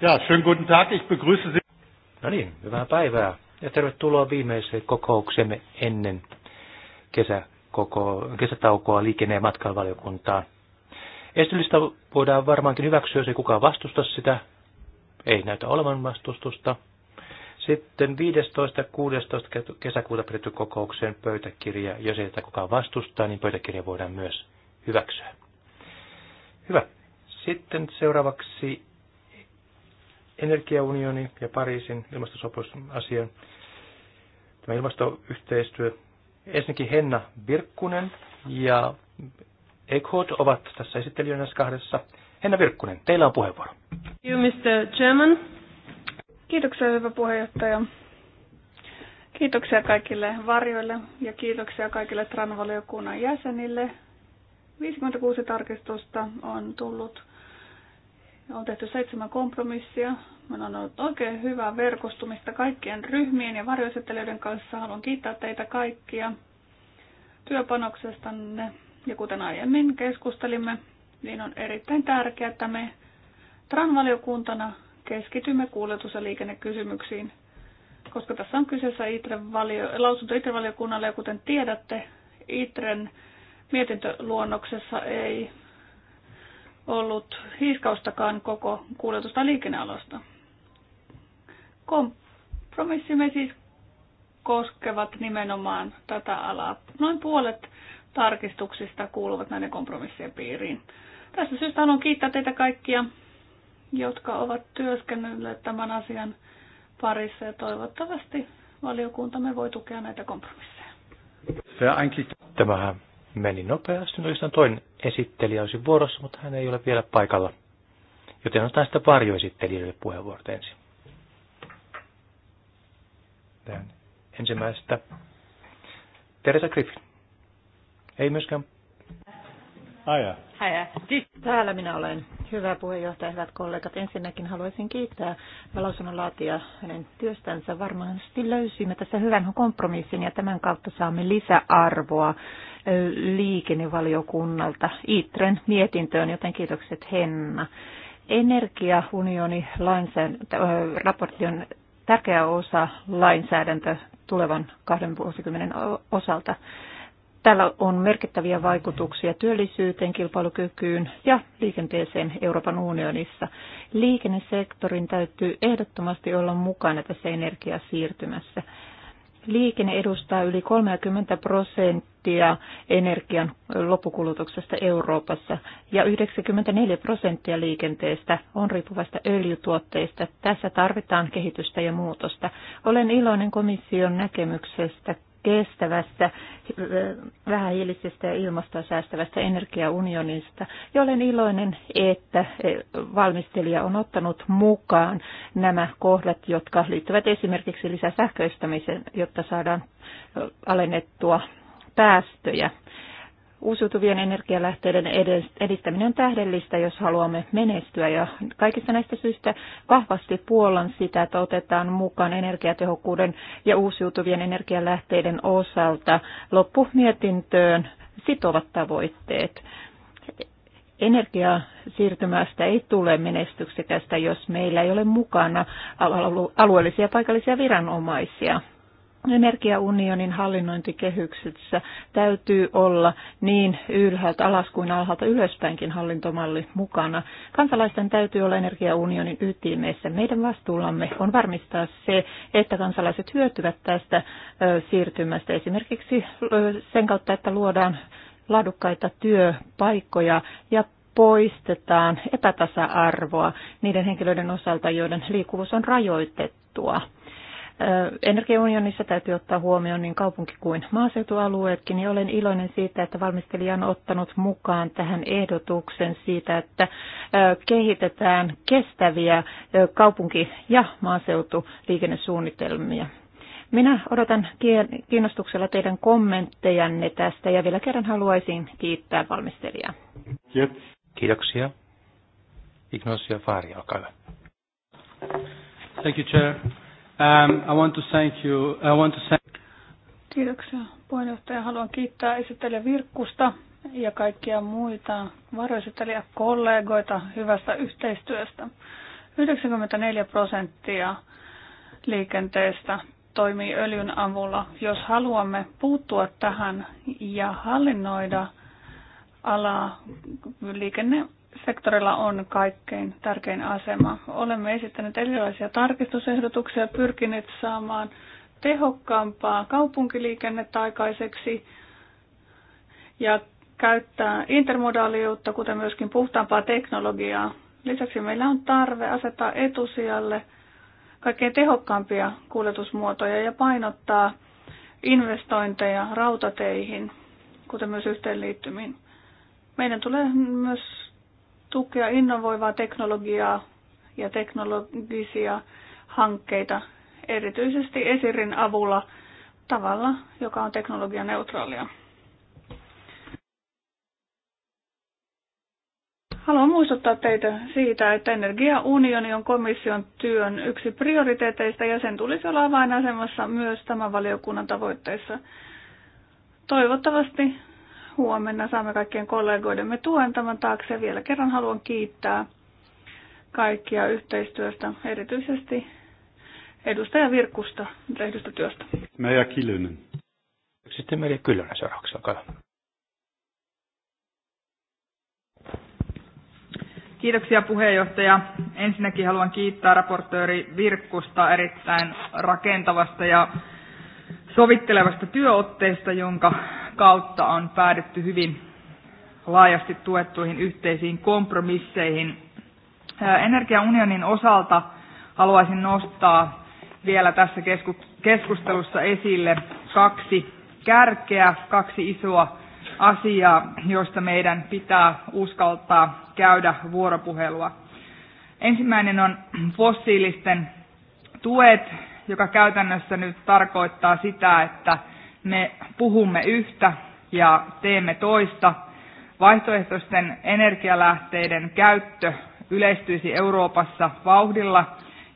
Ja, schönen guten Tag, ich begrüße Sie. No niin, hyvää päivää ja tervetuloa viimeiseen kokouksemme ennen kesäkoko, kesätaukoa liikenne- ja matkailuvaliokuntaan. Esitystä voidaan varmaankin hyväksyä, jos ei kukaan vastusta sitä. Ei näytä olevan vastustusta. Sitten 15. 16. kesäkuuta pidetty kokouksen pöytäkirja, jos ei tätä kukaan vastustaa, niin pöytäkirja voidaan myös hyväksyä. Hyvä. Sitten seuraavaksi energiaunioni ja Pariisin ilmastosopimusasia. tämä ilmastoyhteistyö. Ensinnäkin Henna Virkkunen ja Eckhout ovat tässä esittelijöinä kahdessa. Henna Virkkunen, teillä on puheenvuoro. You, Mr. Chairman. Kiitoksia, hyvä puheenjohtaja. Kiitoksia kaikille varjoille ja kiitoksia kaikille TRAN-valiokunnan jäsenille. 56 tarkistusta on tullut on tehty seitsemän kompromissia. Meillä on ollut oikein hyvää verkostumista kaikkien ryhmien ja varjoisettelijoiden kanssa. Haluan kiittää teitä kaikkia työpanoksestanne. Ja kuten aiemmin keskustelimme, niin on erittäin tärkeää, että me TRAN-valiokuntana keskitymme kuljetus- ja liikennekysymyksiin, koska tässä on kyseessä itre valio- lausunto itre valiokunnalle, ja kuten tiedätte, ITREn mietintöluonnoksessa ei ollut hiiskaustakaan koko kuljetusta liikennealasta. Kompromissimme siis koskevat nimenomaan tätä alaa. Noin puolet tarkistuksista kuuluvat näiden kompromissien piiriin. Tästä syystä haluan kiittää teitä kaikkia, jotka ovat työskennelleet tämän asian parissa ja toivottavasti valiokuntamme voi tukea näitä kompromisseja. Se on meni nopeasti. No on toinen esittelijä olisi vuorossa, mutta hän ei ole vielä paikalla. Joten otetaan sitä varjoesittelijöille puheenvuorot ensin. Tämän ensimmäistä. Teresa Griffin. Ei myöskään. Aja. Aja. Täällä minä olen. Hyvä puheenjohtaja, hyvät kollegat. Ensinnäkin haluaisin kiittää lausunnonlaatijaa hänen työstänsä. Varmasti löysimme tässä hyvän kompromissin ja tämän kautta saamme lisäarvoa liikennevaliokunnalta ITREN mietintöön, joten kiitokset Henna. Energiaunioni äh, raportti on tärkeä osa lainsäädäntö tulevan kahden vuosikymmenen osalta. Tällä on merkittäviä vaikutuksia työllisyyteen, kilpailukykyyn ja liikenteeseen Euroopan unionissa. Liikennesektorin täytyy ehdottomasti olla mukana tässä energiasiirtymässä. Liikenne edustaa yli 30 prosenttia prosenttia energian loppukulutuksesta Euroopassa ja 94 prosenttia liikenteestä on riippuvasta öljytuotteista. Tässä tarvitaan kehitystä ja muutosta. Olen iloinen komission näkemyksestä kestävästä, vähähiilisestä ja ilmastoa säästävästä energiaunionista. Ja olen iloinen, että valmistelija on ottanut mukaan nämä kohdat, jotka liittyvät esimerkiksi lisäsähköistämiseen, jotta saadaan alennettua päästöjä. Uusiutuvien energialähteiden edistäminen on tähdellistä, jos haluamme menestyä. Ja kaikista näistä syistä vahvasti puolan sitä, että otetaan mukaan energiatehokkuuden ja uusiutuvien energialähteiden osalta loppumietintöön sitovat tavoitteet. Energiasiirtymästä ei tule menestyksekästä, jos meillä ei ole mukana alueellisia ja paikallisia viranomaisia energiaunionin hallinnointikehyksessä täytyy olla niin ylhäältä alas kuin alhaalta ylöspäinkin hallintomalli mukana. Kansalaisten täytyy olla energiaunionin ytimessä. Meidän vastuullamme on varmistaa se, että kansalaiset hyötyvät tästä siirtymästä esimerkiksi sen kautta, että luodaan laadukkaita työpaikkoja ja poistetaan epätasa-arvoa niiden henkilöiden osalta, joiden liikkuvuus on rajoitettua Energiaunionissa täytyy ottaa huomioon niin kaupunki- kuin maaseutualueetkin, ja olen iloinen siitä, että valmistelija on ottanut mukaan tähän ehdotuksen siitä, että kehitetään kestäviä kaupunki- ja maaseutuliikennesuunnitelmia. Minä odotan kiinnostuksella teidän kommenttejanne tästä ja vielä kerran haluaisin kiittää valmistelijaa. Kiitoksia. Ignacio Fari, olkaa hyvä. Thank you, Chair. Um, I want to thank you. I want to thank... Kiitoksia puheenjohtaja. Haluan kiittää esittelijä Virkkusta ja kaikkia muita varoesittelijä kollegoita hyvästä yhteistyöstä. 94 prosenttia liikenteestä toimii öljyn avulla. Jos haluamme puuttua tähän ja hallinnoida alaa, liikenne sektorilla on kaikkein tärkein asema. Olemme esittäneet erilaisia tarkistusehdotuksia pyrkineet saamaan tehokkaampaa kaupunkiliikennettä aikaiseksi ja käyttää intermodaaliutta, kuten myöskin puhtaampaa teknologiaa. Lisäksi meillä on tarve asettaa etusijalle kaikkein tehokkaampia kuljetusmuotoja ja painottaa investointeja rautateihin, kuten myös yhteenliittymiin. Meidän tulee myös tukea innovoivaa teknologiaa ja teknologisia hankkeita, erityisesti esirin avulla tavalla, joka on teknologianeutraalia. Haluan muistuttaa teitä siitä, että energiaunioni on komission työn yksi prioriteeteista ja sen tulisi olla avainasemassa myös tämän valiokunnan tavoitteissa. Toivottavasti huomenna saamme kaikkien kollegoidemme tuen tämän taakse. Vielä kerran haluan kiittää kaikkia yhteistyöstä, erityisesti edustaja virkusta tehdystä työstä. Meija Kilynen. Sitten Meija Kilönen seuraavaksi, olkaa Kiitoksia puheenjohtaja. Ensinnäkin haluan kiittää raportööri Virkkusta erittäin rakentavasta ja sovittelevasta työotteesta, jonka kautta on päädytty hyvin laajasti tuettuihin yhteisiin kompromisseihin. Energiaunionin osalta haluaisin nostaa vielä tässä keskustelussa esille kaksi kärkeä, kaksi isoa asiaa, joista meidän pitää uskaltaa käydä vuoropuhelua. Ensimmäinen on fossiilisten tuet joka käytännössä nyt tarkoittaa sitä, että me puhumme yhtä ja teemme toista. Vaihtoehtoisten energialähteiden käyttö yleistyisi Euroopassa vauhdilla,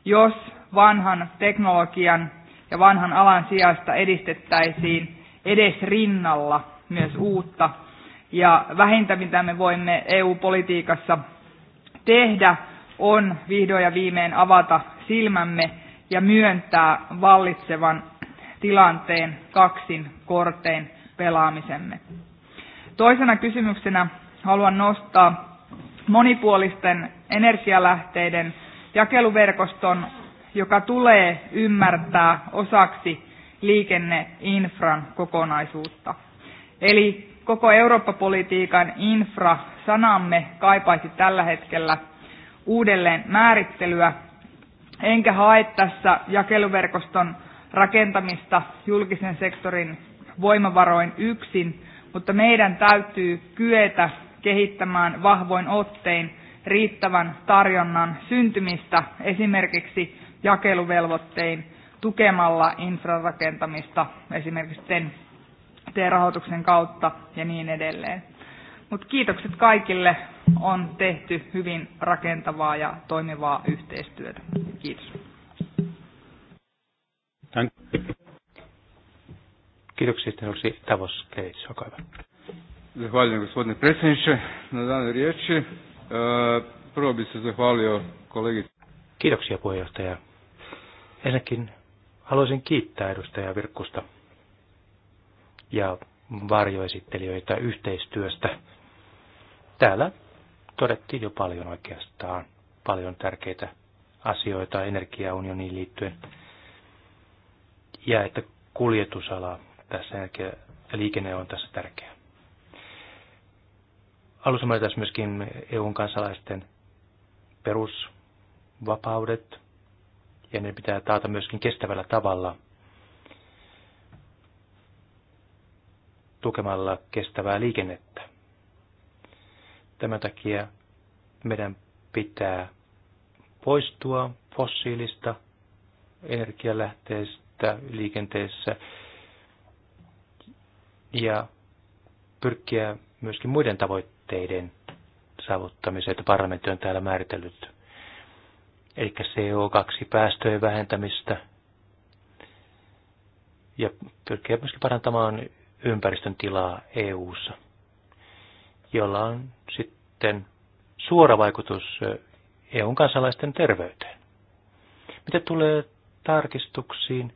jos vanhan teknologian ja vanhan alan sijasta edistettäisiin edes rinnalla myös uutta. Ja vähintä, mitä me voimme EU-politiikassa tehdä, on vihdoin ja viimein avata silmämme ja myöntää vallitsevan tilanteen kaksin kortein pelaamisemme. Toisena kysymyksenä haluan nostaa monipuolisten energialähteiden jakeluverkoston, joka tulee ymmärtää osaksi liikenneinfran kokonaisuutta. Eli koko Eurooppa-politiikan infra-sanamme kaipaisi tällä hetkellä uudelleen määrittelyä enkä hae tässä jakeluverkoston rakentamista julkisen sektorin voimavaroin yksin, mutta meidän täytyy kyetä kehittämään vahvoin ottein riittävän tarjonnan syntymistä esimerkiksi jakeluvelvoittein tukemalla infrarakentamista esimerkiksi TEN-rahoituksen kautta ja niin edelleen. Mutta kiitokset kaikille. On tehty hyvin rakentavaa ja toimivaa yhteistyötä. Kiitos. Kiitoksia, Tenoksi Tavos Keits, olkaa hyvä. Zahvaljujem gospodine predsjedniče na dane riječi. E, prvo bi se zahvalio kolegi. Kiitoksia puheenjohtaja. Ensinnäkin haluaisin kiittää edustaja Virkkusta ja varjoesittelijöitä yhteistyöstä täällä todettiin jo paljon oikeastaan, paljon tärkeitä asioita energiaunioniin liittyen. Ja että kuljetusala tässä energia, ja liikenne on tässä tärkeä. Alussa mainitaan myöskin EUn kansalaisten perusvapaudet, ja ne pitää taata myöskin kestävällä tavalla tukemalla kestävää liikennettä. Tämän takia meidän pitää poistua fossiilista energialähteistä liikenteessä ja pyrkiä myöskin muiden tavoitteiden saavuttamiseen, että parlamentti on täällä määritellyt. Eli CO2-päästöjen vähentämistä ja pyrkiä myöskin parantamaan ympäristön tilaa EU-ssa jolla on sitten suora vaikutus EUn kansalaisten terveyteen. Mitä tulee tarkistuksiin,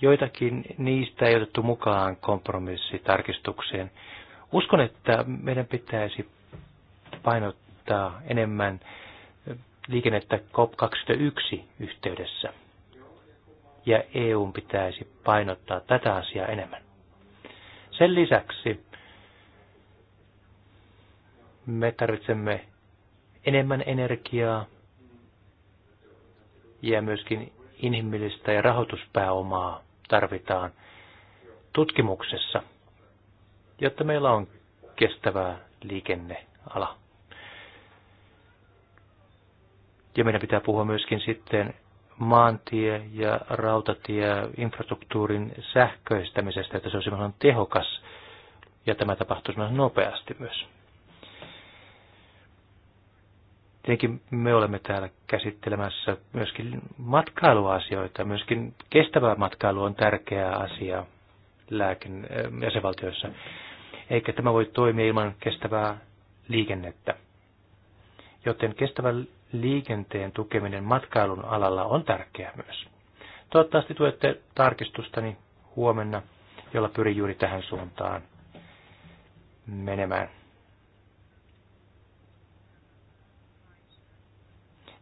joitakin niistä ei otettu mukaan kompromissitarkistukseen. Uskon, että meidän pitäisi painottaa enemmän liikennettä COP21 yhteydessä. Ja EUn pitäisi painottaa tätä asiaa enemmän. Sen lisäksi me tarvitsemme enemmän energiaa ja myöskin inhimillistä ja rahoituspääomaa tarvitaan tutkimuksessa, jotta meillä on kestävää liikenneala. Ja meidän pitää puhua myöskin sitten maantie- ja rautatieinfrastruktuurin sähköistämisestä, että se olisi tehokas ja tämä tapahtuisi nopeasti myös. Tietenkin me olemme täällä käsittelemässä myöskin matkailuasioita, myöskin kestävä matkailu on tärkeä asia lääkin, äh, jäsenvaltioissa, eikä tämä voi toimia ilman kestävää liikennettä. Joten kestävän liikenteen tukeminen matkailun alalla on tärkeää myös. Toivottavasti tuette tarkistustani huomenna, jolla pyrin juuri tähän suuntaan menemään.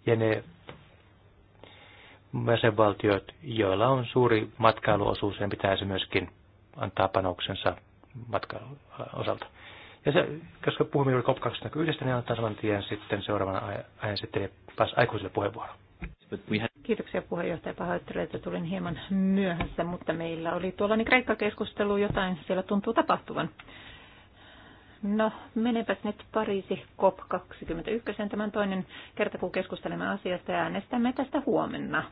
ja ne jäsenvaltiot, joilla on suuri matkailuosuus, sen pitäisi myöskin antaa panoksensa matkailun osalta. Ja se, koska puhumme juuri COP21, niin antaa saman tien sitten seuraavana ajan sitten taas aikuisille puheenvuoro. Kiitoksia puheenjohtaja. Pahoittelen, että tulin hieman myöhässä, mutta meillä oli tuolla niin Kreikka-keskustelu, jotain siellä tuntuu tapahtuvan. No, menepäs nyt Pariisi COP21, tämän toinen kerta, kun keskustelemme asiasta ja äänestämme tästä huomenna.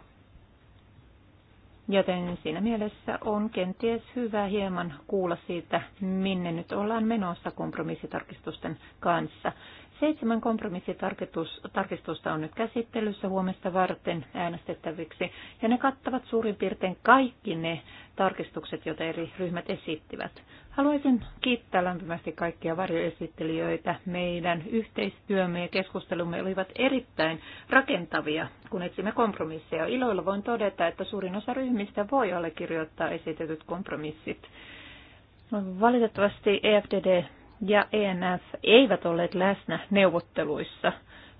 Joten siinä mielessä on kenties hyvä hieman kuulla siitä, minne nyt ollaan menossa kompromissitarkistusten kanssa. Seitsemän kompromissitarkistusta on nyt käsittelyssä huomesta varten äänestettäviksi, ja ne kattavat suurin piirtein kaikki ne tarkistukset, joita eri ryhmät esittivät. Haluaisin kiittää lämpimästi kaikkia varjoesittelijöitä. Meidän yhteistyömme ja keskustelumme olivat erittäin rakentavia, kun etsimme kompromisseja. Iloilla voin todeta, että suurin osa ryhmistä voi allekirjoittaa esitetyt kompromissit. Valitettavasti EFDD ja ENF eivät olleet läsnä neuvotteluissa,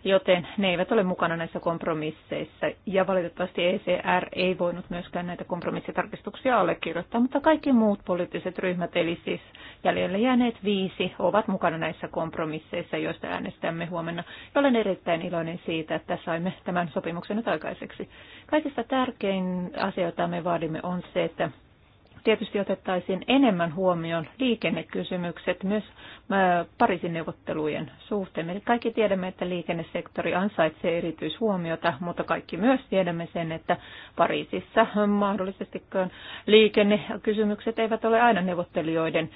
joten ne eivät ole mukana näissä kompromisseissa. Ja valitettavasti ECR ei voinut myöskään näitä kompromissitarkistuksia allekirjoittaa, mutta kaikki muut poliittiset ryhmät, eli siis jäljelle jääneet viisi, ovat mukana näissä kompromisseissa, joista äänestämme huomenna. Ja olen erittäin iloinen siitä, että saimme tämän sopimuksen nyt aikaiseksi. Kaikista tärkein asia, jota me vaadimme, on se, että tietysti otettaisiin enemmän huomioon liikennekysymykset myös Pariisin neuvottelujen suhteen. Eli kaikki tiedämme, että liikennesektori ansaitsee erityishuomiota, mutta kaikki myös tiedämme sen, että Pariisissa mahdollisesti liikennekysymykset eivät ole aina neuvottelijoiden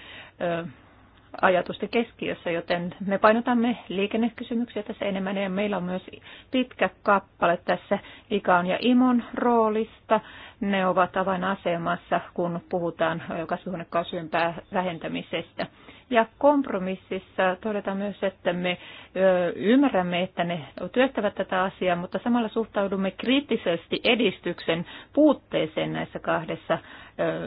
ajatusten keskiössä, joten me painotamme liikennekysymyksiä tässä enemmän ja meillä on myös pitkä kappale tässä ICAon ja IMON roolista. Ne ovat avainasemassa, kun puhutaan kasvihuonekaasujen vähentämisestä. Ja kompromississa todetaan myös, että me ymmärrämme, että ne työstävät tätä asiaa, mutta samalla suhtaudumme kriittisesti edistyksen puutteeseen näissä kahdessa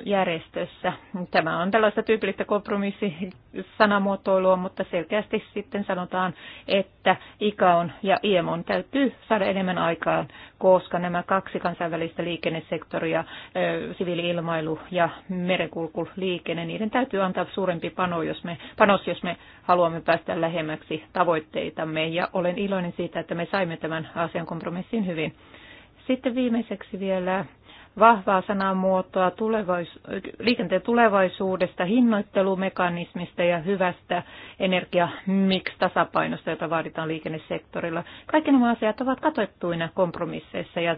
järjestössä. Tämä on tällaista tyypillistä kompromissisanamuotoilua, mutta selkeästi sitten sanotaan, että ICAON ja IEMON täytyy saada enemmän aikaan, koska nämä kaksi kansainvälistä liikennesektoria, siviiliilmailu ja merenkulkuliikenne, niiden täytyy antaa suurempi pano, jos me, panos, jos me haluamme päästä lähemmäksi tavoitteitamme. Ja olen iloinen siitä, että me saimme tämän asian kompromissin hyvin. Sitten viimeiseksi vielä vahvaa sanamuotoa tulevaisu- liikenteen tulevaisuudesta, hinnoittelumekanismista ja hyvästä energiamix-tasapainosta, jota vaaditaan liikennesektorilla. Kaikki nämä asiat ovat katoittuina kompromisseissa ja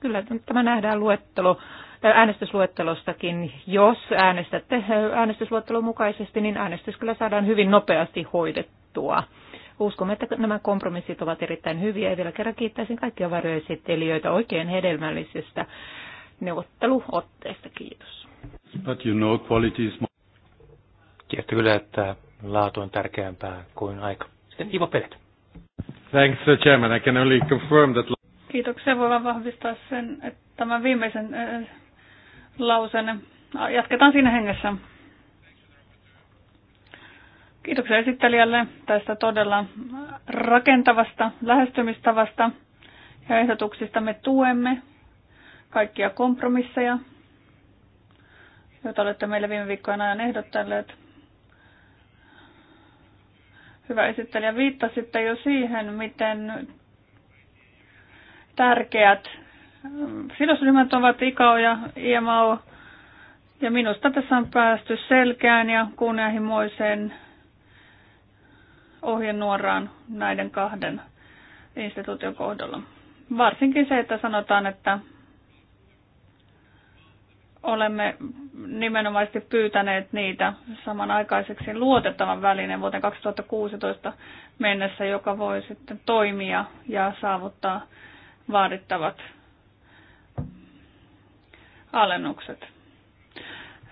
kyllä tämä nähdään luettelo, äh, äänestysluettelostakin. Jos äänestätte äh, äänestysluettelon mukaisesti, niin äänestys kyllä saadaan hyvin nopeasti hoidettua. Uskomme, että nämä kompromissit ovat erittäin hyviä ja vielä kerran kiittäisin kaikkia varjoesittelijöitä oikein hedelmällisestä neuvotteluotteesta. Kiitos. But you know, quality is Tiedätkö kyllä, että laatu on tärkeämpää kuin aika. Sitten Ivo Pelet. Thanks, Sir Chairman. I can only confirm that... Kiitoksia. Voin vahvistaa sen, että tämän viimeisen äh, lausen. Jatketaan siinä hengessä. Kiitoksia esittelijälle tästä todella rakentavasta lähestymistavasta ja ehdotuksista me tuemme kaikkia kompromisseja, joita olette meille viime viikkoina ajan ehdottaneet. Hyvä esittelijä, viittasitte jo siihen, miten tärkeät mm, sidosryhmät ovat IKAO ja IMAO. Ja minusta tässä on päästy selkeään ja kunnianhimoiseen ohjenuoraan näiden kahden instituution kohdalla. Varsinkin se, että sanotaan, että olemme nimenomaisesti pyytäneet niitä samanaikaiseksi luotettavan välineen vuoteen 2016 mennessä, joka voi sitten toimia ja saavuttaa vaadittavat alennukset.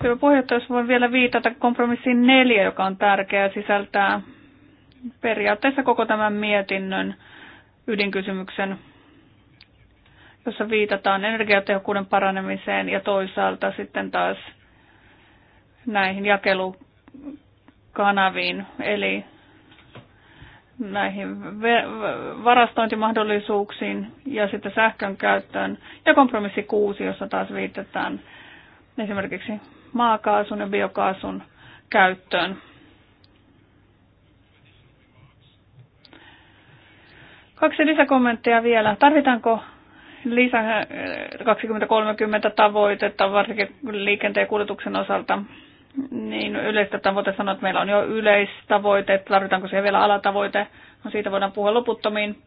Hyvä puheenjohtaja, jos voin vielä viitata kompromissiin neljä, joka on tärkeä sisältää periaatteessa koko tämän mietinnön ydinkysymyksen jossa viitataan energiatehokkuuden paranemiseen ja toisaalta sitten taas näihin jakelukanaviin, eli näihin varastointimahdollisuuksiin ja sitten sähkön käyttöön. Ja kompromissi 6, jossa taas viitataan esimerkiksi maakaasun ja biokaasun käyttöön. Kaksi lisäkommenttia vielä. Tarvitaanko lisä 2030 äh, tavoitetta, varsinkin liikenteen ja kuljetuksen osalta, niin yleistä tavoite sanoo, että meillä on jo yleistavoite, tarvitaanko siihen vielä alatavoite, no siitä voidaan puhua loputtomiin.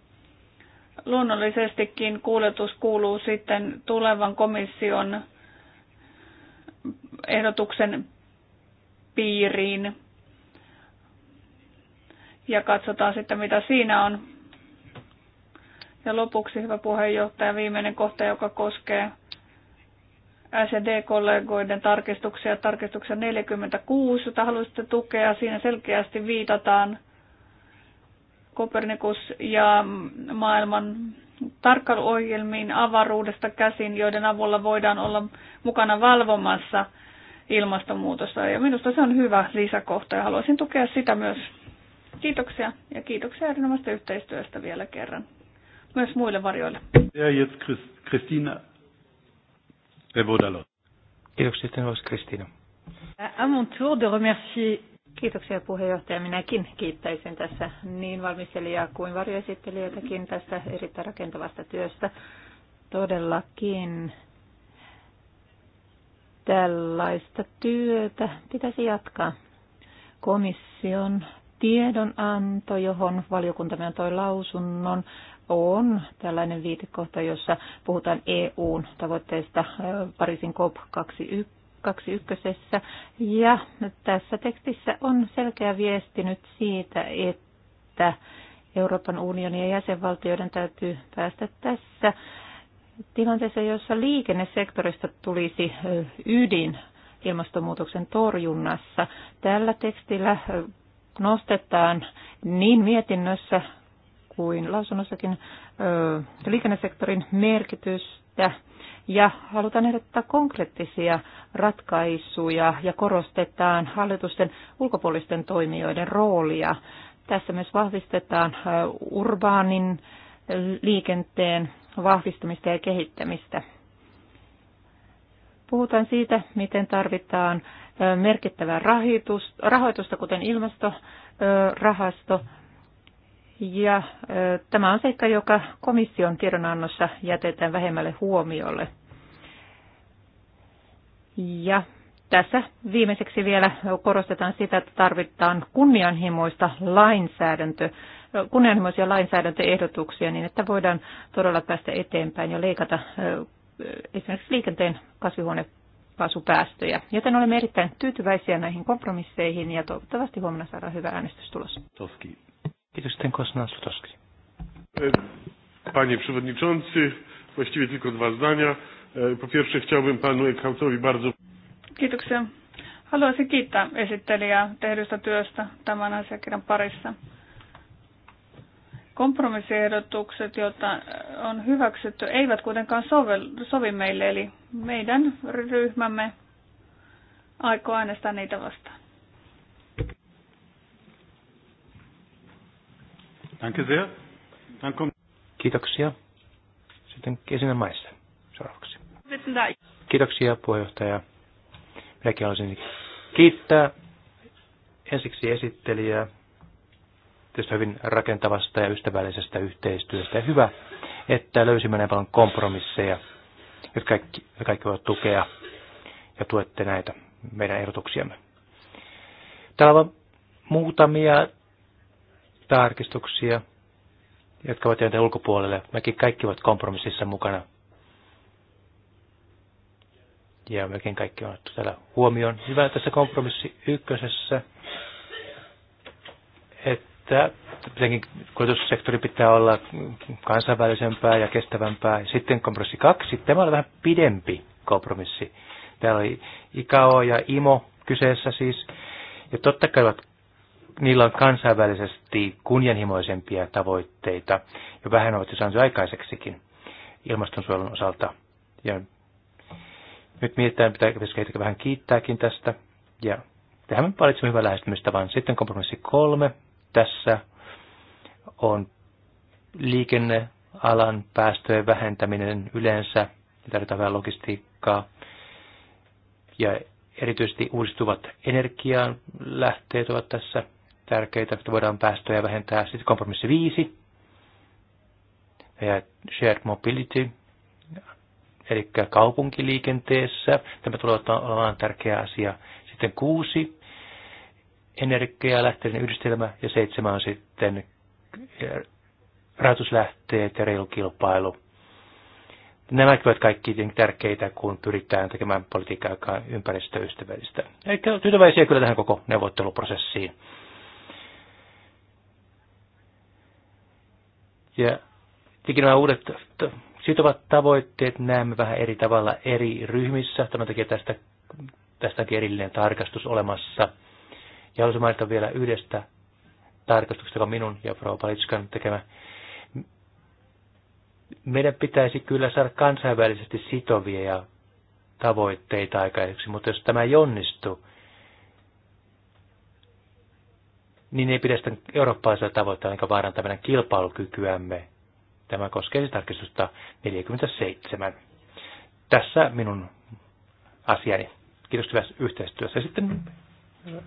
Luonnollisestikin kuljetus kuuluu sitten tulevan komission ehdotuksen piiriin ja katsotaan sitten mitä siinä on ja lopuksi, hyvä puheenjohtaja, viimeinen kohta, joka koskee SD-kollegoiden tarkistuksia, tarkistuksen 46, jota haluaisitte tukea. Siinä selkeästi viitataan Kopernikus ja maailman tarkkailuohjelmiin avaruudesta käsin, joiden avulla voidaan olla mukana valvomassa ilmastonmuutosta. Ja minusta se on hyvä lisäkohta ja haluaisin tukea sitä myös. Kiitoksia ja kiitoksia erinomaisesta yhteistyöstä vielä kerran myös muille varjoille. Ja jetzt Kristina Revodalo. Kiitoksia, sitten olisi Kristiina. À mon tour de remercier Kiitoksia puheenjohtaja. Minäkin kiittäisin tässä niin valmistelijaa kuin varjoesittelijöitäkin tästä erittäin rakentavasta työstä. Todellakin tällaista työtä pitäisi jatkaa. Komission tiedonanto, johon valiokuntamme antoi lausunnon, on tällainen viitekohta, jossa puhutaan EUn tavoitteista Pariisin COP21 Ja tässä tekstissä on selkeä viesti nyt siitä, että Euroopan unionin ja jäsenvaltioiden täytyy päästä tässä tilanteessa, jossa liikennesektorista tulisi ydin ilmastonmuutoksen torjunnassa. Tällä tekstillä nostetaan niin mietinnössä kuin lausunnossakin liikennesektorin merkitystä ja halutaan ehdottaa konkreettisia ratkaisuja ja korostetaan hallitusten ulkopuolisten toimijoiden roolia. Tässä myös vahvistetaan urbaanin liikenteen vahvistamista ja kehittämistä. Puhutaan siitä, miten tarvitaan merkittävää rahoitusta, kuten ilmastorahasto, ja ö, tämä on seikka, joka komission tiedonannossa jätetään vähemmälle huomiolle. Ja tässä viimeiseksi vielä korostetaan sitä, että tarvitaan kunnianhimoista lainsäädäntö, kunnianhimoisia lainsäädäntöehdotuksia niin, että voidaan todella päästä eteenpäin ja leikata esimerkiksi liikenteen kasvihuonekaasupäästöjä. Joten olemme erittäin tyytyväisiä näihin kompromisseihin ja toivottavasti huomenna saadaan hyvä äänestystulos. Toski. Kiitos, sitten Kosnan Sutoski. Panie Przewodniczący, właściwie tylko dwa zdania. E, po pierwsze chciałbym panu Eckhoutowi bardzo... Kiitoksia. Haluaisin kiittää esittelijää tehdystä työstä tämän asiakirjan parissa. Kompromissiehdotukset, joita on hyväksytty, eivät kuitenkaan sovi meille, eli meidän ryhmämme aikoo äänestää niitä vastaan. Danke sehr. Dann kommt... Kiitoksia. Sitten Kesinen maissa seuraavaksi. Kiitoksia puheenjohtaja. Minäkin haluaisin kiittää ensiksi esittelijää tietysti hyvin rakentavasta ja ystävällisestä yhteistyöstä. Ja hyvä, että löysimme näin paljon kompromisseja, jotka kaikki, kaikki voivat tukea ja tuette näitä meidän ehdotuksiamme. Täällä on muutamia tarkistuksia, jotka ovat jääneet ulkopuolelle. Mekin kaikki ovat kompromississa mukana. Ja mekin kaikki on otettu täällä huomioon. Hyvä tässä kompromissi ykkösessä, että tietenkin kuljetussektori pitää olla kansainvälisempää ja kestävämpää. Sitten kompromissi kaksi, tämä oli vähän pidempi kompromissi. Täällä oli ICAO ja IMO kyseessä siis. Ja totta kai ovat niillä on kansainvälisesti kunnianhimoisempia tavoitteita, ja vähän ovat jo saaneet aikaiseksikin ilmastonsuojelun osalta. Ja nyt mietitään, pitäisikö heitä vähän kiittääkin tästä, ja tähän me valitsemme hyvän lähestymistavan. Sitten kompromissi kolme. Tässä on liikennealan päästöjen vähentäminen yleensä, ja tarvitaan vähän logistiikkaa, ja erityisesti uudistuvat energianlähteet lähteet ovat tässä tärkeitä, että voidaan päästöjä vähentää. Sitten kompromissi 5, ja shared mobility, eli kaupunkiliikenteessä. Tämä tulee olemaan tärkeä asia. Sitten kuusi, energialähteiden yhdistelmä, ja seitsemän on sitten rahoituslähteet ja reilu kilpailu. Nämä ovat kaikki tärkeitä, kun pyritään tekemään politiikkaa ympäristöystävällistä. Eli tyytyväisiä kyllä tähän koko neuvotteluprosessiin. Ja tietenkin nämä uudet sitovat tavoitteet näemme vähän eri tavalla eri ryhmissä. Tämän takia tästä, tästäkin erillinen tarkastus olemassa. Ja haluaisin mainita vielä yhdestä tarkastuksesta, joka on minun ja Frau Palitskan tekemä. Meidän pitäisi kyllä saada kansainvälisesti sitovia ja tavoitteita aikaiseksi, mutta jos tämä ei onnistu, niin ei pidä sitä eurooppalaisella tavoitteella, jonka vaarantaa meidän kilpailukykyämme. Tämä koskee siis tarkistusta 47. Tässä minun asiani. Kiitos hyvästä yhteistyössä. Ja sitten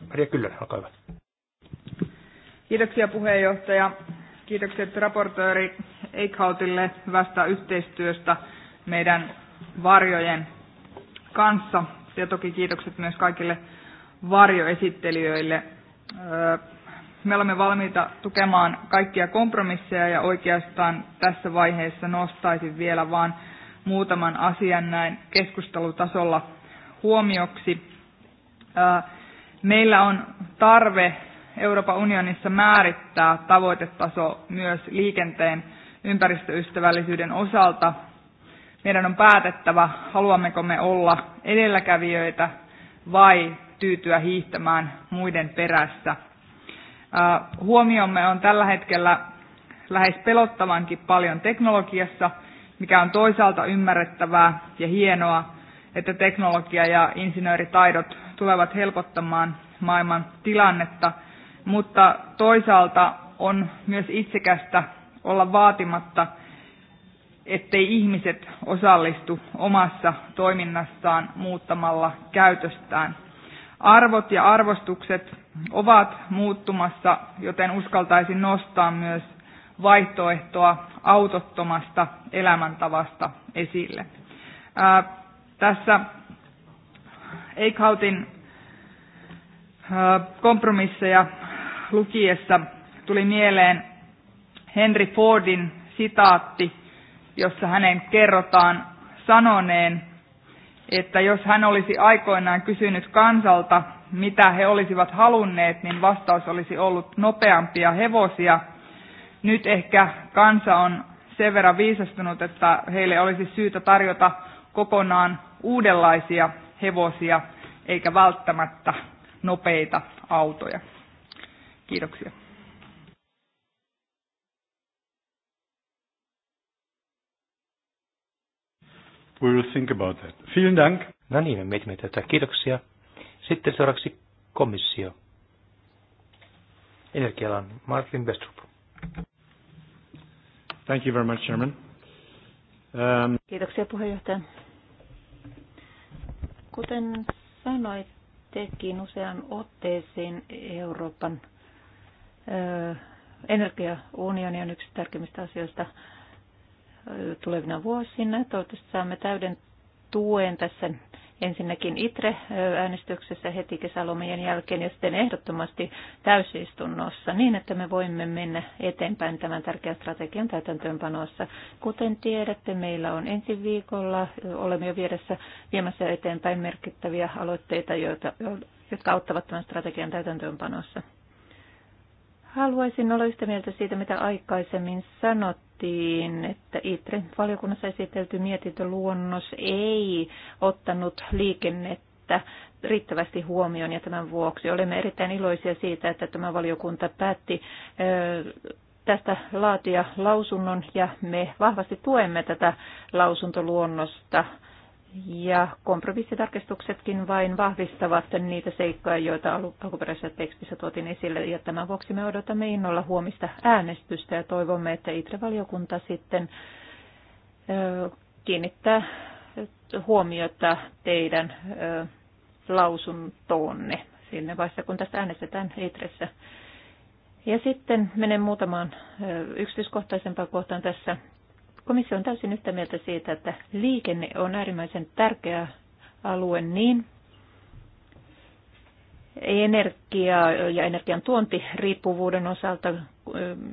Maria Kyllönen, olkaa hyvä. Kiitoksia puheenjohtaja. Kiitokset raportööri Eikhautille hyvästä yhteistyöstä meidän varjojen kanssa. Ja toki kiitokset myös kaikille varjoesittelijöille. Me olemme valmiita tukemaan kaikkia kompromisseja ja oikeastaan tässä vaiheessa nostaisin vielä vain muutaman asian näin keskustelutasolla huomioksi. Meillä on tarve Euroopan unionissa määrittää tavoitetaso myös liikenteen ympäristöystävällisyyden osalta. Meidän on päätettävä, haluammeko me olla edelläkävijöitä vai tyytyä hiihtämään muiden perässä – Huomiomme on tällä hetkellä lähes pelottavankin paljon teknologiassa, mikä on toisaalta ymmärrettävää ja hienoa, että teknologia ja insinööritaidot tulevat helpottamaan maailman tilannetta, mutta toisaalta on myös itsekästä olla vaatimatta, ettei ihmiset osallistu omassa toiminnassaan muuttamalla käytöstään – arvot ja arvostukset ovat muuttumassa, joten uskaltaisin nostaa myös vaihtoehtoa autottomasta elämäntavasta esille. Ää, tässä Eichhautin ää, kompromisseja lukiessa tuli mieleen Henry Fordin sitaatti, jossa hänen kerrotaan sanoneen, että jos hän olisi aikoinaan kysynyt kansalta, mitä he olisivat halunneet, niin vastaus olisi ollut nopeampia hevosia. Nyt ehkä kansa on sen verran viisastunut, että heille olisi syytä tarjota kokonaan uudenlaisia hevosia, eikä välttämättä nopeita autoja. Kiitoksia. We will think about that. Vielen Dank. No niin, me mietimme tätä. Kiitoksia. Sitten seuraavaksi komissio. Energialan Martin Westrup. Thank you very much, Chairman. Um, Kiitoksia puheenjohtaja. Kuten sanoit, tekin usean otteeseen, Euroopan ö, energiaunioni on yksi tärkeimmistä asioista – tulevina vuosina. Toivottavasti saamme täyden tuen tässä ensinnäkin ITRE-äänestyksessä heti kesälomien jälkeen ja sitten ehdottomasti täysistunnossa niin, että me voimme mennä eteenpäin tämän tärkeän strategian täytäntöönpanossa. Kuten tiedätte, meillä on ensi viikolla, olemme jo viedessä, viemässä eteenpäin merkittäviä aloitteita, joita, jotka auttavat tämän strategian täytäntöönpanossa. Haluaisin olla yhtä mieltä siitä, mitä aikaisemmin sanottiin, että Itren valiokunnassa esitelty mietintöluonnos ei ottanut liikennettä riittävästi huomioon ja tämän vuoksi olemme erittäin iloisia siitä, että tämä valiokunta päätti tästä laatia lausunnon ja me vahvasti tuemme tätä lausuntoluonnosta ja kompromissitarkistuksetkin vain vahvistavat niitä seikkoja, joita alkuperäisessä tekstissä tuotiin esille. Ja tämän vuoksi me odotamme innolla huomista äänestystä ja toivomme, että ITRE-valiokunta sitten kiinnittää huomiota teidän lausuntoonne sinne vaiheessa, kun tästä äänestetään ITREssä. Ja sitten menen muutamaan yksityiskohtaisempaan kohtaan tässä Komissio on täysin yhtä mieltä siitä, että liikenne on äärimmäisen tärkeä alue niin energia- ja energian tuontiriippuvuuden osalta. Ähm,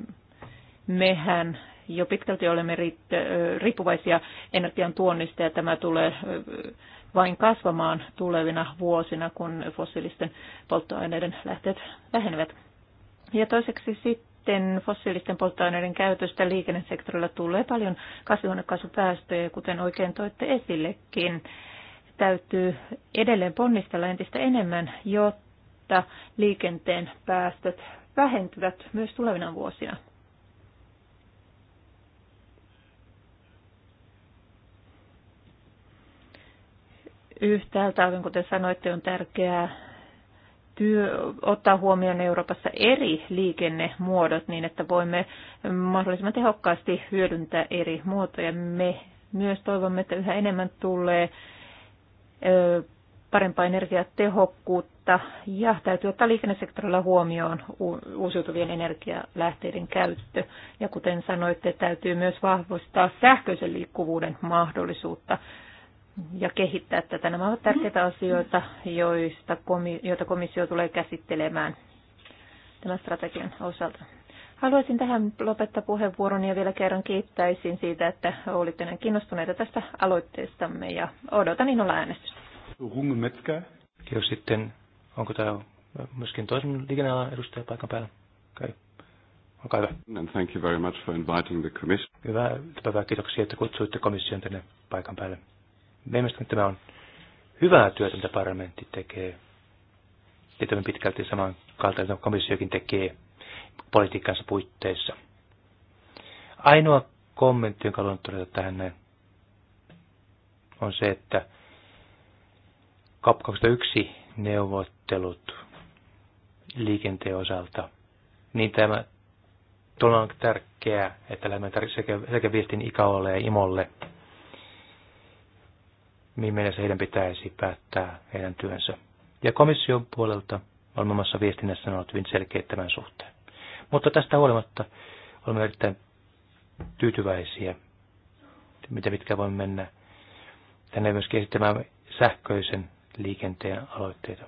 mehän jo pitkälti olemme äh, riippuvaisia energian tuonnista ja tämä tulee äh, vain kasvamaan tulevina vuosina, kun fossiilisten polttoaineiden lähteet vähenevät. Ja toiseksi sitten sitten fossiilisten polttoaineiden käytöstä liikennesektorilla tulee paljon kasvihuonekaasupäästöjä, kuten oikein toitte esillekin. Täytyy edelleen ponnistella entistä enemmän, jotta liikenteen päästöt vähentyvät myös tulevina vuosina. Yhtäältä, kuten sanoitte, on tärkeää työ, ottaa huomioon Euroopassa eri liikennemuodot niin, että voimme mahdollisimman tehokkaasti hyödyntää eri muotoja. Me myös toivomme, että yhä enemmän tulee parempaa energiatehokkuutta ja täytyy ottaa liikennesektorilla huomioon uusiutuvien energialähteiden käyttö. Ja kuten sanoitte, täytyy myös vahvistaa sähköisen liikkuvuuden mahdollisuutta ja kehittää tätä. Nämä ovat tärkeitä asioita, joista joita komissio tulee käsittelemään tämän strategian osalta. Haluaisin tähän lopettaa puheenvuoron ja vielä kerran kiittäisin siitä, että olitte näin kiinnostuneita tästä aloitteestamme ja odotan innolla äänestystä. Kiitos sitten. Onko tämä myöskin toisen liikennealan edustaja paikan päällä? Kai. Olkaa hyvä. And thank you very much for inviting the commission. Hyvä, päivää. Kiitoksia, että kutsuitte komission tänne paikan päälle. Mielestäni tämä on hyvää työtä, mitä parlamentti tekee. Ja tämä pitkälti saman samankaltaista komissiokin tekee politiikkansa puitteissa. Ainoa kommentti, jonka haluan todeta tähän on se, että COP 21 neuvottelut liikenteen osalta, niin tämä tulee on tärkeää, että lähdemme sekä, sekä viestin ikäolle ja imolle mihin mennessä heidän pitäisi päättää heidän työnsä. Ja komission puolelta olemme omassa viestinnässä ollut hyvin selkeät tämän suhteen. Mutta tästä huolimatta olemme erittäin tyytyväisiä, mitä mitkä voi mennä tänne myöskin esittämään sähköisen liikenteen aloitteita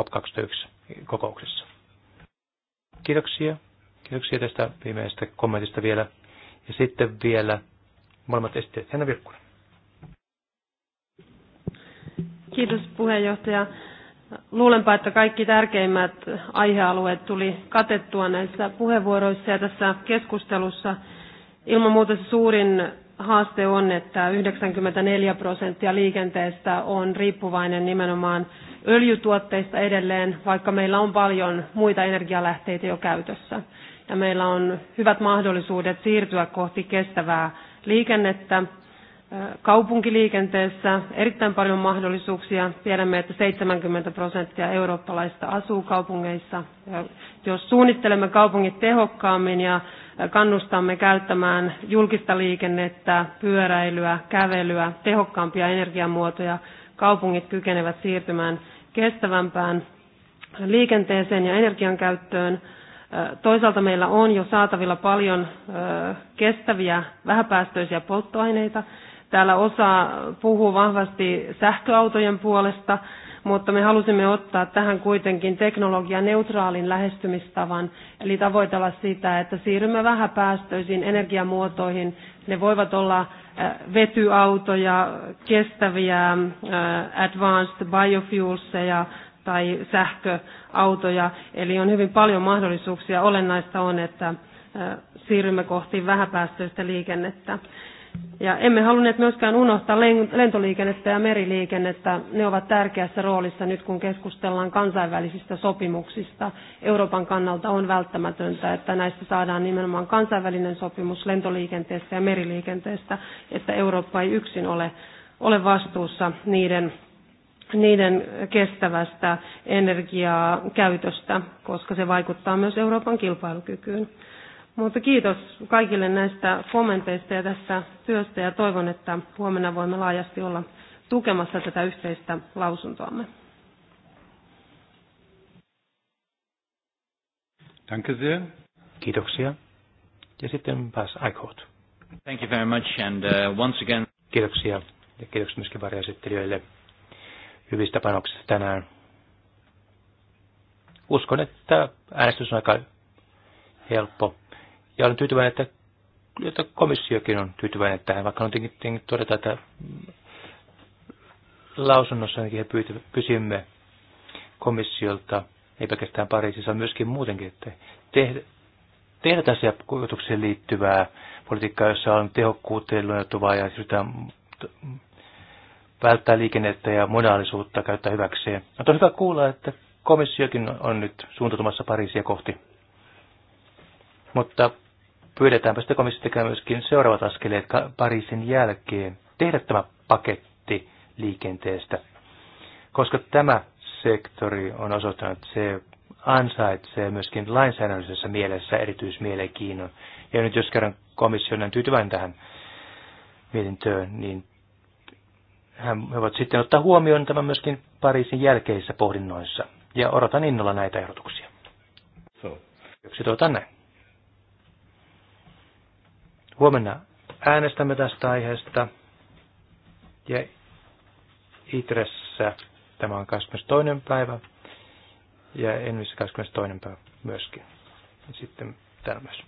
COP21 kokouksessa. Kiitoksia. Kiitoksia tästä viimeisestä kommentista vielä. Ja sitten vielä molemmat esitteet. Henna Virkkunen. Kiitos puheenjohtaja. Luulenpa, että kaikki tärkeimmät aihealueet tuli katettua näissä puheenvuoroissa ja tässä keskustelussa. Ilman muuta se suurin haaste on, että 94 prosenttia liikenteestä on riippuvainen nimenomaan öljytuotteista edelleen, vaikka meillä on paljon muita energialähteitä jo käytössä. Ja meillä on hyvät mahdollisuudet siirtyä kohti kestävää liikennettä kaupunkiliikenteessä erittäin paljon mahdollisuuksia. Tiedämme, että 70 prosenttia eurooppalaista asuu kaupungeissa. Jos suunnittelemme kaupungit tehokkaammin ja kannustamme käyttämään julkista liikennettä, pyöräilyä, kävelyä, tehokkaampia energiamuotoja, kaupungit kykenevät siirtymään kestävämpään liikenteeseen ja energiankäyttöön. Toisaalta meillä on jo saatavilla paljon kestäviä vähäpäästöisiä polttoaineita, Täällä osa puhuu vahvasti sähköautojen puolesta, mutta me halusimme ottaa tähän kuitenkin teknologianeutraalin lähestymistavan, eli tavoitella sitä, että siirrymme vähäpäästöisiin energiamuotoihin. Ne voivat olla äh, vetyautoja, kestäviä äh, advanced biofuelseja tai sähköautoja, eli on hyvin paljon mahdollisuuksia. Olennaista on, että äh, siirrymme kohti vähäpäästöistä liikennettä. Ja emme halunneet myöskään unohtaa lentoliikennettä ja meriliikennettä. Ne ovat tärkeässä roolissa nyt, kun keskustellaan kansainvälisistä sopimuksista. Euroopan kannalta on välttämätöntä, että näistä saadaan nimenomaan kansainvälinen sopimus lentoliikenteestä ja meriliikenteestä, että Eurooppa ei yksin ole, ole vastuussa niiden niiden kestävästä energiaa käytöstä, koska se vaikuttaa myös Euroopan kilpailukykyyn. Mutta kiitos kaikille näistä kommenteista ja tästä työstä ja toivon, että huomenna voimme laajasti olla tukemassa tätä yhteistä lausuntoamme. Danke sehr. Kiitoksia. Ja sitten pääs Eichhout. Thank you very much and uh, once again... Kiitoksia ja kiitoksia myöskin varjoesittelijöille hyvistä panoksista tänään. Uskon, että äänestys on aika helppo ja olen tyytyväinen, että, että komissiokin on tyytyväinen tähän, vaikka on tietenkin todeta, että lausunnossa he pysimme komissiolta, ei pelkästään Pariisissa, vaan myöskin muutenkin, että tehdä, tehdä tässä kulutukseen liittyvää politiikkaa, jossa on tehokkuuteen nojautuvaa ja yritetään välttää liikennettä ja moraalisuutta käyttää hyväkseen. On hyvä kuulla, että komissiokin on nyt suuntautumassa Pariisia kohti. Mutta pyydetäänpä sitä komissio tekemään myöskin seuraavat askeleet Pariisin jälkeen. Tehdä tämä paketti liikenteestä, koska tämä sektori on osoittanut, että se ansaitsee myöskin lainsäädännöllisessä mielessä erityismielenkiinnon. Ja nyt jos kerran komissio on tyytyväinen tähän mietintöön, niin he voivat sitten ottaa huomioon tämän myöskin Pariisin jälkeisissä pohdinnoissa. Ja odotan innolla näitä ehdotuksia. So. Yksi tuota näin. Huomenna äänestämme tästä aiheesta ja Itressä tämä on 22. päivä ja Envissä 22. päivä myöskin. Ja sitten täällä myös.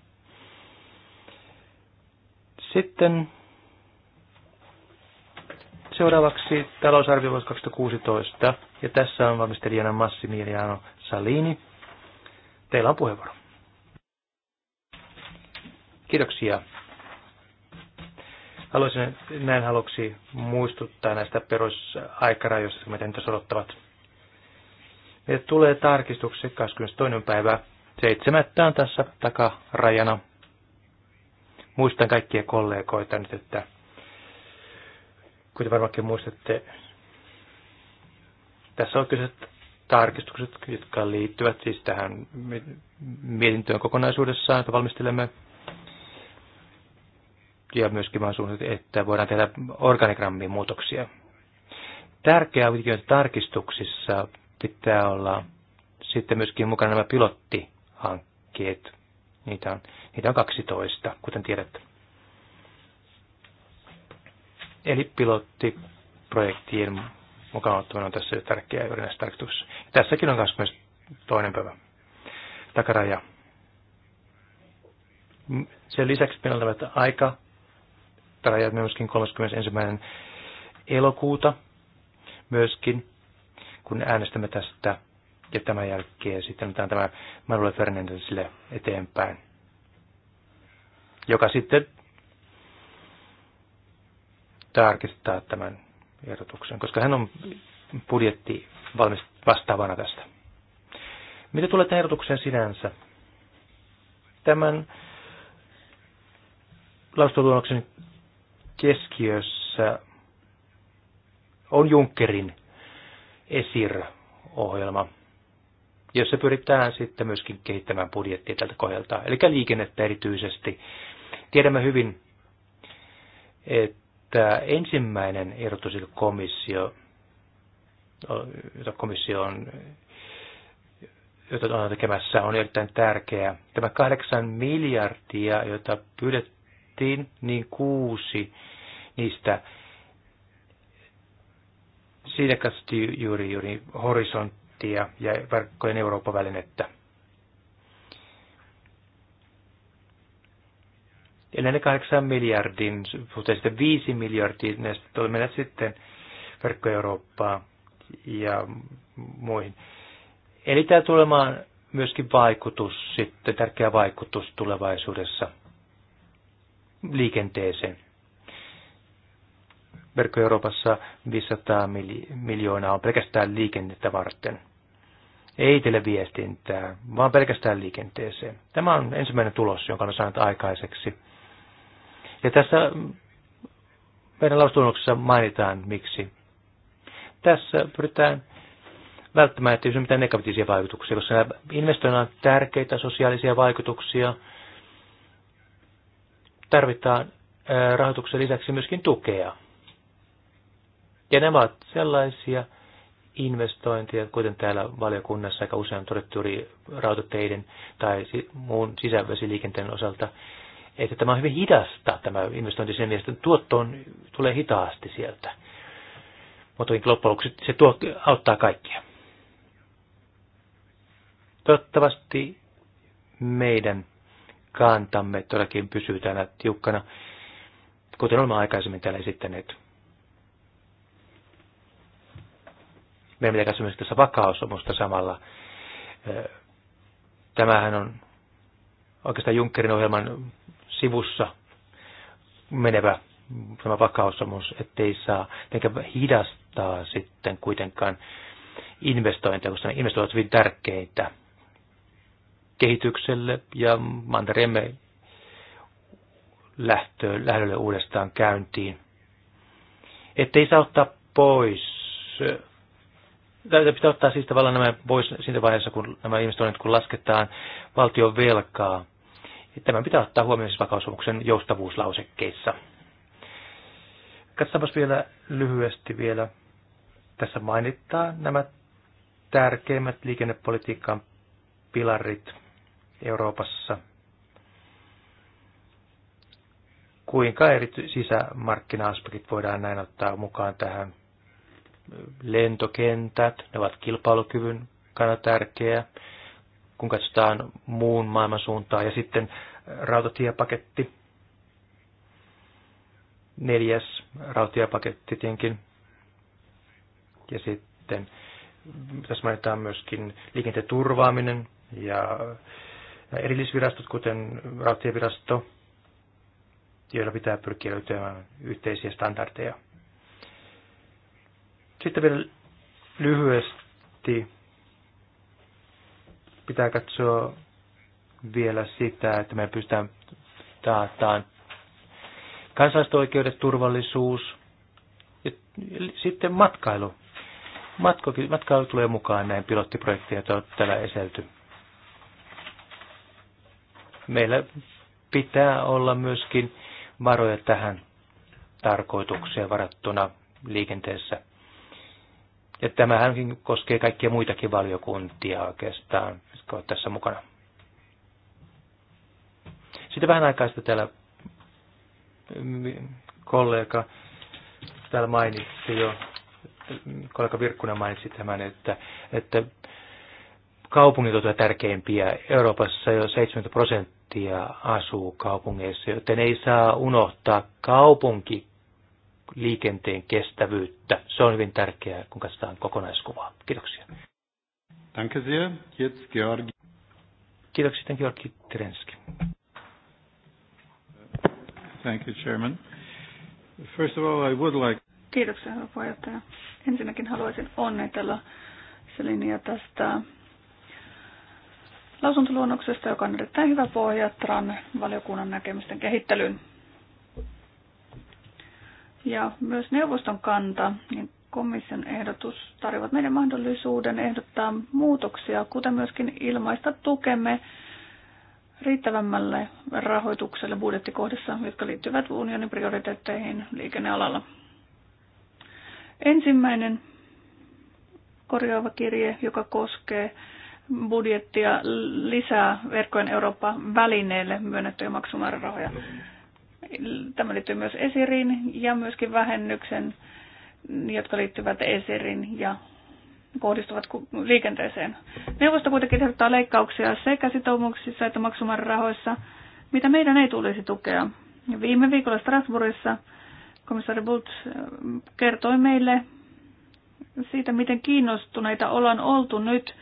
Sitten seuraavaksi talousarvio vuosi 2016 ja tässä on valmistelijana Massimiliano Salini. Teillä on puheenvuoro. Kiitoksia Haluaisin näin haluksi muistuttaa näistä perusaikarajoista, mitä nyt odottavat. Meille tulee tarkistukset 22. päivä 7. on tässä takarajana. Muistan kaikkia kollegoita nyt, että kuten varmaankin muistatte, tässä on kyse tarkistukset, jotka liittyvät siis tähän mietintöön kokonaisuudessaan, että valmistelemme ja myöskin mahdollisuus, että voidaan tehdä organigrammin muutoksia. Tärkeää on, että tarkistuksissa pitää olla sitten myöskin mukana nämä pilottihankkeet. Niitä on, niitä on 12, kuten tiedätte. Eli pilottiprojektien mukaan ottaminen on tässä tärkeää juuri näissä tarkistuksissa. Tässäkin on myös toinen päivä takaraja. Sen lisäksi meillä on aika tarkastusrajat myöskin 31. elokuuta myöskin, kun äänestämme tästä. Ja tämän jälkeen sitten otetaan tämä Manuel Fernandesille eteenpäin, joka sitten tarkistaa tämän ehdotuksen, koska hän on budjetti valmis vastaavana tästä. Mitä tulee tähän ehdotukseen sinänsä? Tämän lausuntoluonnoksen keskiössä on Junckerin ESIR-ohjelma, jossa pyritään sitten myöskin kehittämään budjettia tältä kohdalta, eli liikennettä erityisesti. Tiedämme hyvin, että ensimmäinen ehdotus, jota komissio, jota komissio on jota on tekemässä, on erittäin tärkeää. Tämä kahdeksan miljardia, jota pyydet tehtiin, niin kuusi niistä siinä katsottiin juuri, juuri horisonttia ja verkkojen Euroopan välinettä. Ja kahdeksan miljardin, suhteen sitten viisi miljardia näistä tuli mennä sitten verkko Eurooppaa ja muihin. Eli tämä tulemaan myöskin vaikutus sitten, tärkeä vaikutus tulevaisuudessa – liikenteeseen. Verkko Euroopassa 500 miljoonaa on pelkästään liikennettä varten. Ei televiestintää, vaan pelkästään liikenteeseen. Tämä on ensimmäinen tulos, jonka olen saanut aikaiseksi. Ja tässä meidän laustunnuksessa mainitaan miksi. Tässä pyritään välttämään, että ei ole mitään negatiivisia vaikutuksia, koska nämä investoinnilla on tärkeitä sosiaalisia vaikutuksia – tarvitaan rahoituksen lisäksi myöskin tukea. Ja nämä ovat sellaisia investointeja, kuten täällä valiokunnassa aika usein on todettu juuri rautateiden tai muun sisävesiliikenteen osalta, että tämä on hyvin hidasta, tämä investointi sen mielestä tuotto on, tulee hitaasti sieltä. Mutta niin loppujen lopuksi se tuo, auttaa kaikkia. Toivottavasti meidän kantamme todellakin pysyy täällä tiukkana, kuten olemme aikaisemmin täällä esittäneet. Meidän pitää katsoa myös tässä vakausomusta samalla. Tämähän on oikeastaan Junckerin ohjelman sivussa menevä tämä vakaussomus, ettei saa hidastaa sitten kuitenkaan investointeja, koska ne investoinnit ovat hyvin tärkeitä kehitykselle ja mantereemme lähtö, lähdölle uudestaan käyntiin. Ettei saa ottaa pois, tai pitää ottaa siis tavallaan nämä pois siinä vaiheessa, kun nämä investoinnit, kun lasketaan valtion velkaa. Tämä pitää ottaa huomioon siis vakausomuksen joustavuuslausekkeissa. Katsotaanpas vielä lyhyesti vielä. Tässä mainitaan nämä tärkeimmät liikennepolitiikan pilarit – Euroopassa. Kuinka eri sisämarkkina-aspektit voidaan näin ottaa mukaan tähän? Lentokentät, ne ovat kilpailukyvyn kannalta tärkeä, kun katsotaan muun maailman suuntaa. Ja sitten rautatiepaketti, neljäs rautatiepaketti tietenkin. Ja sitten tässä mainitaan myöskin liikenteen turvaaminen ja erillisvirastot, kuten rautatievirasto, joilla pitää pyrkiä löytämään yhteisiä standardeja. Sitten vielä lyhyesti pitää katsoa vielä sitä, että me pystytään taataan kansalaisten oikeudet, turvallisuus ja sitten matkailu. Matkailu, matkailu tulee mukaan näin pilottiprojekteja, joita on täällä eselty meillä pitää olla myöskin varoja tähän tarkoitukseen varattuna liikenteessä. Ja tämähänkin koskee kaikkia muitakin valiokuntia oikeastaan, jotka ovat tässä mukana. Sitten vähän aikaa sitten täällä kollega täällä mainitsi jo, kollega Virkkunen mainitsi tämän, että, että kaupungit ovat tärkeimpiä Euroopassa jo 70 prosenttia prosenttia asuu kaupungeissa, joten ei saa unohtaa kaupunki liikenteen kestävyyttä. Se on hyvin tärkeää, kun katsotaan kokonaiskuvaa. Kiitoksia. Danke sehr. Jetzt Georgi. Kiitoksia, sitten Georgi Terenski. Thank you, Chairman. First of all, I would like... Kiitoksia, hyvä puheenjohtaja. Ensinnäkin haluaisin onnitella Selinia tästä lausuntoluonnoksesta, joka on erittäin hyvä pohja TRAN valiokunnan näkemysten kehittelyyn. Ja myös neuvoston kanta ja niin komission ehdotus tarjoavat meidän mahdollisuuden ehdottaa muutoksia, kuten myöskin ilmaista tukemme riittävämmälle rahoitukselle budjettikohdassa, jotka liittyvät unionin prioriteetteihin liikennealalla. Ensimmäinen korjaava kirje, joka koskee budjettia lisää verkkojen Eurooppa välineelle myönnettyjä maksumäärärahoja. Tämä liittyy myös esiriin ja myöskin vähennyksen, jotka liittyvät esirin ja kohdistuvat liikenteeseen. Neuvosto kuitenkin ehdottaa leikkauksia sekä sitoumuksissa että maksumäärärahoissa, mitä meidän ei tulisi tukea. Viime viikolla Strasbourgissa komissaari Bult äh, kertoi meille siitä, miten kiinnostuneita ollaan oltu nyt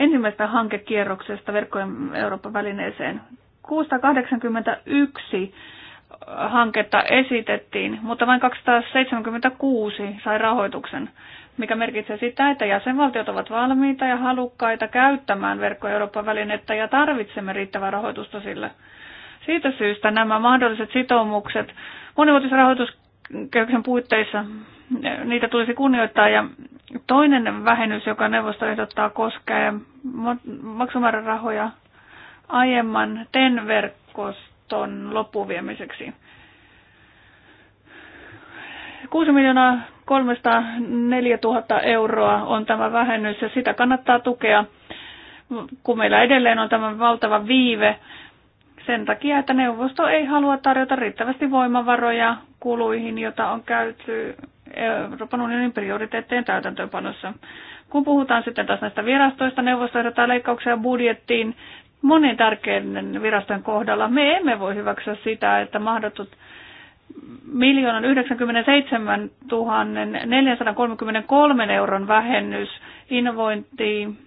ensimmäistä hankekierroksesta verkkojen Euroopan välineeseen. 681 hanketta esitettiin, mutta vain 276 sai rahoituksen, mikä merkitsee sitä, että jäsenvaltiot ovat valmiita ja halukkaita käyttämään verkko Euroopan välinettä ja tarvitsemme riittävää rahoitusta sille. Siitä syystä nämä mahdolliset sitoumukset monivuotisrahoituskehyksen puitteissa niitä tulisi kunnioittaa. Ja toinen vähennys, joka neuvosto ehdottaa, koskee maksumäärärahoja aiemman TEN-verkoston loppuviemiseksi. 6 miljoonaa 304 000 euroa on tämä vähennys ja sitä kannattaa tukea, kun meillä edelleen on tämä valtava viive sen takia, että neuvosto ei halua tarjota riittävästi voimavaroja kuluihin, jota on käyty Euroopan unionin prioriteettien täytäntöönpanossa. Kun puhutaan sitten taas näistä virastoista, neuvosto ehdottaa leikkauksia budjettiin monen tärkeän viraston kohdalla. Me emme voi hyväksyä sitä, että mahdotut miljoonan 97 433 euron vähennys innovointiin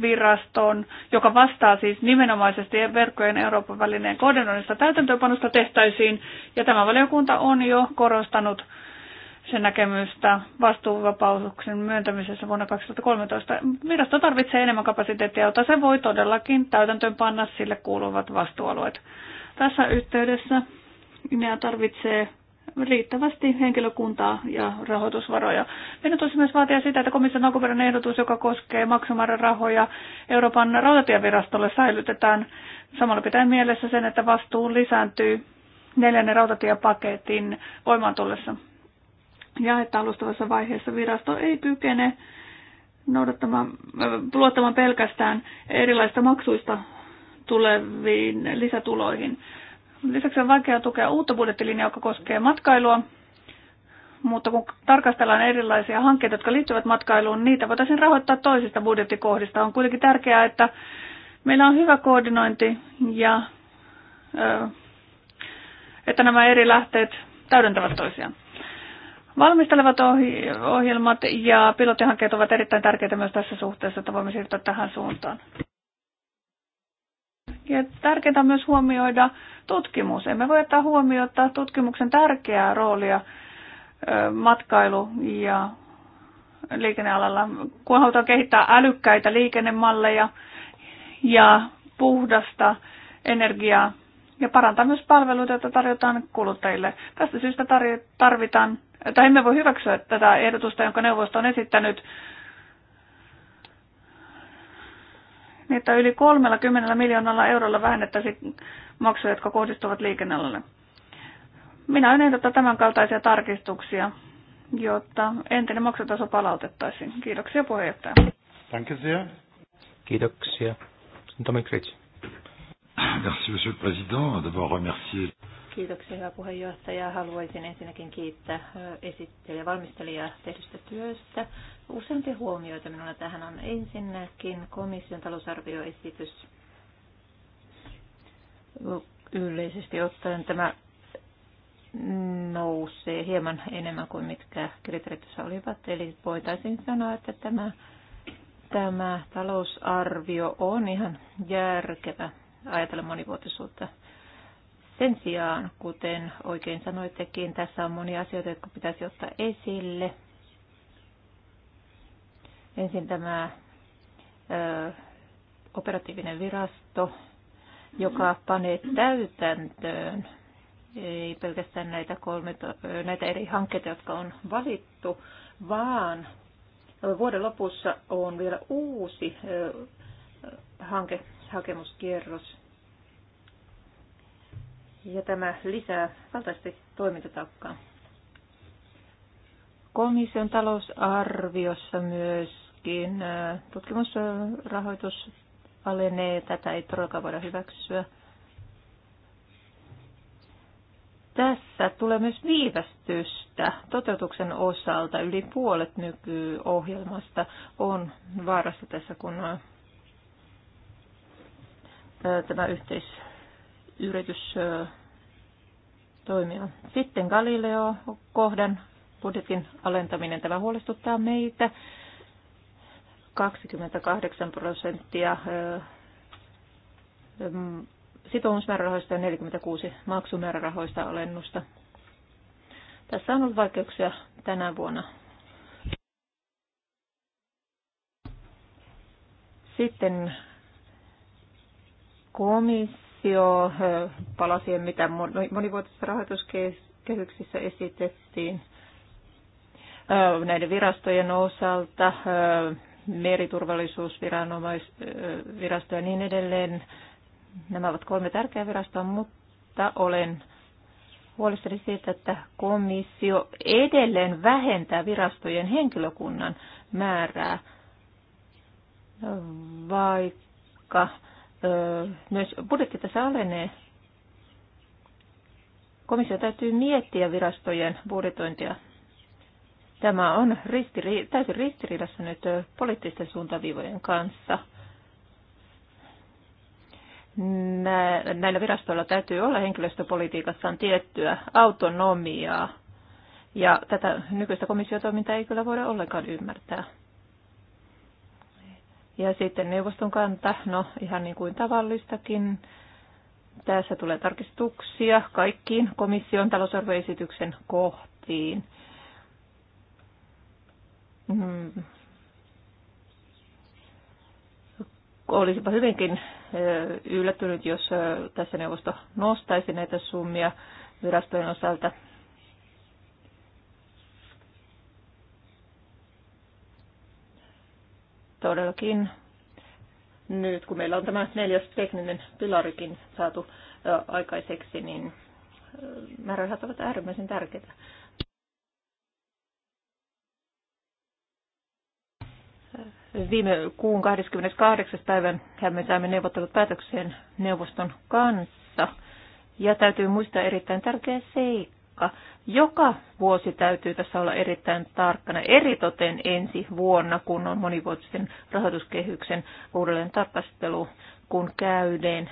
viraston, joka vastaa siis nimenomaisesti verkkojen Euroopan välineen koordinoinnista täytäntöönpanosta tehtäisiin. Ja tämä valiokunta on jo korostanut sen näkemystä vastuuvapauksen myöntämisessä vuonna 2013. Virasto tarvitsee enemmän kapasiteettia, jota se voi todellakin täytäntöönpanna sille kuuluvat vastuualueet. Tässä yhteydessä minä tarvitsee riittävästi henkilökuntaa ja rahoitusvaroja. Meidän tulisi myös vaatia sitä, että komission alkuperäinen ehdotus, joka koskee maksamäärärahoja Euroopan rautatievirastolle säilytetään. Samalla pitää mielessä sen, että vastuu lisääntyy neljännen rautatiepaketin voimaantullessa. Ja että alustavassa vaiheessa virasto ei kykene noudattamaan, äh, luottamaan pelkästään erilaista maksuista tuleviin lisätuloihin. Lisäksi on vaikea tukea uutta budjettilinjaa, joka koskee matkailua, mutta kun tarkastellaan erilaisia hankkeita, jotka liittyvät matkailuun, niitä voitaisiin rahoittaa toisista budjettikohdista. On kuitenkin tärkeää, että meillä on hyvä koordinointi ja että nämä eri lähteet täydentävät toisiaan. Valmistelevat ohjelmat ja pilottihankkeet ovat erittäin tärkeitä myös tässä suhteessa, että voimme siirtyä tähän suuntaan. Ja tärkeintä on myös huomioida tutkimus. Emme voi ottaa huomioon tutkimuksen tärkeää roolia matkailu- ja liikennealalla, kun halutaan kehittää älykkäitä liikennemalleja ja puhdasta energiaa ja parantaa myös palveluita, joita tarjotaan kuluttajille. Tästä syystä tarvitaan, tai emme voi hyväksyä tätä ehdotusta, jonka neuvosto on esittänyt, niin että yli 30 miljoonalla eurolla vähennettäisiin maksuja, jotka kohdistuvat liikennealalle. Minä en ehdota tämän kaltaisia tarkistuksia, jotta entinen maksutaso palautettaisiin. Kiitoksia puheenjohtaja. Danke sehr. Kiitoksia. Tomi Krits. Merci, monsieur le président, d'avoir remercié. Kiitoksia, hyvä puheenjohtaja. Haluaisin ensinnäkin kiittää esittelijä valmistelijaa tehdystä työstä. Useampia huomioita minulla tähän on ensinnäkin komission talousarvioesitys yleisesti ottaen tämä nousee hieman enemmän kuin mitkä kriteerit olivat. Eli voitaisiin sanoa, että tämä, tämä talousarvio on ihan järkevä ajatella monivuotisuutta. Sen sijaan, kuten oikein sanoittekin, tässä on monia asioita, jotka pitäisi ottaa esille. Ensin tämä ö, operatiivinen virasto, joka panee täytäntöön ei pelkästään näitä, kolme, näitä eri hankkeita, jotka on valittu, vaan vuoden lopussa on vielä uusi hanke, hakemuskierros. Ja tämä lisää valtaisesti toimintatakkaa. Komission talousarviossa myöskin tutkimusrahoitus alenee. Tätä ei todellakaan voida hyväksyä. Tässä tulee myös viivästystä toteutuksen osalta. Yli puolet nykyohjelmasta on vaarassa tässä, kun tämä yhteisyritys toimii. Sitten Galileo-kohdan budjetin alentaminen. Tämä huolestuttaa meitä. 28 prosenttia sitoumusmäärärahoista ja 46 maksumäärärahoista alennusta. Tässä on ollut vaikeuksia tänä vuonna. Sitten komissio palasi mitä monivuotisissa rahoituskehyksissä esitettiin näiden virastojen osalta meriturvallisuusvirasto ja niin edelleen. Nämä ovat kolme tärkeää virastoa, mutta olen huolissani siitä, että komissio edelleen vähentää virastojen henkilökunnan määrää, vaikka myös budjetti tässä alenee. Komissio täytyy miettiä virastojen budjetointia Tämä on ristiri- täysin ristiriidassa nyt poliittisten suuntaviivojen kanssa. Näillä virastoilla täytyy olla henkilöstöpolitiikassaan tiettyä autonomiaa, ja tätä nykyistä komissiotoimintaa ei kyllä voida ollenkaan ymmärtää. Ja sitten neuvoston kanta, no ihan niin kuin tavallistakin, tässä tulee tarkistuksia kaikkiin komission talousarvioesityksen kohtiin. Mm. olisipa hyvinkin yllättynyt, jos tässä neuvosto nostaisi näitä summia virastojen osalta. Todellakin nyt, kun meillä on tämä neljäs tekninen pilarikin saatu aikaiseksi, niin määrärahat ovat äärimmäisen tärkeitä. Viime kuun 28. päivän me saimme neuvottelut päätökseen neuvoston kanssa. Ja täytyy muistaa erittäin tärkeä seikka. Joka vuosi täytyy tässä olla erittäin tarkkana, eritoten ensi vuonna, kun on monivuotisen rahoituskehyksen uudelleen tarkastelu, kun käydään,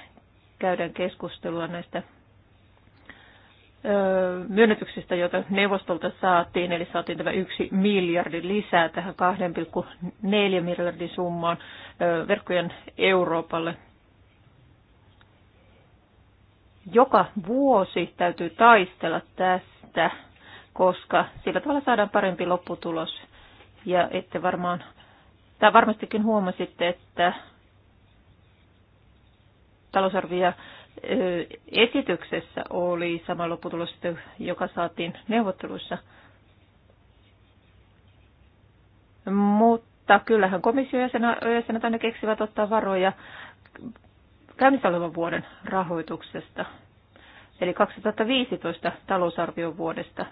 käydään keskustelua näistä myönnetyksistä, joita neuvostolta saatiin, eli saatiin tämä yksi miljardi lisää tähän 2,4 miljardin summaan verkkojen Euroopalle. Joka vuosi täytyy taistella tästä, koska sillä tavalla saadaan parempi lopputulos. Ja ette varmaan, tai varmastikin huomasitte, että talousarvio esityksessä oli sama lopputulos, joka saatiin neuvotteluissa. Mutta kyllähän komission jäsenet aina keksivät ottaa varoja käynnissä olevan vuoden rahoituksesta, eli 2015 talousarvion vuodesta.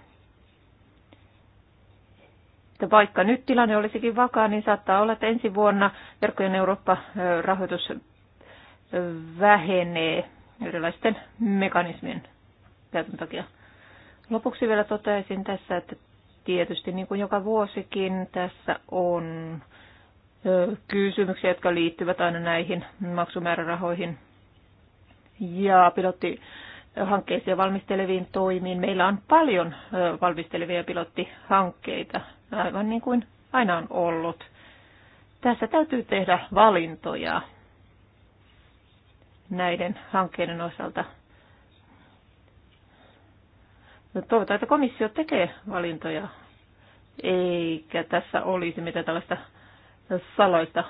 Että vaikka nyt tilanne olisikin vakaa, niin saattaa olla, että ensi vuonna verkkojen Eurooppa-rahoitus vähenee erilaisten mekanismien käytön takia. Lopuksi vielä toteaisin tässä, että tietysti niin kuin joka vuosikin tässä on kysymyksiä, jotka liittyvät aina näihin maksumäärärahoihin ja pilottihankkeisiin valmisteleviin toimiin. Meillä on paljon valmistelevia pilottihankkeita, aivan niin kuin aina on ollut. Tässä täytyy tehdä valintoja näiden hankkeiden osalta. No, toivotaan, että komissio tekee valintoja, eikä tässä olisi mitään tällaista saloista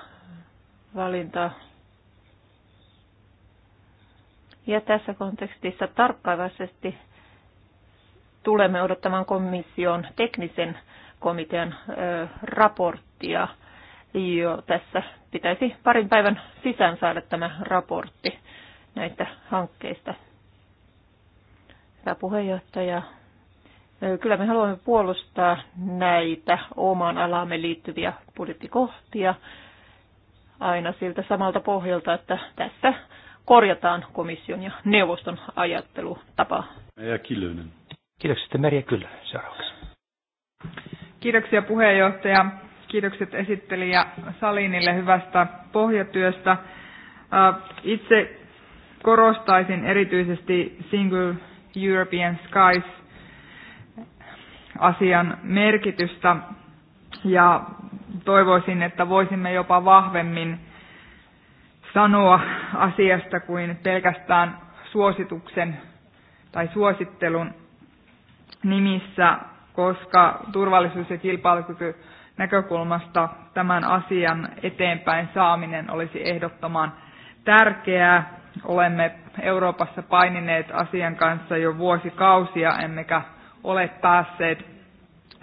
valintaa. Ja tässä kontekstissa tarkkaavaisesti tulemme odottamaan komission teknisen komitean raporttia Joo, tässä pitäisi parin päivän sisään saada tämä raportti näistä hankkeista. Hyvä puheenjohtaja. Kyllä me haluamme puolustaa näitä omaan alaamme liittyviä budjettikohtia aina siltä samalta pohjalta, että tässä korjataan komission ja neuvoston ajattelutapa. Merja Kilönen. Kiitoksia, Merja Kyllä seuraavaksi. Kiitoksia puheenjohtaja. Kiitokset esittelijä Salinille hyvästä pohjatyöstä. Itse korostaisin erityisesti Single European Skies asian merkitystä ja toivoisin, että voisimme jopa vahvemmin sanoa asiasta kuin pelkästään suosituksen tai suosittelun nimissä, koska turvallisuus- ja kilpailukyky näkökulmasta tämän asian eteenpäin saaminen olisi ehdottoman tärkeää. Olemme Euroopassa painineet asian kanssa jo vuosikausia, emmekä ole päässeet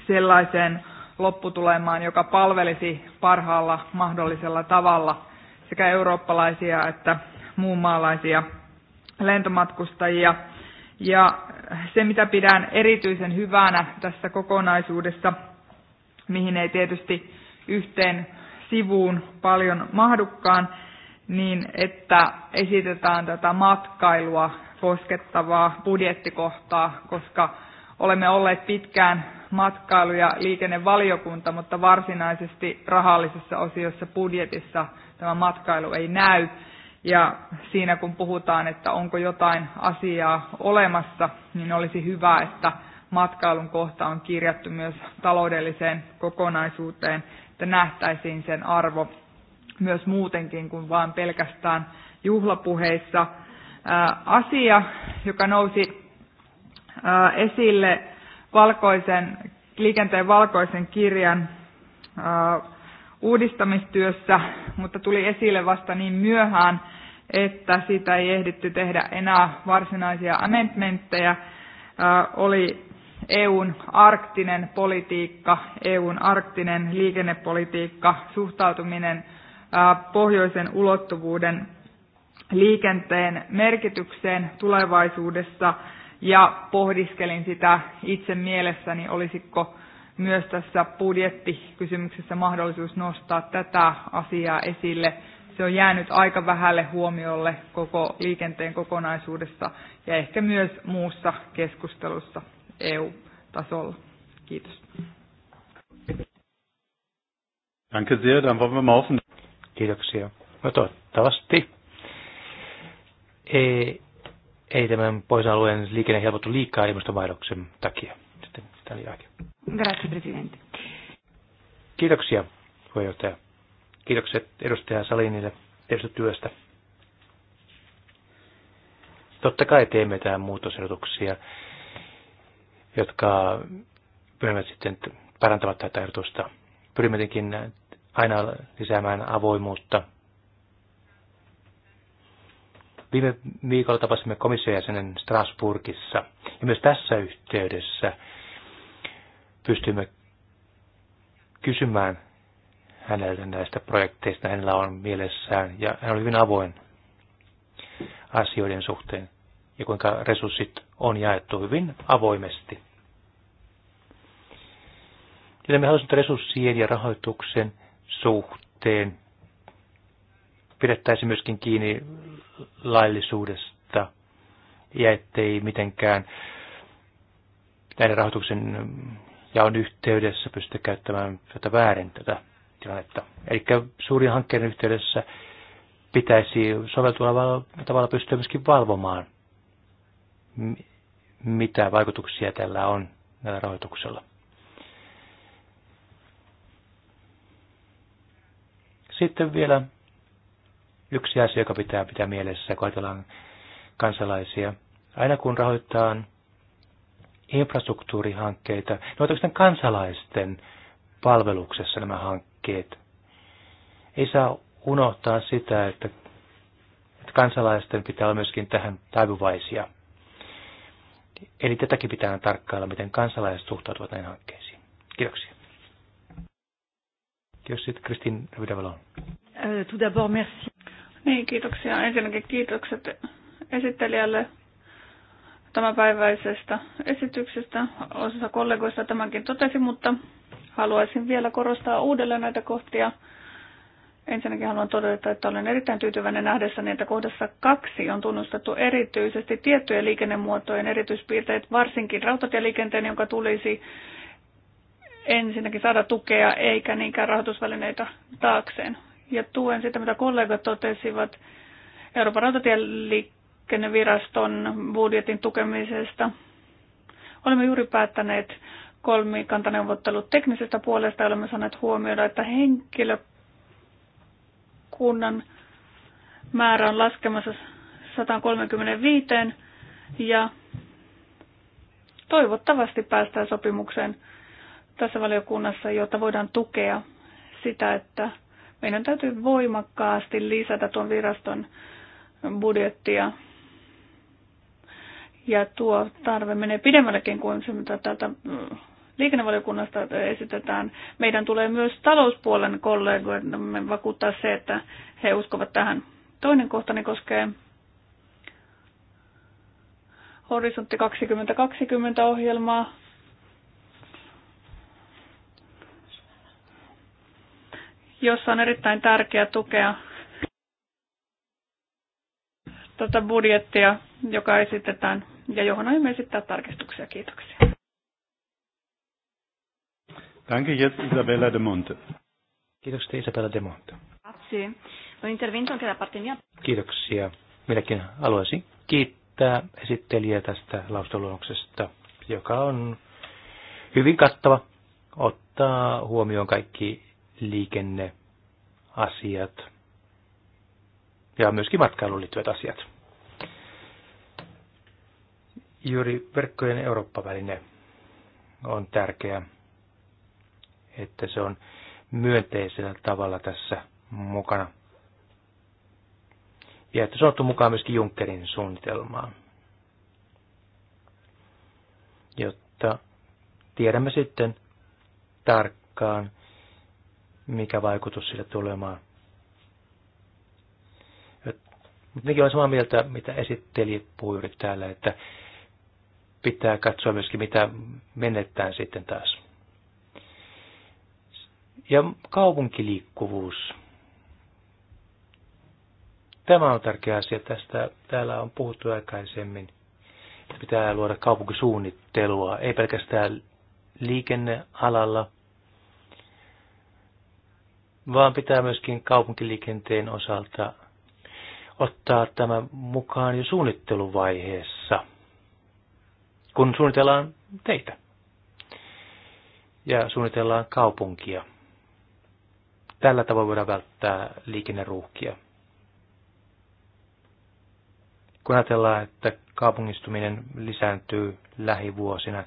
sellaiseen lopputulemaan, joka palvelisi parhaalla mahdollisella tavalla sekä eurooppalaisia että muunmaalaisia lentomatkustajia. Ja se, mitä pidän erityisen hyvänä tässä kokonaisuudessa, mihin ei tietysti yhteen sivuun paljon mahdukkaan, niin että esitetään tätä matkailua koskettavaa budjettikohtaa, koska olemme olleet pitkään matkailu- ja liikennevaliokunta, mutta varsinaisesti rahallisessa osiossa budjetissa tämä matkailu ei näy. Ja siinä kun puhutaan, että onko jotain asiaa olemassa, niin olisi hyvä, että matkailun kohta on kirjattu myös taloudelliseen kokonaisuuteen, että nähtäisiin sen arvo myös muutenkin kuin vain pelkästään juhlapuheissa. Asia, joka nousi esille valkoisen, liikenteen valkoisen kirjan uudistamistyössä, mutta tuli esille vasta niin myöhään, että siitä ei ehditty tehdä enää varsinaisia amendmentteja, oli EUn arktinen politiikka, EUn arktinen liikennepolitiikka, suhtautuminen pohjoisen ulottuvuuden liikenteen merkitykseen tulevaisuudessa ja pohdiskelin sitä itse mielessäni, olisiko myös tässä budjettikysymyksessä mahdollisuus nostaa tätä asiaa esille. Se on jäänyt aika vähälle huomiolle koko liikenteen kokonaisuudessa ja ehkä myös muussa keskustelussa. EU-tasolla. Kiitos. Danke sehr, dann wollen wir mal hoffen. Kiitoksia. No toivottavasti. Ei, ei tämän pohjoisalueen liikenne helpottu liikaa ilmastonvaihdoksen takia. Sitten sitä Grazie, presidente. Kiitoksia, puheenjohtaja. Kiitokset edustaja Salinille tehdystä työstä. Totta kai teemme tähän muutosehdotuksia jotka pyrimme sitten parantamaan tätä ehdotusta. Pyrimme tietenkin aina lisäämään avoimuutta. Viime viikolla tapasimme komission jäsenen Strasbourgissa ja myös tässä yhteydessä pystymme kysymään häneltä näistä projekteista, hänellä on mielessään ja hän oli hyvin avoin asioiden suhteen ja kuinka resurssit on jaettu hyvin avoimesti. Ja me haluaisimme resurssien ja rahoituksen suhteen pidettäisiin myöskin kiinni laillisuudesta ja ettei mitenkään näiden rahoituksen ja on yhteydessä pystytä käyttämään tätä väärin tätä tilannetta. Eli suurien hankkeiden yhteydessä pitäisi soveltuvalla tavalla pystyä myöskin valvomaan mitä vaikutuksia tällä on tällä rahoituksella. Sitten vielä yksi asia, joka pitää pitää mielessä, kun ajatellaan kansalaisia. Aina kun rahoittaa infrastruktuurihankkeita, ne ovat oikeastaan kansalaisten palveluksessa nämä hankkeet. Ei saa unohtaa sitä, että, että kansalaisten pitää olla myöskin tähän taipuvaisia. Eli tätäkin pitää tarkkailla, miten kansalaiset suhtautuvat näihin hankkeisiin. Kiitoksia. Kiitos sitten Kristin Ravidavalon. Äh, tout d'abord, merci. Niin, kiitoksia. Ensinnäkin kiitokset esittelijälle tämänpäiväisestä esityksestä. osassa kollegoista tämänkin totesi, mutta haluaisin vielä korostaa uudelleen näitä kohtia Ensinnäkin haluan todeta, että olen erittäin tyytyväinen nähdessäni, että kohdassa kaksi on tunnustettu erityisesti tiettyjen liikennemuotojen erityispiirteet, varsinkin rautatieliikenteen, jonka tulisi ensinnäkin saada tukea eikä niinkään rahoitusvälineitä taakseen. Ja tuen sitä, mitä kollegat totesivat Euroopan rautatieliikenneviraston budjetin tukemisesta. Olemme juuri päättäneet kolmikantaneuvottelut teknisestä puolesta ja olemme saaneet huomioida, että henkilö kunnan määrä on laskemassa 135 ja toivottavasti päästään sopimukseen tässä valiokunnassa, jotta voidaan tukea sitä, että meidän täytyy voimakkaasti lisätä tuon viraston budjettia. Ja tuo tarve menee pidemmällekin kuin se, mitä täältä mm, liikennevaliokunnasta esitetään, meidän tulee myös talouspuolen kollegoimme vakuuttaa se, että he uskovat tähän. Toinen kohtani koskee Horisontti 2020 ohjelmaa. jossa on erittäin tärkeää tukea tätä tuota budjettia, joka esitetään ja johon aiemme esittää tarkistuksia. Kiitoksia. Danke, jetzt Isabella de Monte. Kiitoksia Isabella de Monte. Kiitoksia. Minäkin haluaisin kiittää esittelijää tästä lausuntoluonnoksesta, joka on hyvin kattava, ottaa huomioon kaikki liikenneasiat ja myöskin matkailuun liittyvät asiat. Juuri verkkojen Eurooppa-väline on tärkeä että se on myönteisellä tavalla tässä mukana. Ja että se on mukaan myöskin Junckerin suunnitelmaan. Jotta tiedämme sitten tarkkaan, mikä vaikutus sillä tulemaan. Mutta nekin on samaa mieltä, mitä esitteli puhuivat täällä, että pitää katsoa myöskin, mitä menettään sitten taas ja kaupunkiliikkuvuus. Tämä on tärkeä asia. Tästä täällä on puhuttu aikaisemmin. Että pitää luoda kaupunkisuunnittelua, ei pelkästään liikennealalla, vaan pitää myöskin kaupunkiliikenteen osalta ottaa tämä mukaan jo suunnitteluvaiheessa, kun suunnitellaan teitä ja suunnitellaan kaupunkia. Tällä tavoin voidaan välttää liikenneruuhkia. Kun ajatellaan, että kaupungistuminen lisääntyy lähivuosina,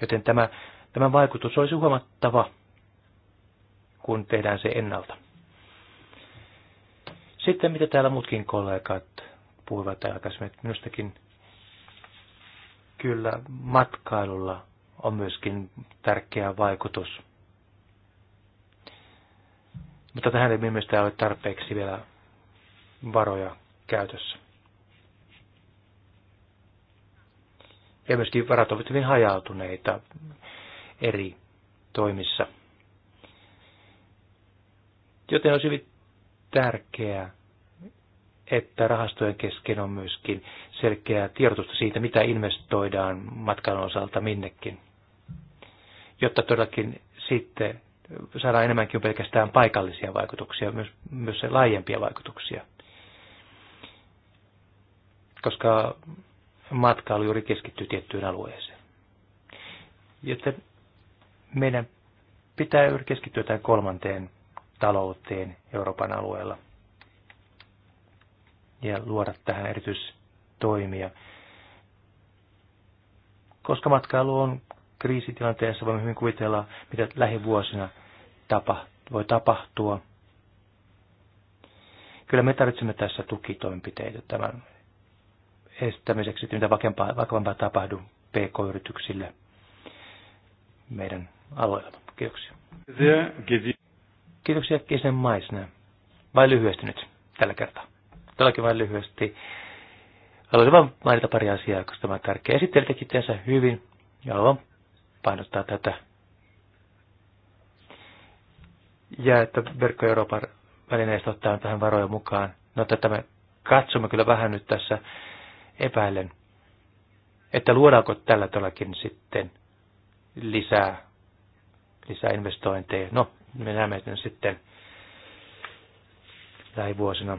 joten tämä, tämä vaikutus olisi huomattava, kun tehdään se ennalta. Sitten mitä täällä muutkin kollegat puhuivat aikaisemmin, että minustakin kyllä matkailulla on myöskin tärkeä vaikutus mutta tähän ei mielestäni ole tarpeeksi vielä varoja käytössä. Ja myöskin varat ovat hyvin hajautuneita eri toimissa. Joten on hyvin tärkeää, että rahastojen kesken on myöskin selkeää tiedotusta siitä, mitä investoidaan matkan osalta minnekin, jotta todellakin sitten saadaan enemmänkin pelkästään paikallisia vaikutuksia, myös, myös laajempia vaikutuksia. Koska matkailu juuri keskittyy tiettyyn alueeseen. Joten meidän pitää juuri keskittyä tähän kolmanteen talouteen Euroopan alueella ja luoda tähän erityistoimia. Koska matkailu on kriisitilanteessa voimme hyvin kuvitella, mitä lähivuosina tapa, voi tapahtua. Kyllä me tarvitsemme tässä tukitoimenpiteitä tämän estämiseksi, että mitä vakavampaa, vakavampaa tapahdu PK-yrityksille meidän alueella. Kiitoksia. Kiitoksia Kisen Maisne. Vai lyhyesti nyt tällä kertaa? Tälläkin vain lyhyesti. Haluaisin vain mainita pari asiaa, koska tämä on tärkeä. Esittelitekin hyvin ja haluan painottaa tätä. Ja että verkko Euroopan välineistä ottaa tähän varoja mukaan. No tätä me katsomme kyllä vähän nyt tässä epäilen, että luodaanko tällä tälläkin sitten lisää, lisää investointeja. No, me näemme sitten lähivuosina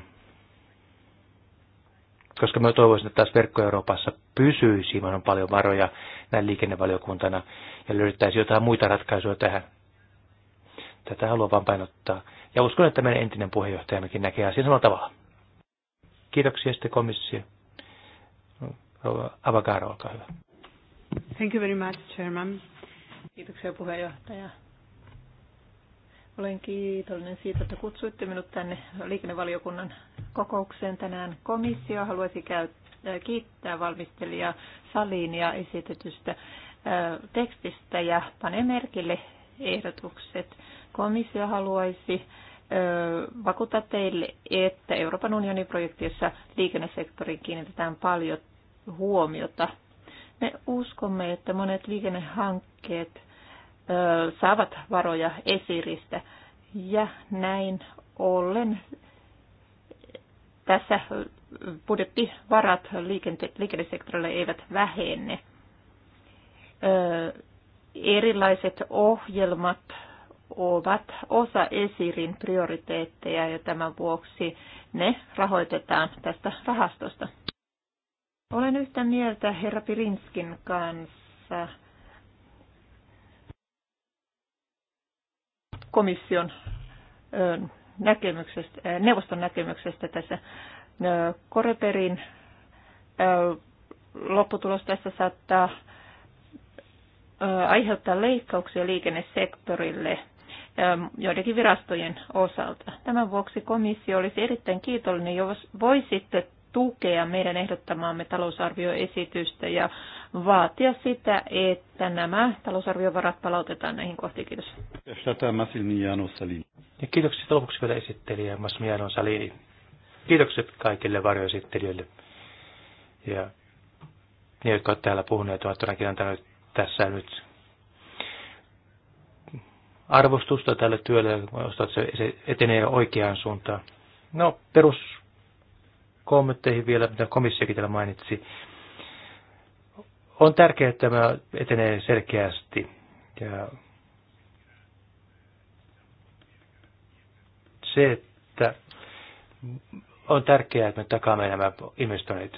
koska mä toivoisin, että taas verkko Euroopassa pysyisi on paljon varoja näin liikennevaliokuntana ja löydettäisi jotain muita ratkaisuja tähän. Tätä haluan vain painottaa. Ja uskon, että meidän entinen puheenjohtajammekin näkee asian samalla tavalla. Kiitoksia sitten komissio. Avagaro, olkaa hyvä. Thank you very much, Chairman. Kiitoksia puheenjohtaja. Olen kiitollinen siitä, että kutsuitte minut tänne liikennevaliokunnan kokoukseen tänään. Komissio haluaisi käyttää, äh, kiittää valmistelija Salinia esitetystä äh, tekstistä ja pane merkille ehdotukset. Komissio haluaisi äh, vakuuttaa teille, että Euroopan unionin projektissa liikennesektoriin kiinnitetään paljon huomiota. Me uskomme, että monet liikennehankkeet saavat varoja esiristä. Ja näin ollen tässä budjettivarat liikente- liikennesektorille eivät vähene. Erilaiset ohjelmat ovat osa esirin prioriteetteja ja tämän vuoksi ne rahoitetaan tästä rahastosta. Olen yhtä mieltä herra Pirinskin kanssa komission näkemyksestä, neuvoston näkemyksestä tässä Koreperin lopputulos tässä saattaa aiheuttaa leikkauksia liikennesektorille joidenkin virastojen osalta. Tämän vuoksi komissio olisi erittäin kiitollinen, jos voisitte tukea meidän ehdottamaamme talousarvioesitystä ja vaatia sitä, että nämä talousarviovarat palautetaan näihin kohtiin. Kiitos. Ja kiitokset lopuksi vielä esittelijä Masmiano Salini. Kiitokset kaikille varjoesittelijöille. Ja ne, jotka ovat täällä puhuneet, ovat todellakin antaneet tässä nyt arvostusta tälle työlle, että se etenee oikeaan suuntaan. No, peruskommentteihin vielä, mitä komissiokin täällä mainitsi. On tärkeää, että tämä etenee selkeästi ja se, että on tärkeää, että me takaamme nämä investoinnit.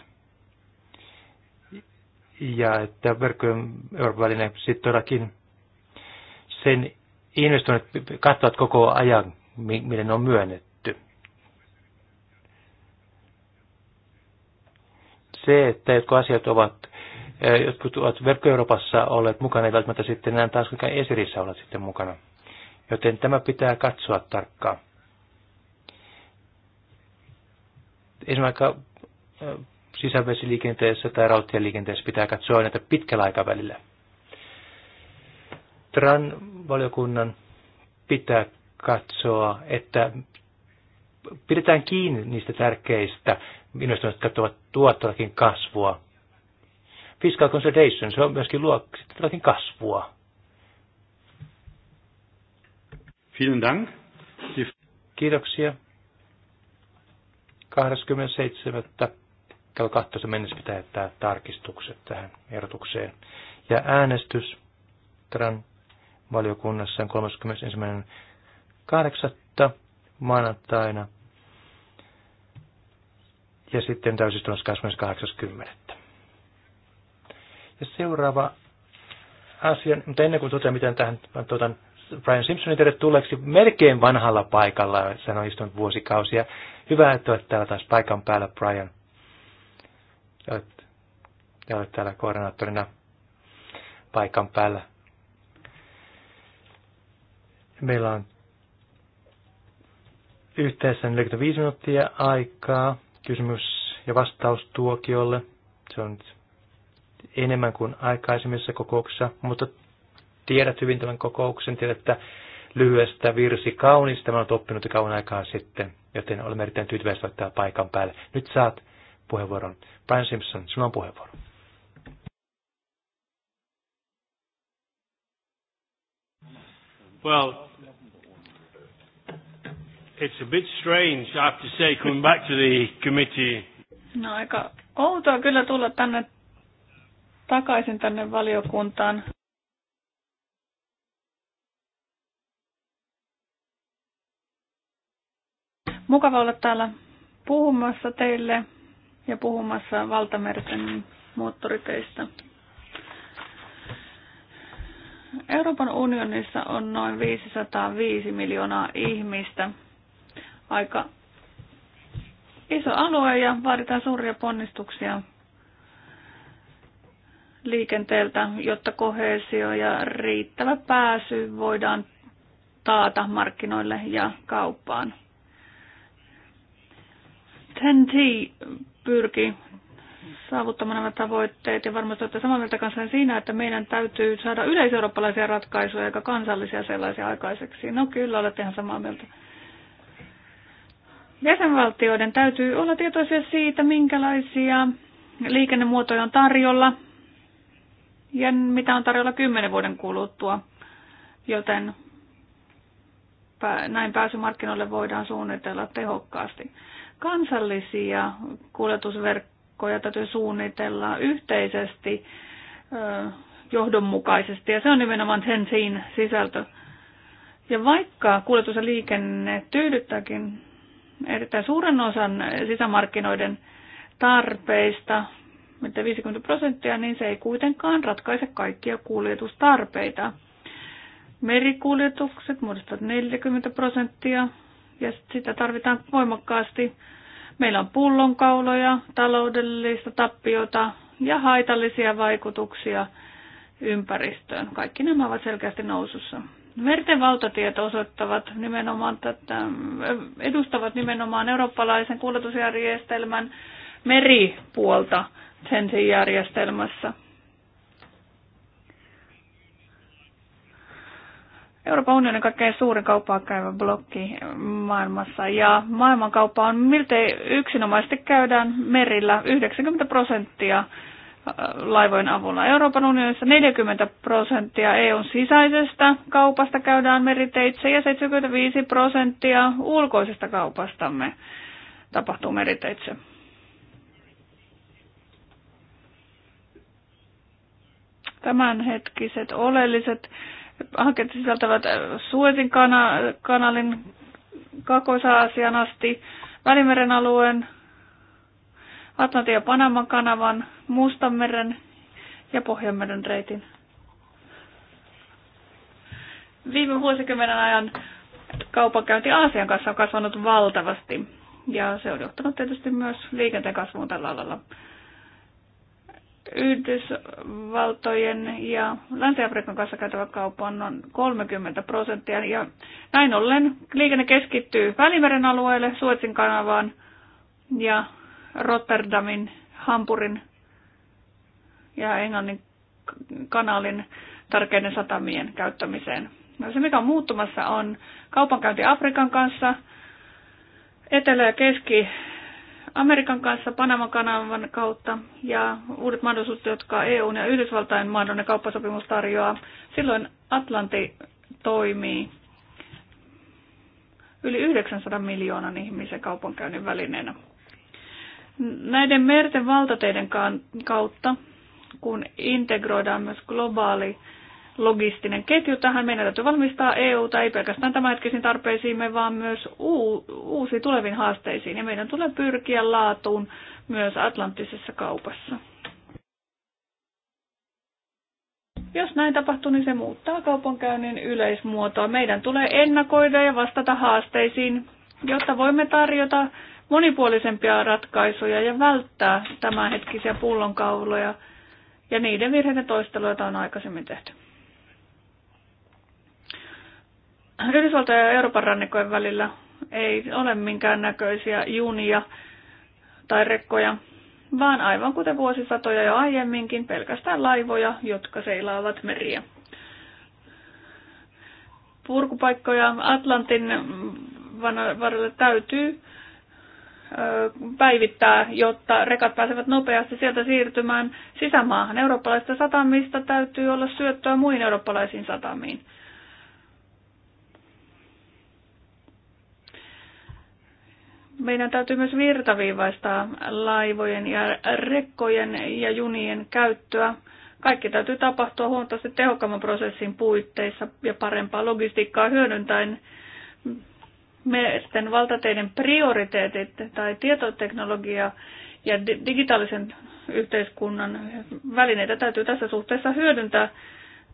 Ja että verkkojen Euroopan väline sitten todellakin sen investoinnit katsovat koko ajan, mille on myönnetty. Se, että jotkut asiat ovat Eh, jotkut ovat verkko-Euroopassa olleet mukana, ei välttämättä sitten enää taas kuitenkaan esirissä olla sitten mukana. Joten tämä pitää katsoa tarkkaan. Esimerkiksi eh, sisävesiliikenteessä tai rautatieliikenteessä pitää katsoa näitä pitkällä aikavälillä. TRAN-valiokunnan pitää katsoa, että pidetään kiinni niistä tärkeistä investoinnista, jotka tuovat tuottajakin kasvua fiscal consolidation, se on myöskin luo sitten kasvua. Vielen Dank. Kiitoksia. 27. kello 12 mennessä pitää jättää tarkistukset tähän ehdotukseen. Ja äänestys Tran valiokunnassa on 31.8. maanantaina ja sitten täysistunnossa 28.10. Ja seuraava asia, mutta ennen kuin totean, miten tähän tuotan Brian Simpsonin tulleeksi melkein vanhalla paikalla, hän on istunut vuosikausia. Hyvä, että olet täällä taas paikan päällä, Brian. Olet, ja olet täällä koordinaattorina paikan päällä. Meillä on yhteensä 45 minuuttia aikaa kysymys- ja vastaustuokiolle. Se on enemmän kuin aikaisemmissa kokouksissa, mutta tiedät hyvin tämän kokouksen, tiedät, että lyhyestä virsi kaunis, tämä on oppinut kauan aikaa sitten, joten olemme erittäin tyytyväisiä ottaa paikan päälle. Nyt saat puheenvuoron. Brian Simpson, sinulla on puheenvuoro. Well, it's a bit strange, I have to say, coming back to the committee. No aika outoa kyllä tulla tänne takaisin tänne valiokuntaan. Mukava olla täällä puhumassa teille ja puhumassa valtamerten moottoriteistä. Euroopan unionissa on noin 505 miljoonaa ihmistä. Aika iso alue ja vaaditaan suuria ponnistuksia liikenteeltä, jotta kohesio ja riittävä pääsy voidaan taata markkinoille ja kauppaan. TEN-T pyrki saavuttamaan nämä tavoitteet ja varmasti olette samaa mieltä kanssa siinä, että meidän täytyy saada yleiseurooppalaisia ratkaisuja eikä kansallisia sellaisia aikaiseksi. No kyllä, olette ihan samaa mieltä. Jäsenvaltioiden täytyy olla tietoisia siitä, minkälaisia liikennemuotoja on tarjolla, ja mitä on tarjolla kymmenen vuoden kuluttua. Joten näin pääsymarkkinoille voidaan suunnitella tehokkaasti. Kansallisia kuljetusverkkoja täytyy suunnitella yhteisesti, johdonmukaisesti, ja se on nimenomaan sen siinä sisältö. Ja vaikka kuljetus ja liikenne tyydyttääkin erittäin suuren osan sisämarkkinoiden tarpeista, että 50 prosenttia, niin se ei kuitenkaan ratkaise kaikkia kuljetustarpeita. Merikuljetukset muodostavat 40 prosenttia ja sitä tarvitaan voimakkaasti. Meillä on pullonkauloja, taloudellista tappiota ja haitallisia vaikutuksia ympäristöön. Kaikki nämä ovat selkeästi nousussa. Merten valtatiet osoittavat nimenomaan tätä, edustavat nimenomaan eurooppalaisen kuljetusjärjestelmän meripuolta sen järjestelmässä. Euroopan unionin kaikkein suurin kauppaa käyvä blokki maailmassa ja maailmankauppa on miltei yksinomaisesti käydään merillä 90 prosenttia äh, laivojen avulla. Euroopan unionissa 40 prosenttia EUn sisäisestä kaupasta käydään meriteitse ja 75 prosenttia ulkoisesta kaupastamme tapahtuu meriteitse. tämänhetkiset oleelliset hankkeet sisältävät äh, Suezin kanalin kakoisaasian asti, Välimeren alueen, Atlantin ja Panaman kanavan, Mustanmeren ja Pohjanmeren reitin. Viime vuosikymmenen ajan kaupankäynti Aasian kanssa on kasvanut valtavasti ja se on johtanut tietysti myös liikenteen kasvuun tällä alalla. Yhdysvaltojen ja Länsi-Afrikan kanssa käytävä kauppa on noin 30 prosenttia. Ja näin ollen liikenne keskittyy Välimeren alueelle, Suotsin kanavaan ja Rotterdamin, Hampurin ja Englannin kanalin tärkeiden satamien käyttämiseen. No se, mikä on muuttumassa, on kaupankäynti Afrikan kanssa, Etelä- ja Keski- Amerikan kanssa, Panaman kanavan kautta ja uudet mahdollisuudet, jotka EUn ja Yhdysvaltain mahdollinen kauppasopimus tarjoaa, silloin Atlanti toimii yli 900 miljoonan ihmisen kaupankäynnin välineenä. Näiden merten valtateiden kautta, kun integroidaan myös globaali logistinen ketju tähän. Meidän täytyy valmistaa EUta ei pelkästään tämänhetkisiin tarpeisiimme, vaan myös uusiin tuleviin haasteisiin. Ja meidän tulee pyrkiä laatuun myös atlanttisessa kaupassa. Jos näin tapahtuu, niin se muuttaa kaupankäynnin yleismuotoa. Meidän tulee ennakoida ja vastata haasteisiin, jotta voimme tarjota monipuolisempia ratkaisuja ja välttää tämänhetkisiä pullonkauloja ja niiden virheiden toistelua, joita on aikaisemmin tehty. Yhdysvaltojen ja Euroopan rannikkojen välillä ei ole minkäännäköisiä junia tai rekkoja, vaan aivan kuten vuosisatoja jo aiemminkin, pelkästään laivoja, jotka seilaavat meriä. Purkupaikkoja Atlantin varrelle täytyy päivittää, jotta rekat pääsevät nopeasti sieltä siirtymään sisämaahan. Eurooppalaisista satamista täytyy olla syöttöä muihin eurooppalaisiin satamiin. meidän täytyy myös virtaviivaistaa laivojen ja rekkojen ja junien käyttöä. Kaikki täytyy tapahtua huomattavasti tehokkaamman prosessin puitteissa ja parempaa logistiikkaa hyödyntäen. Meidän valtateiden prioriteetit tai tietoteknologia ja digitaalisen yhteiskunnan välineitä täytyy tässä suhteessa hyödyntää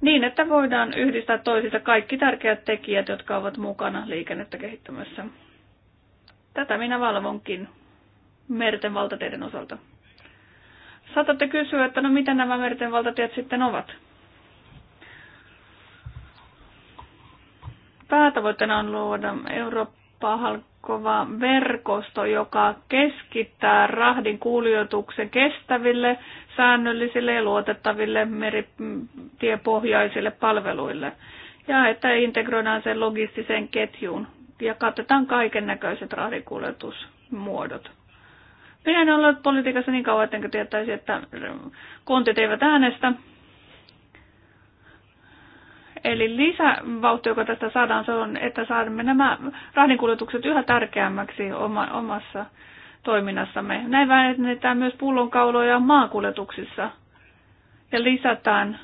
niin, että voidaan yhdistää toisista kaikki tärkeät tekijät, jotka ovat mukana liikennettä kehittämässä. Tätä minä valvonkin merten valtateiden osalta. Saatatte kysyä, että no mitä nämä merten valtatiet sitten ovat? Päätavoitteena on luoda Eurooppaa halkova verkosto, joka keskittää rahdin kuljetuksen kestäville, säännöllisille ja luotettaville meritiepohjaisille palveluille ja että integroidaan sen logistiseen ketjuun ja katsotaan kaiken näköiset rahdikuljetusmuodot. Minä en ole politiikassa niin kauan, ettenkö tietäisi, että kontit eivät äänestä. Eli lisävauhti, joka tästä saadaan, se on, että saamme nämä rahdinkuljetukset yhä tärkeämmäksi oma, omassa toiminnassamme. Näin vähennetään myös pullonkauloja maakuljetuksissa ja lisätään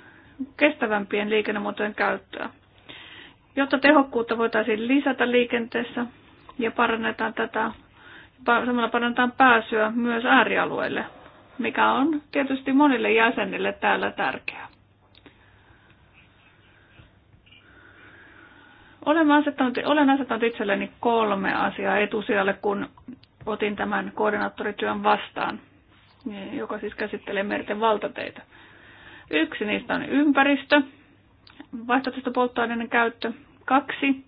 kestävämpien liikennemuotojen käyttöä. Jotta tehokkuutta voitaisiin lisätä liikenteessä ja parannetaan tätä, samalla parannetaan pääsyä myös äärialueille, mikä on tietysti monille jäsenille täällä tärkeää. Olen asettanut, olen asettanut itselleni kolme asiaa etusijalle, kun otin tämän koordinaattorityön vastaan, joka siis käsittelee merten valtateita. Yksi niistä on ympäristö, vaihtoehtoista polttoaineiden käyttö. Kaksi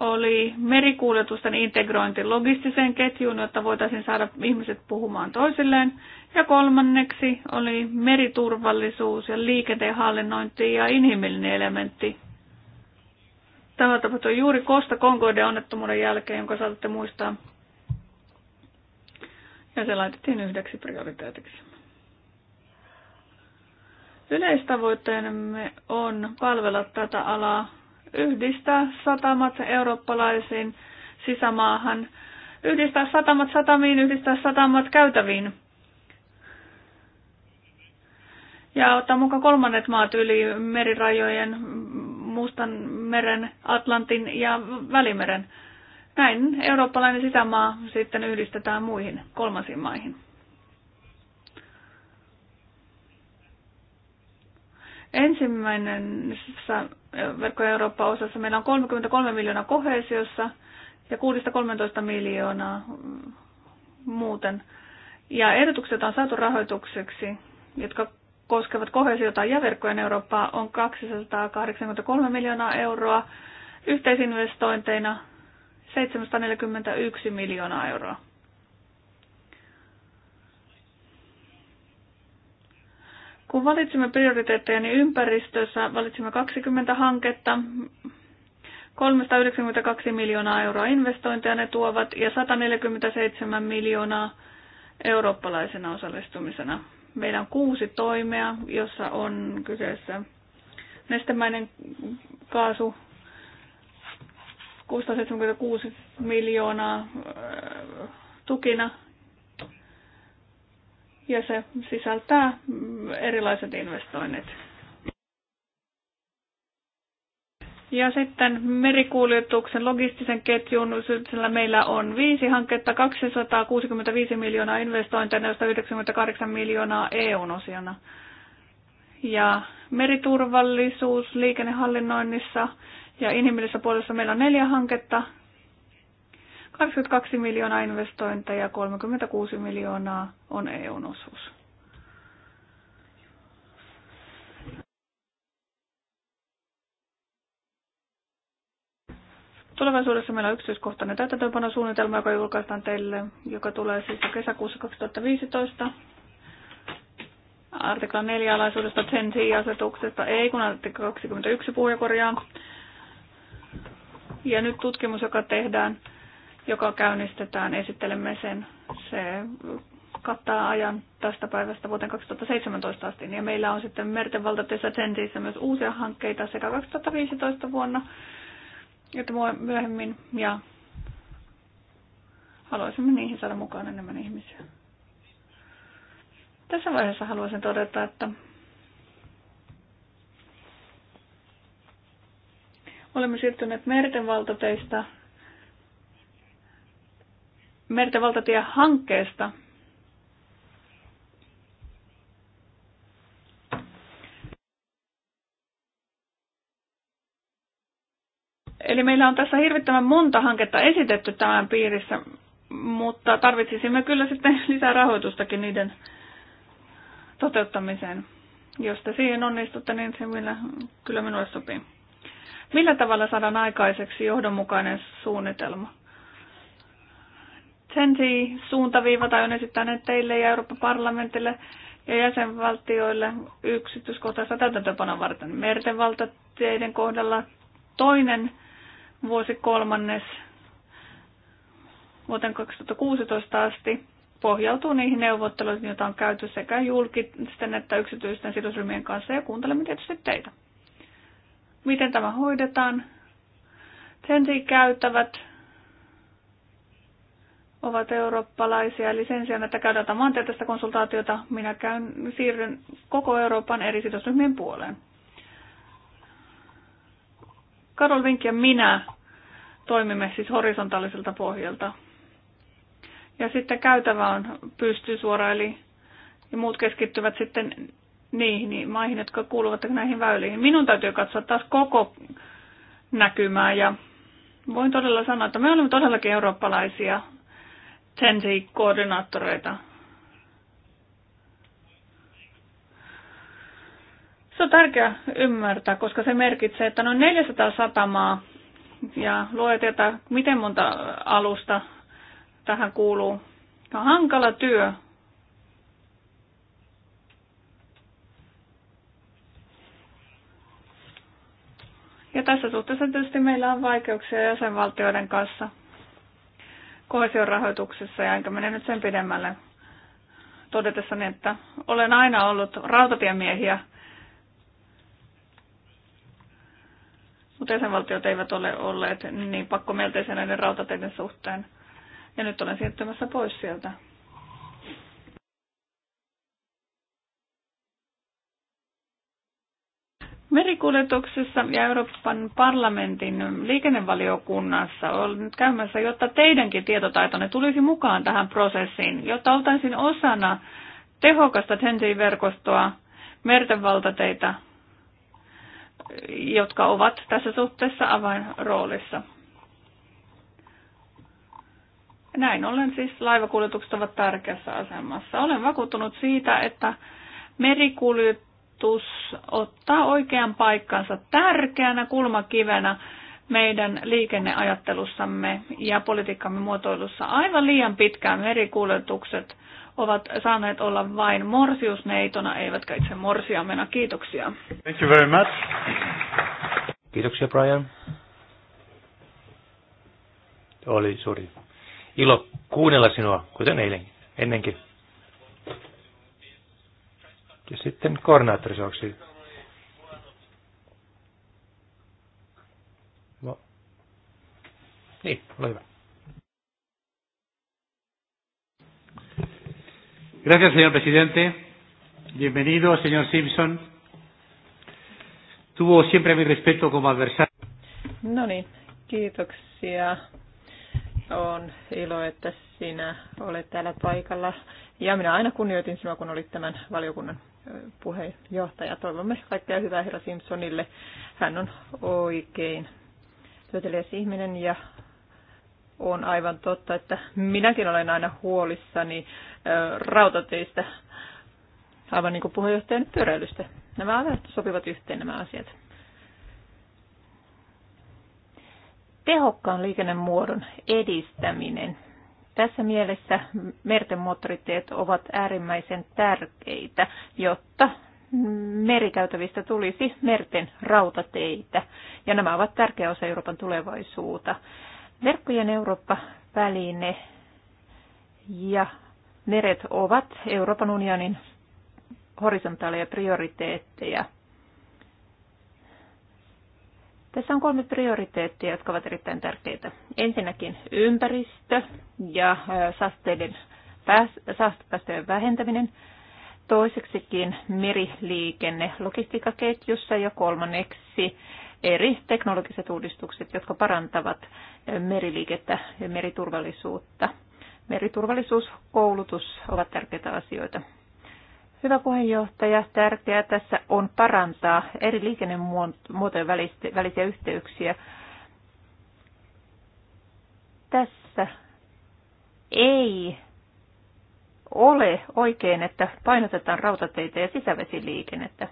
oli merikuljetusten integrointi logistiseen ketjuun, jotta voitaisiin saada ihmiset puhumaan toisilleen. Ja kolmanneksi oli meriturvallisuus ja liikenteen hallinnointi ja inhimillinen elementti. Tämä tapahtui juuri Costa Concorde onnettomuuden jälkeen, jonka saatatte muistaa. Ja se laitettiin yhdeksi prioriteetiksi. Yleistavoitteenamme on palvella tätä alaa, yhdistää satamat eurooppalaisiin sisämaahan, yhdistää satamat satamiin, yhdistää satamat käytäviin. Ja ottaa mukaan kolmannet maat yli merirajojen, Mustan meren, Atlantin ja Välimeren. Näin eurooppalainen sisämaa sitten yhdistetään muihin kolmansiin maihin. Ensimmäinen verkko Eurooppa-osassa meillä on 33 miljoonaa kohesiossa ja 6-13 miljoonaa muuten. Ja ehdotukset on saatu rahoitukseksi, jotka koskevat kohesiota ja verkkojen Eurooppaa, on 283 miljoonaa euroa, yhteisinvestointeina 741 miljoonaa euroa. Kun valitsimme prioriteetteja, niin ympäristössä valitsimme 20 hanketta, 392 miljoonaa euroa investointeja ne tuovat ja 147 miljoonaa eurooppalaisena osallistumisena. Meillä on kuusi toimea, jossa on kyseessä nestemäinen kaasu 676 miljoonaa tukina ja se sisältää erilaiset investoinnit. Ja sitten merikuljetuksen logistisen ketjun sillä meillä on viisi hanketta, 265 miljoonaa investointeja, joista 98 miljoonaa eu osiona. Ja meriturvallisuus liikennehallinnoinnissa ja inhimillisessä puolessa meillä on neljä hanketta, 22 miljoonaa investointeja, 36 miljoonaa on EUn osuus. Tulevaisuudessa meillä on yksityiskohtainen täytäntöönpanosuunnitelma, joka julkaistaan teille, joka tulee siis kesäkuussa 2015. Artikla 4 alaisuudesta ten asetuksesta ei kun artikla 21 puhujakorjaa. Ja nyt tutkimus, joka tehdään joka käynnistetään. Esittelemme sen. Se kattaa ajan tästä päivästä vuoteen 2017 asti. Ja meillä on sitten Merten valtatessa Tentissä myös uusia hankkeita sekä 2015 vuonna että myöhemmin. Ja haluaisimme niihin saada mukaan enemmän ihmisiä. Tässä vaiheessa haluaisin todeta, että olemme siirtyneet merten valtateista merten valtatie-hankkeesta. Eli meillä on tässä hirvittävän monta hanketta esitetty tämän piirissä, mutta tarvitsisimme kyllä sitten lisää rahoitustakin niiden toteuttamiseen. Jos te siihen onnistutte, niin se millä, kyllä minulle sopii. Millä tavalla saadaan aikaiseksi johdonmukainen suunnitelma? Sen suuntaviivat on esittänyt teille ja Euroopan parlamentille ja jäsenvaltioille yksityiskohtaista täytäntöpanon varten. Merten valtateiden kohdalla toinen vuosi kolmannes vuoteen 2016 asti pohjautuu niihin neuvotteluihin, joita on käyty sekä julkisten että yksityisten sidosryhmien kanssa ja kuuntelemme tietysti teitä. Miten tämä hoidetaan? Sen käyttävät ovat eurooppalaisia. Eli sen sijaan, että käydään tämän maantieteellistä konsultaatiota, minä käyn, siirryn koko Euroopan eri sidosryhmien puoleen. Karol Vink ja minä toimimme siis horisontaaliselta pohjalta. Ja sitten käytävä on pystysuora, eli ja muut keskittyvät sitten niihin niin maihin, jotka kuuluvat näihin väyliin. Minun täytyy katsoa taas koko näkymää ja voin todella sanoa, että me olemme todellakin eurooppalaisia TENSI-koordinaattoreita. Se on tärkeää ymmärtää, koska se merkitsee, että noin 400 satamaa ja luoja miten monta alusta tähän kuuluu. Tämä on hankala työ. Ja tässä suhteessa tietysti meillä on vaikeuksia jäsenvaltioiden kanssa koosion rahoituksessa, ja enkä mene nyt sen pidemmälle todetessani, että olen aina ollut rautatiemiehiä, mutta jäsenvaltiot eivät ole olleet niin pakkomielteisiä näiden rautateiden suhteen. Ja nyt olen siirtymässä pois sieltä. merikuljetuksessa ja Euroopan parlamentin liikennevaliokunnassa on nyt käymässä, jotta teidänkin tietotaitonne tulisi mukaan tähän prosessiin, jotta oltaisiin osana tehokasta TENTI-verkostoa, mertenvaltateita, jotka ovat tässä suhteessa avainroolissa. Näin ollen siis laivakuljetukset ovat tärkeässä asemassa. Olen vakuuttunut siitä, että merikuljetukset koulutus ottaa oikean paikkansa tärkeänä kulmakivenä meidän liikenneajattelussamme ja politiikkamme muotoilussa. Aivan liian pitkään merikuljetukset ovat saaneet olla vain morsiusneitona, eivätkä itse morsiamena. Kiitoksia. Thank you very much. Kiitoksia Brian. Oli suuri ilo kuunnella sinua, kuten eilen, ennenkin. Ja sitten koordinaattori, koordinaattorisouksi. No. Niin, ole hyvä. Gracias, señor presidente. Bienvenido, señor Simpson. Tuvo siempre mi respeto como adversario. No niin, kiitoksia. On ilo, että sinä olet täällä paikalla. Ja minä aina kunnioitin sinua, kun olit tämän valiokunnan puheenjohtaja. Toivomme kaikkea hyvää herra Simpsonille. Hän on oikein työtelijäs ihminen ja on aivan totta, että minäkin olen aina huolissani rautateistä, aivan niin kuin puheenjohtajan pyöräilystä. Nämä asiat sopivat yhteen nämä asiat. Tehokkaan liikennemuodon edistäminen tässä mielessä merten moottoriteet ovat äärimmäisen tärkeitä, jotta merikäytävistä tulisi merten rautateitä, ja nämä ovat tärkeä osa Euroopan tulevaisuutta. Verkkojen Eurooppa-väline ja meret ovat Euroopan unionin horisontaaleja prioriteetteja – tässä on kolme prioriteettia, jotka ovat erittäin tärkeitä. Ensinnäkin ympäristö ja saastepäästöjen vähentäminen, toiseksikin meriliikenne logistiikkaketjussa ja kolmanneksi eri teknologiset uudistukset, jotka parantavat meriliikettä ja meriturvallisuutta. Meriturvallisuus, koulutus ovat tärkeitä asioita. Hyvä puheenjohtaja, tärkeää tässä on parantaa eri liikennemuotojen välisiä yhteyksiä. Tässä ei ole oikein, että painotetaan rautateitä ja sisävesiliikennettä.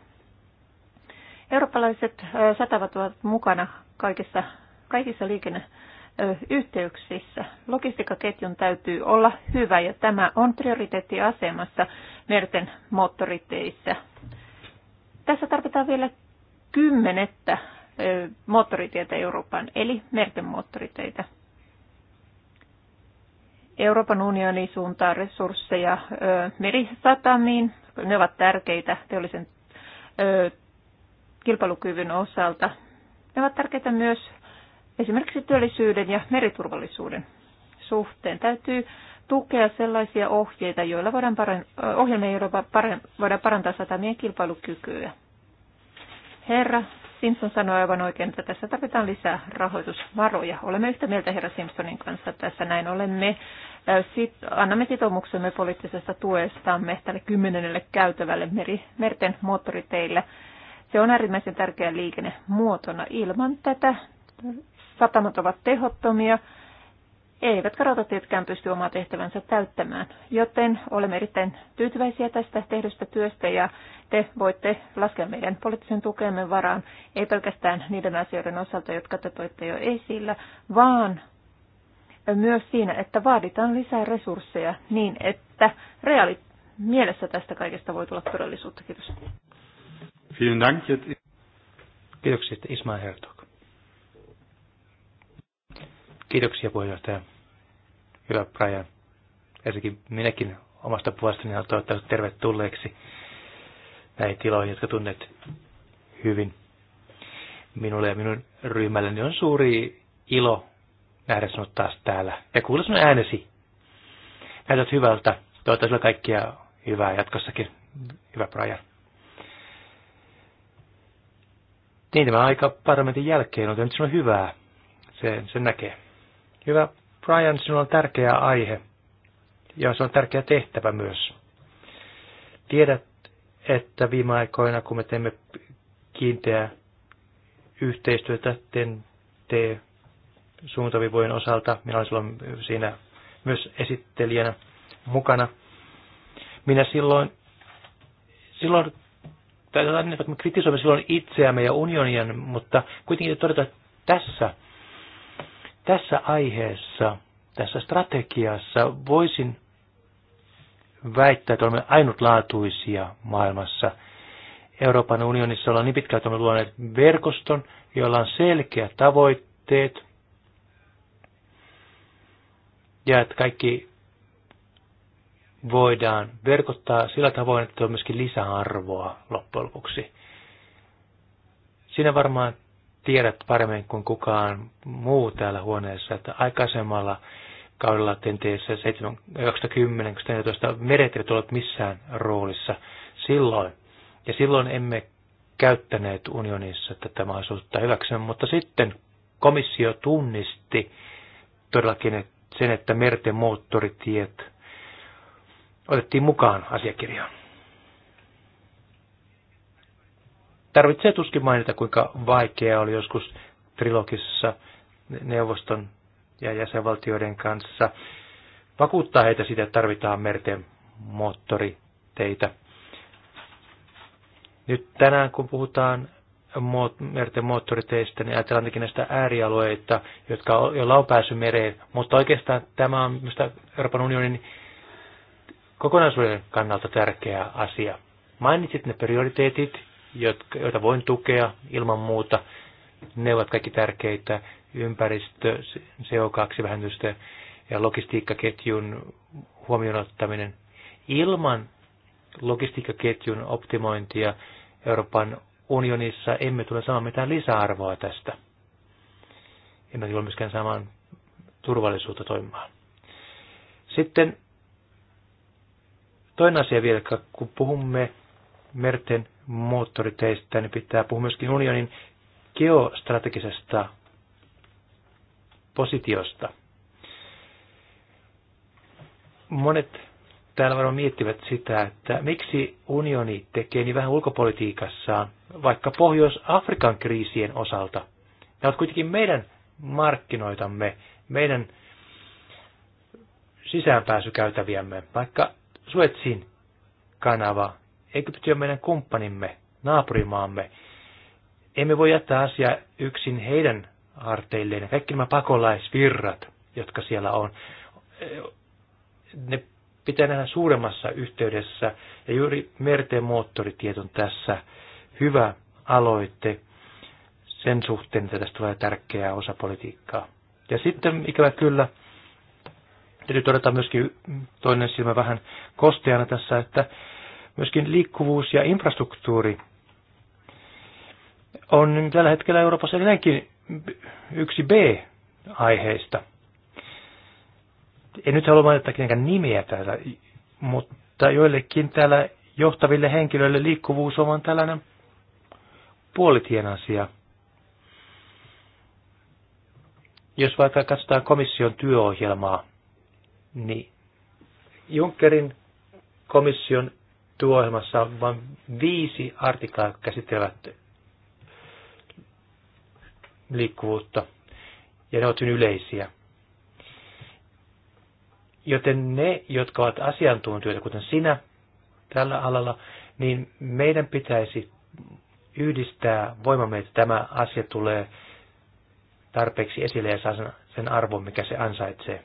Eurooppalaiset satavat ovat mukana kaikissa, kaikissa liikenneyhteyksissä. Logistikaketjun täytyy olla hyvä ja tämä on prioriteettiasemassa merten moottoriteissä. Tässä tarvitaan vielä kymmenettä moottoritietä Eurooppaan, eli merten moottoriteitä. Euroopan unioni suuntaa resursseja merisatamiin. Ne ovat tärkeitä teollisen kilpailukyvyn osalta. Ne ovat tärkeitä myös esimerkiksi työllisyyden ja meriturvallisuuden suhteen. Täytyy tukea sellaisia ohjeita, joilla voidaan, paran- ohjelmia, joilla voidaan parantaa satamien kilpailukykyä. Herra Simpson sanoi aivan oikein, että tässä tarvitaan lisää rahoitusvaroja. Olemme yhtä mieltä herra Simpsonin kanssa tässä näin. Olemme, sit, annamme sitoumuksemme poliittisesta tuestamme tälle kymmenelle käytävälle meri, merten moottoriteille. Se on äärimmäisen tärkeä liikennemuotona. Ilman tätä satamat ovat tehottomia eivätkä rautatietkään pysty omaa tehtävänsä täyttämään. Joten olemme erittäin tyytyväisiä tästä tehdystä työstä ja te voitte laskea meidän poliittisen tukemme varaan, ei pelkästään niiden asioiden osalta, jotka te toitte jo esillä, vaan myös siinä, että vaaditaan lisää resursseja niin, että reaalit mielessä tästä kaikesta voi tulla todellisuutta. Kiitos. Kiitoksia, Ismail Hertog. Kiitoksia puheenjohtaja. Hyvä Brian. Ensinnäkin minäkin omasta puolestani olen toivottanut tervetulleeksi näihin tiloihin, jotka tunnet hyvin. Minulle ja minun ryhmälleni on suuri ilo nähdä sinut taas täällä ja kuulla sinun äänesi. Näytät hyvältä. Toivottavasti sinulle kaikkia hyvää jatkossakin. Hyvä Brian. Niin tämä aika parlamentin jälkeen on tehnyt sinulle hyvää. Sen, sen näkee. Hyvä Brian, sinulla on tärkeä aihe ja se on tärkeä tehtävä myös. Tiedät, että viime aikoina, kun me teemme kiinteää yhteistyötä tnt t suuntavivojen osalta, minä olen silloin siinä myös esittelijänä mukana, minä silloin, silloin tai niin, että me kritisoimme silloin itseämme ja unionia, mutta kuitenkin todeta, että tässä tässä aiheessa, tässä strategiassa voisin väittää, että olemme ainutlaatuisia maailmassa. Euroopan unionissa ollaan niin pitkälti olemme luoneet verkoston, jolla on selkeät tavoitteet, ja että kaikki voidaan verkottaa sillä tavoin, että on myöskin lisäarvoa loppujen lopuksi. Siinä varmaan tiedät paremmin kuin kukaan muu täällä huoneessa, että aikaisemmalla kaudella TNTssä 2010-2014 meret eivät ole missään roolissa silloin. Ja silloin emme käyttäneet unionissa tätä mahdollisuutta hyväksemme, mutta sitten komissio tunnisti todellakin sen, että merten moottoritiet otettiin mukaan asiakirjaan. Tarvitsee tuskin mainita, kuinka vaikeaa oli joskus trilogissa neuvoston ja jäsenvaltioiden kanssa vakuuttaa heitä sitä, että tarvitaan merten moottoriteitä. Nyt tänään, kun puhutaan merten moottoriteistä, niin ajatellaan tietenkin näistä äärialueita, jotka, on, joilla on päässyt mereen. Mutta oikeastaan tämä on minusta Euroopan unionin kokonaisuuden kannalta tärkeä asia. Mainitsit ne prioriteetit, jotka, joita voin tukea ilman muuta. Ne ovat kaikki tärkeitä ympäristö, CO2-vähennystä ja logistiikkaketjun huomioon ottaminen. Ilman logistiikkaketjun optimointia Euroopan unionissa emme tule saamaan mitään lisäarvoa tästä. Emme tule myöskään saamaan turvallisuutta toimimaan. Sitten toinen asia vielä, kun puhumme merten moottoriteistä, niin pitää puhua myöskin unionin geostrategisesta positiosta. Monet täällä varmaan miettivät sitä, että miksi unioni tekee niin vähän ulkopolitiikassaan, vaikka Pohjois-Afrikan kriisien osalta. Nämä ovat kuitenkin meidän markkinoitamme, meidän sisäänpääsykäytäviämme, vaikka Suetsin kanava Egypti on meidän kumppanimme, naapurimaamme. Emme voi jättää asiaa yksin heidän harteilleen. Kaikki nämä pakolaisvirrat, jotka siellä on, ne pitää nähdä suuremmassa yhteydessä. Ja juuri merten moottoritiet on tässä hyvä aloite sen suhteen, että tästä tulee tärkeää osa politiikkaa. Ja sitten ikävä kyllä, täytyy todeta myöskin toinen silmä vähän kosteana tässä, että Myöskin liikkuvuus ja infrastruktuuri on tällä hetkellä Euroopassa edelleenkin yksi B-aiheista. En nyt halua mainita kenenkään nimiä täällä, mutta joillekin täällä johtaville henkilöille liikkuvuus on tällainen puolitien asia. Jos vaikka katsotaan komission työohjelmaa, niin Junckerin komission työohjelmassa on vain viisi artiklaa käsittelevät liikkuvuutta, ja ne ovat hyvin yleisiä. Joten ne, jotka ovat asiantuntijoita, kuten sinä tällä alalla, niin meidän pitäisi yhdistää voimamme, että tämä asia tulee tarpeeksi esille ja saa sen arvon, mikä se ansaitsee.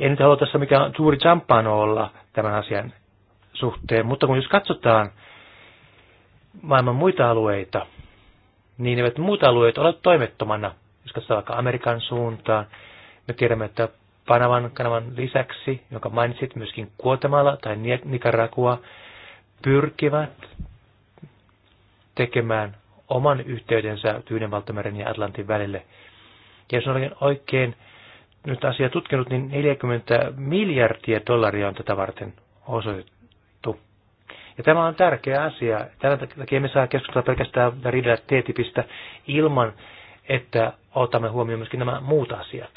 En nyt halua tässä mikään suuri champano olla tämän asian suhteen, mutta kun jos katsotaan maailman muita alueita, niin eivät muut alueet ole toimettomana. Jos katsotaan vaikka Amerikan suuntaan, me tiedämme, että Panavan kanavan lisäksi, jonka mainitsit myöskin Kuotamalla tai Nicaragua, pyrkivät tekemään oman yhteydensä Tyynenvaltameren ja Atlantin välille. Ja jos olen oikein nyt asia tutkinut, niin 40 miljardia dollaria on tätä varten osoitettu. Ja tämä on tärkeä asia. Tämän takia me saa keskustella pelkästään riidellä T-tipistä ilman, että otamme huomioon myöskin nämä muut asiat.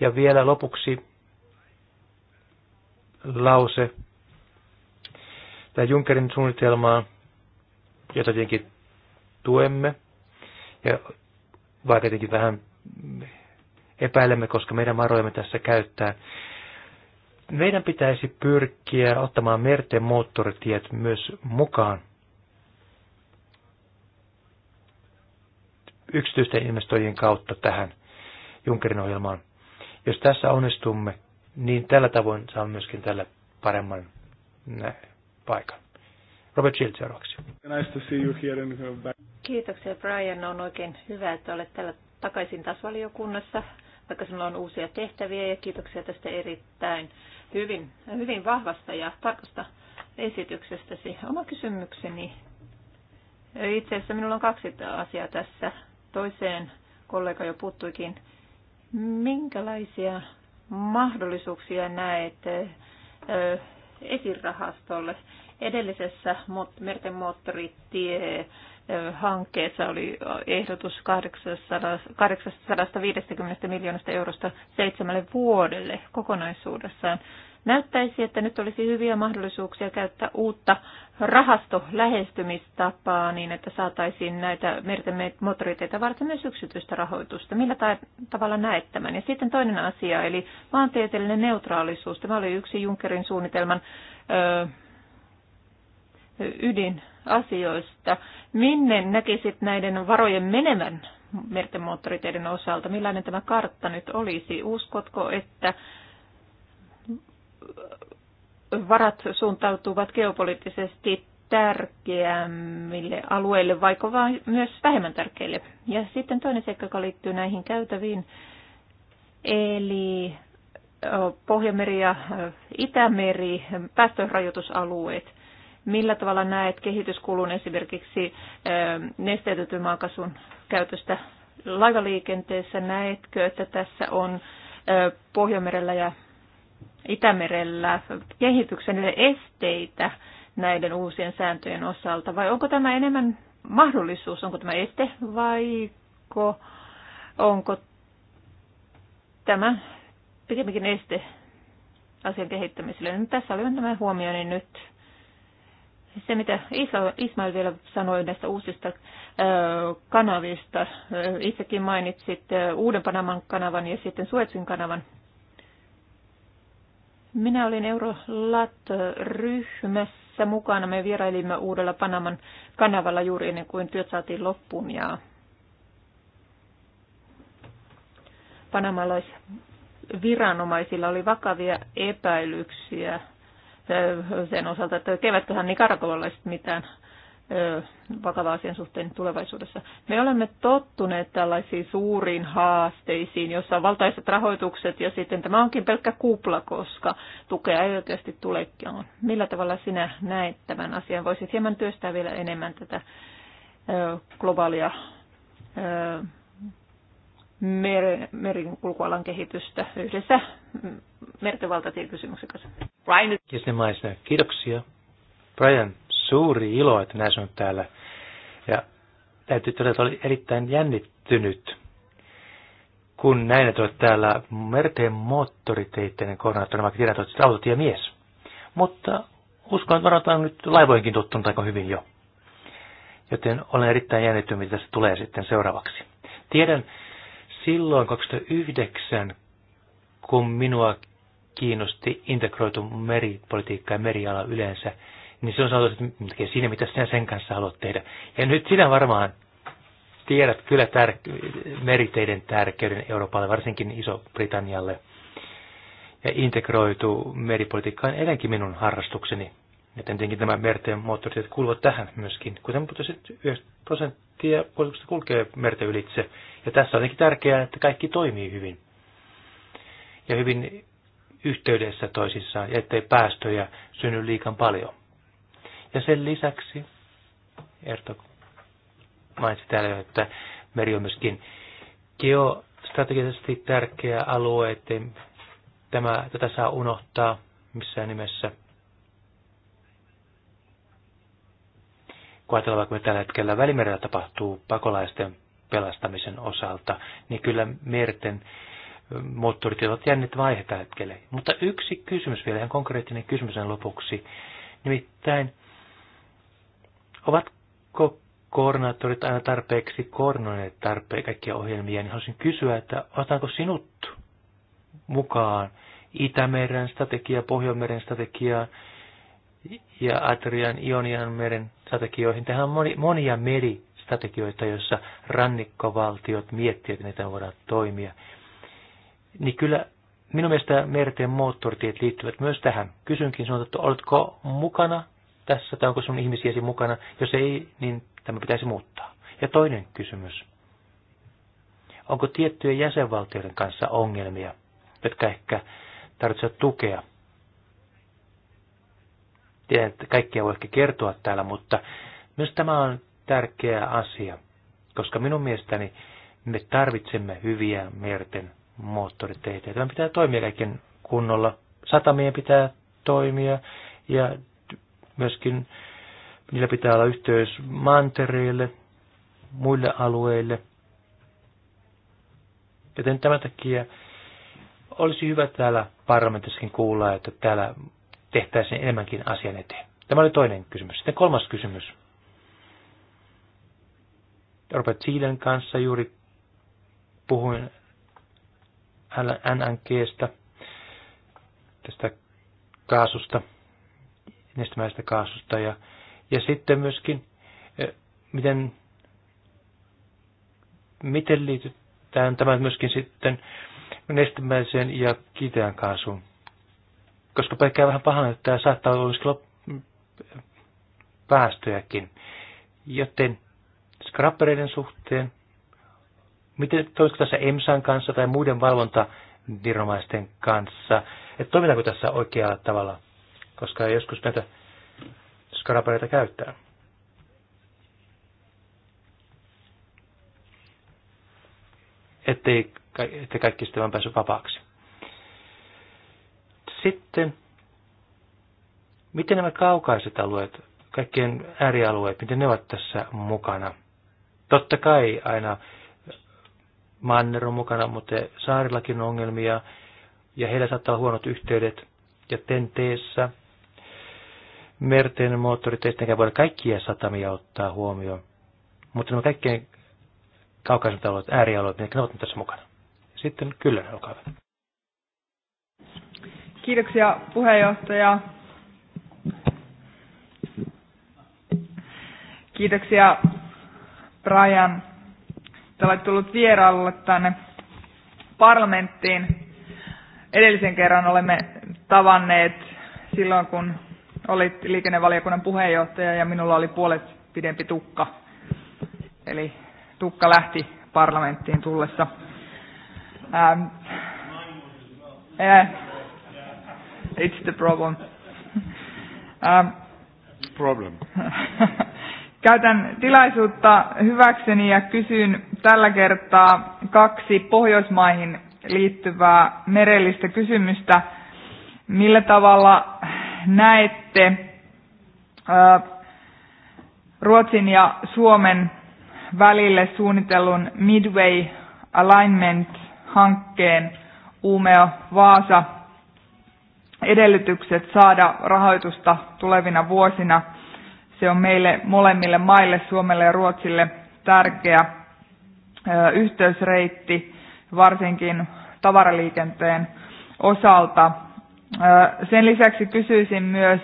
Ja vielä lopuksi lause tämä Junckerin suunnitelmaa, jota tietenkin tuemme, ja vaikka tietenkin vähän epäilemme, koska meidän varoimme tässä käyttää. Meidän pitäisi pyrkiä ottamaan merten moottoritiet myös mukaan yksityisten investoijien kautta tähän Junkerin ohjelmaan. Jos tässä onnistumme, niin tällä tavoin saamme myöskin tällä paremman paikan. Robert Shield seuraavaksi. Kiitoksia Brian, on oikein hyvä, että olet täällä takaisin taas valiokunnassa vaikka sinulla on uusia tehtäviä ja kiitoksia tästä erittäin hyvin, hyvin vahvasta ja tarkasta esityksestäsi. Oma kysymykseni. Itse asiassa minulla on kaksi asiaa tässä. Toiseen kollega jo puuttuikin. Minkälaisia mahdollisuuksia näet esirahastolle? Edellisessä merten moottoritie hankkeessa oli ehdotus 850 miljoonasta eurosta seitsemälle vuodelle kokonaisuudessaan. Näyttäisi, että nyt olisi hyviä mahdollisuuksia käyttää uutta rahastolähestymistapaa niin, että saataisiin näitä merten motoriteita varten myös yksityistä rahoitusta. Millä ta- tavalla näet tämän? Ja sitten toinen asia, eli maantieteellinen neutraalisuus. Tämä oli yksi Junckerin suunnitelman ydinasioista. Minne näkisit näiden varojen menemän merten moottoriteiden osalta? Millainen tämä kartta nyt olisi? Uskotko, että varat suuntautuvat geopoliittisesti tärkeämmille alueille, vaiko vain myös vähemmän tärkeille. Ja sitten toinen seikka, joka liittyy näihin käytäviin, eli Pohjameri ja Itämeri, päästörajoitusalueet. Millä tavalla näet kehityskulun esimerkiksi nesteytetyn maakasun käytöstä laivaliikenteessä? Näetkö, että tässä on Pohjanmerellä ja Itämerellä kehityksen esteitä näiden uusien sääntöjen osalta? Vai onko tämä enemmän mahdollisuus? Onko tämä este vai onko tämä pikemminkin este asian kehittämiselle? Nyt tässä olivat tämä huomioni nyt se, mitä Ismail vielä sanoi näistä uusista kanavista, itsekin mainitsit Uuden Panaman kanavan ja sitten Suetsin kanavan. Minä olin Eurolat-ryhmässä mukana. Me vierailimme Uudella Panaman kanavalla juuri ennen kuin työt saatiin loppuun ja panamalais oli vakavia epäilyksiä sen osalta, että tekevätköhän nikarakovalaiset mitään vakavaa asian suhteen tulevaisuudessa. Me olemme tottuneet tällaisiin suuriin haasteisiin, jossa on valtaiset rahoitukset ja sitten tämä onkin pelkkä kupla, koska tukea ei oikeasti tulekaan. Millä tavalla sinä näet tämän asian? Voisit hieman työstää vielä enemmän tätä globaalia mer- merikulkualan kehitystä yhdessä merten valtatiekysymyksen kanssa. Brian. Kirsten kiitoksia. Brian, suuri ilo, että näin sinut täällä. Ja täytyy todeta, että oli erittäin jännittynyt, kun näin, että olet täällä merteen moottoriteitteinen koordinaattori, vaikka tiedät, että olet siis autotiemies. Mutta uskon, että varataan nyt laivojenkin tottunut aika hyvin jo. Joten olen erittäin jännittynyt, mitä tässä tulee sitten seuraavaksi. Tiedän, silloin 2009, kun minua kiinnosti integroitu meripolitiikka ja meriala yleensä, niin se on sanottu, että siinä mitä sinä sen kanssa haluat tehdä. Ja nyt sinä varmaan tiedät kyllä tär- meriteiden tärkeyden Euroopalle, varsinkin Iso-Britannialle. Ja integroitu meripolitiikka on edelleenkin minun harrastukseni. Ja tietenkin nämä merten moottoritiet kuuluvat tähän myöskin. Kuten puhutaan, 9 prosenttia kuljetuksista kulkee merten ylitse. Ja tässä on tietenkin tärkeää, että kaikki toimii hyvin. Ja hyvin yhteydessä toisissaan, ettei päästöjä synny liikan paljon. Ja sen lisäksi, Erto mainitsi täällä, että meri on myöskin geostrategisesti tärkeä alue, ettei tämä, tätä saa unohtaa missään nimessä – kun ajatellaan vaikka tällä hetkellä välimerellä tapahtuu pakolaisten pelastamisen osalta, niin kyllä merten moottorit ovat jännit vaihe tällä hetkellä. Mutta yksi kysymys vielä, ihan konkreettinen kysymys lopuksi. Nimittäin, ovatko koordinaattorit aina tarpeeksi koordinoineet tarpeen kaikkia ohjelmia, niin haluaisin kysyä, että otetaanko sinut mukaan Itämeren strategia, Pohjanmeren strategia ja Adrian, Ionian meren strategioihin. Tähän on moni, monia meristrategioita, joissa rannikkovaltiot miettivät, miten voidaan toimia. Niin kyllä minun mielestä merten moottoritiet liittyvät myös tähän. Kysynkin sinulta, että oletko mukana tässä tai onko sun ihmisiäsi mukana? Jos ei, niin tämä pitäisi muuttaa. Ja toinen kysymys. Onko tiettyjen jäsenvaltioiden kanssa ongelmia, jotka ehkä tarvitsevat tukea Tiedän, että kaikkia voi ehkä kertoa täällä, mutta myös tämä on tärkeä asia, koska minun mielestäni me tarvitsemme hyviä merten moottoriteitä. Tämä pitää toimia kaiken kunnolla. Satamien pitää toimia ja myöskin niillä pitää olla yhteys mantereille, muille alueille. Joten tämän takia olisi hyvä täällä parlamentissakin kuulla, että täällä tehtäisiin enemmänkin asian eteen? Tämä oli toinen kysymys. Sitten kolmas kysymys. Robert Sealen kanssa juuri puhuin NNGstä, tästä kaasusta, nestemäisestä kaasusta ja, ja sitten myöskin, miten, miten liitytään tämä myöskin sitten nestemäiseen ja kiinteään kaasuun koska pelkää vähän pahan, että tämä saattaa olla päästöjäkin. Joten skrappereiden suhteen, miten toisiko tässä EMSAn kanssa tai muiden valvontaviranomaisten kanssa, että toimitaanko tässä oikealla tavalla, koska joskus näitä skrappereita käyttää. Ettei, ettei kaikki sitten vaan päässyt vapaaksi. Sitten, miten nämä kaukaiset alueet, kaikkien äärialueet, miten ne ovat tässä mukana? Totta kai aina Manner on mukana, mutta saarillakin on ongelmia ja heillä saattaa olla huonot yhteydet. Ja tenteessä merten moottoriteistäkään voida kaikkia satamia ottaa huomioon. Mutta nämä kaikkien kaukaiset alueet, äärialueet, ne ovat tässä mukana. Sitten kyllä, olkaa hyvä. Kiitoksia puheenjohtaja. Kiitoksia Brian. Te olette tullut vierailulle tänne parlamenttiin. Edellisen kerran olemme tavanneet silloin, kun olit liikennevaliokunnan puheenjohtaja ja minulla oli puolet pidempi tukka. Eli tukka lähti parlamenttiin tullessa. Ähm, äh, It's the problem. Um, problem. Käytän tilaisuutta hyväkseni ja kysyn tällä kertaa kaksi Pohjoismaihin liittyvää merellistä kysymystä. Millä tavalla näette Ruotsin ja Suomen välille suunnitellun Midway Alignment-hankkeen Uumeo Vaasa edellytykset saada rahoitusta tulevina vuosina. Se on meille molemmille maille, Suomelle ja Ruotsille, tärkeä yhteysreitti, varsinkin tavaraliikenteen osalta. Sen lisäksi kysyisin myös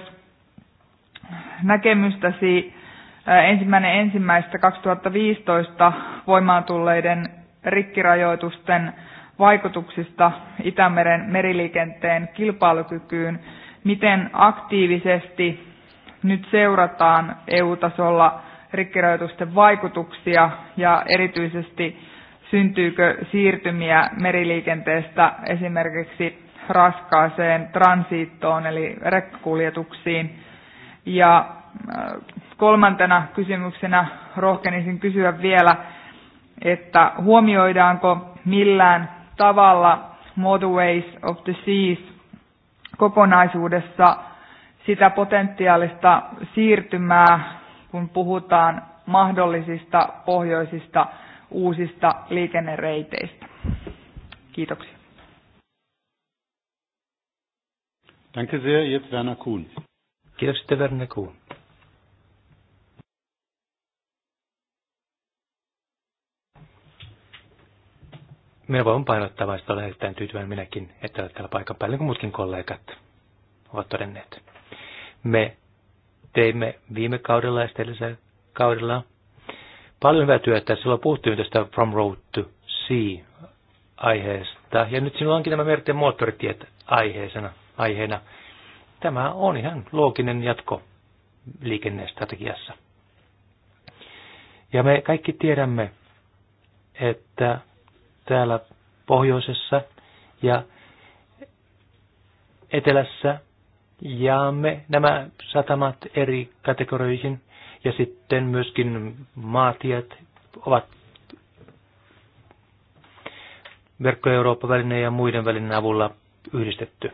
näkemystäsi ensimmäinen ensimmäistä 2015 voimaan tulleiden rikkirajoitusten vaikutuksista Itämeren meriliikenteen kilpailukykyyn. Miten aktiivisesti nyt seurataan EU-tasolla rikkirajoitusten vaikutuksia ja erityisesti syntyykö siirtymiä meriliikenteestä esimerkiksi raskaaseen transiittoon eli rekkakuljetuksiin. Ja äh, kolmantena kysymyksenä rohkenisin kysyä vielä, että huomioidaanko millään tavalla Motorways of the Seas kokonaisuudessa sitä potentiaalista siirtymää, kun puhutaan mahdollisista pohjoisista uusista liikennereiteistä. Kiitoksia. Danke sehr, jetzt Werner Kuhn. Kiitos, Werner Kuhn. minä voin painottaa vain, olen erittäin tyytyväinen minäkin, että olet täällä paikan päällä, niin kuin muutkin kollegat ovat todenneet. Me teimme viime kaudella ja edellisellä kaudella paljon hyvää työtä. Silloin puhuttiin tästä From Road to Sea aiheesta. Ja nyt sinulla onkin tämä merten moottoritiet aiheena. aiheena. Tämä on ihan looginen jatko liikennestrategiassa. Ja me kaikki tiedämme, että täällä pohjoisessa ja etelässä jaamme nämä satamat eri kategorioihin ja sitten myöskin maatiet ovat verkko Eurooppa-välineen ja muiden välinen avulla yhdistetty.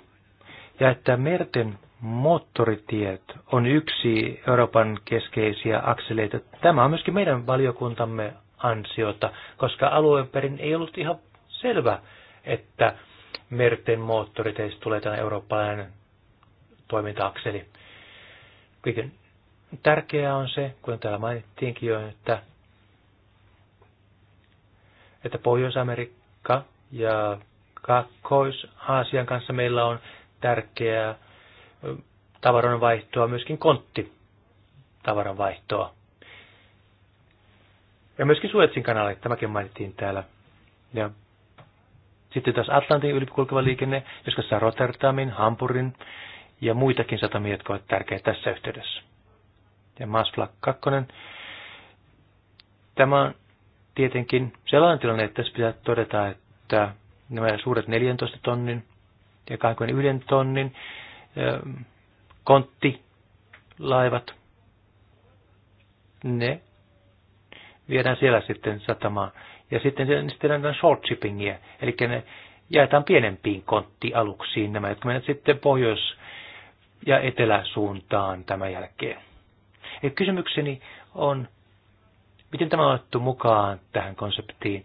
Ja että merten moottoritiet on yksi Euroopan keskeisiä akseleita. Tämä on myöskin meidän valiokuntamme ansiota, koska alueen perin ei ollut ihan selvä, että merten moottoriteistä tulee tällainen eurooppalainen toiminta-akseli. Kuitenkin tärkeää on se, kuten täällä mainittiinkin jo, että, että Pohjois-Amerikka ja Kaakkois-Aasian kanssa meillä on tärkeää tavaranvaihtoa, myöskin kontti tavaranvaihtoa. Ja myöskin Suetsin kanalle, tämäkin mainittiin täällä. Ja sitten taas Atlantin ylikulkeva liikenne, joskus saa Rotterdamin, Hampurin ja muitakin satamia, jotka ovat tärkeitä tässä yhteydessä. Ja Maasflak 2. Tämä on tietenkin sellainen tilanne, että tässä pitää todeta, että nämä suuret 14 tonnin ja 21 tonnin konttilaivat, ne viedään siellä sitten satamaan. Ja sitten tehdään short shippingia, eli ne jaetaan pienempiin konttialuksiin nämä, jotka menevät sitten pohjois- ja eteläsuuntaan tämän jälkeen. Eli kysymykseni on, miten tämä on otettu mukaan tähän konseptiin?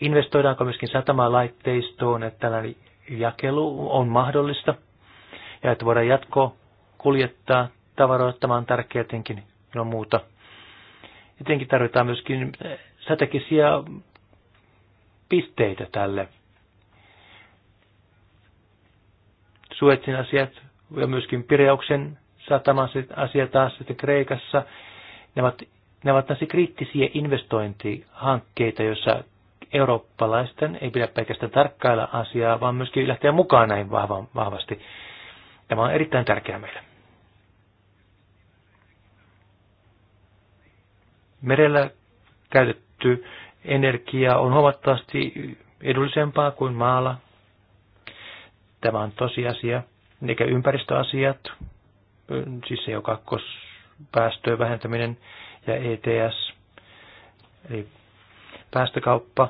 Investoidaanko myöskin laitteistoon, että tällainen jakelu on mahdollista ja että voidaan jatko kuljettaa tavaroita, tämä on tärkeää muuta – Jotenkin tarvitaan myöskin strategisia pisteitä tälle. Suetsin asiat ja myöskin Pireuksen sataman asia taas sitten Kreikassa. Ne ovat, ne ovat näissä kriittisiä investointihankkeita, joissa eurooppalaisten ei pidä pelkästään tarkkailla asiaa, vaan myöskin lähteä mukaan näin vahvasti. Tämä on erittäin tärkeää meille. merellä käytetty energia on huomattavasti edullisempaa kuin maalla. Tämä on tosiasia, eikä ympäristöasiat, siis se jo päästöjen vähentäminen ja ETS, eli päästökauppa,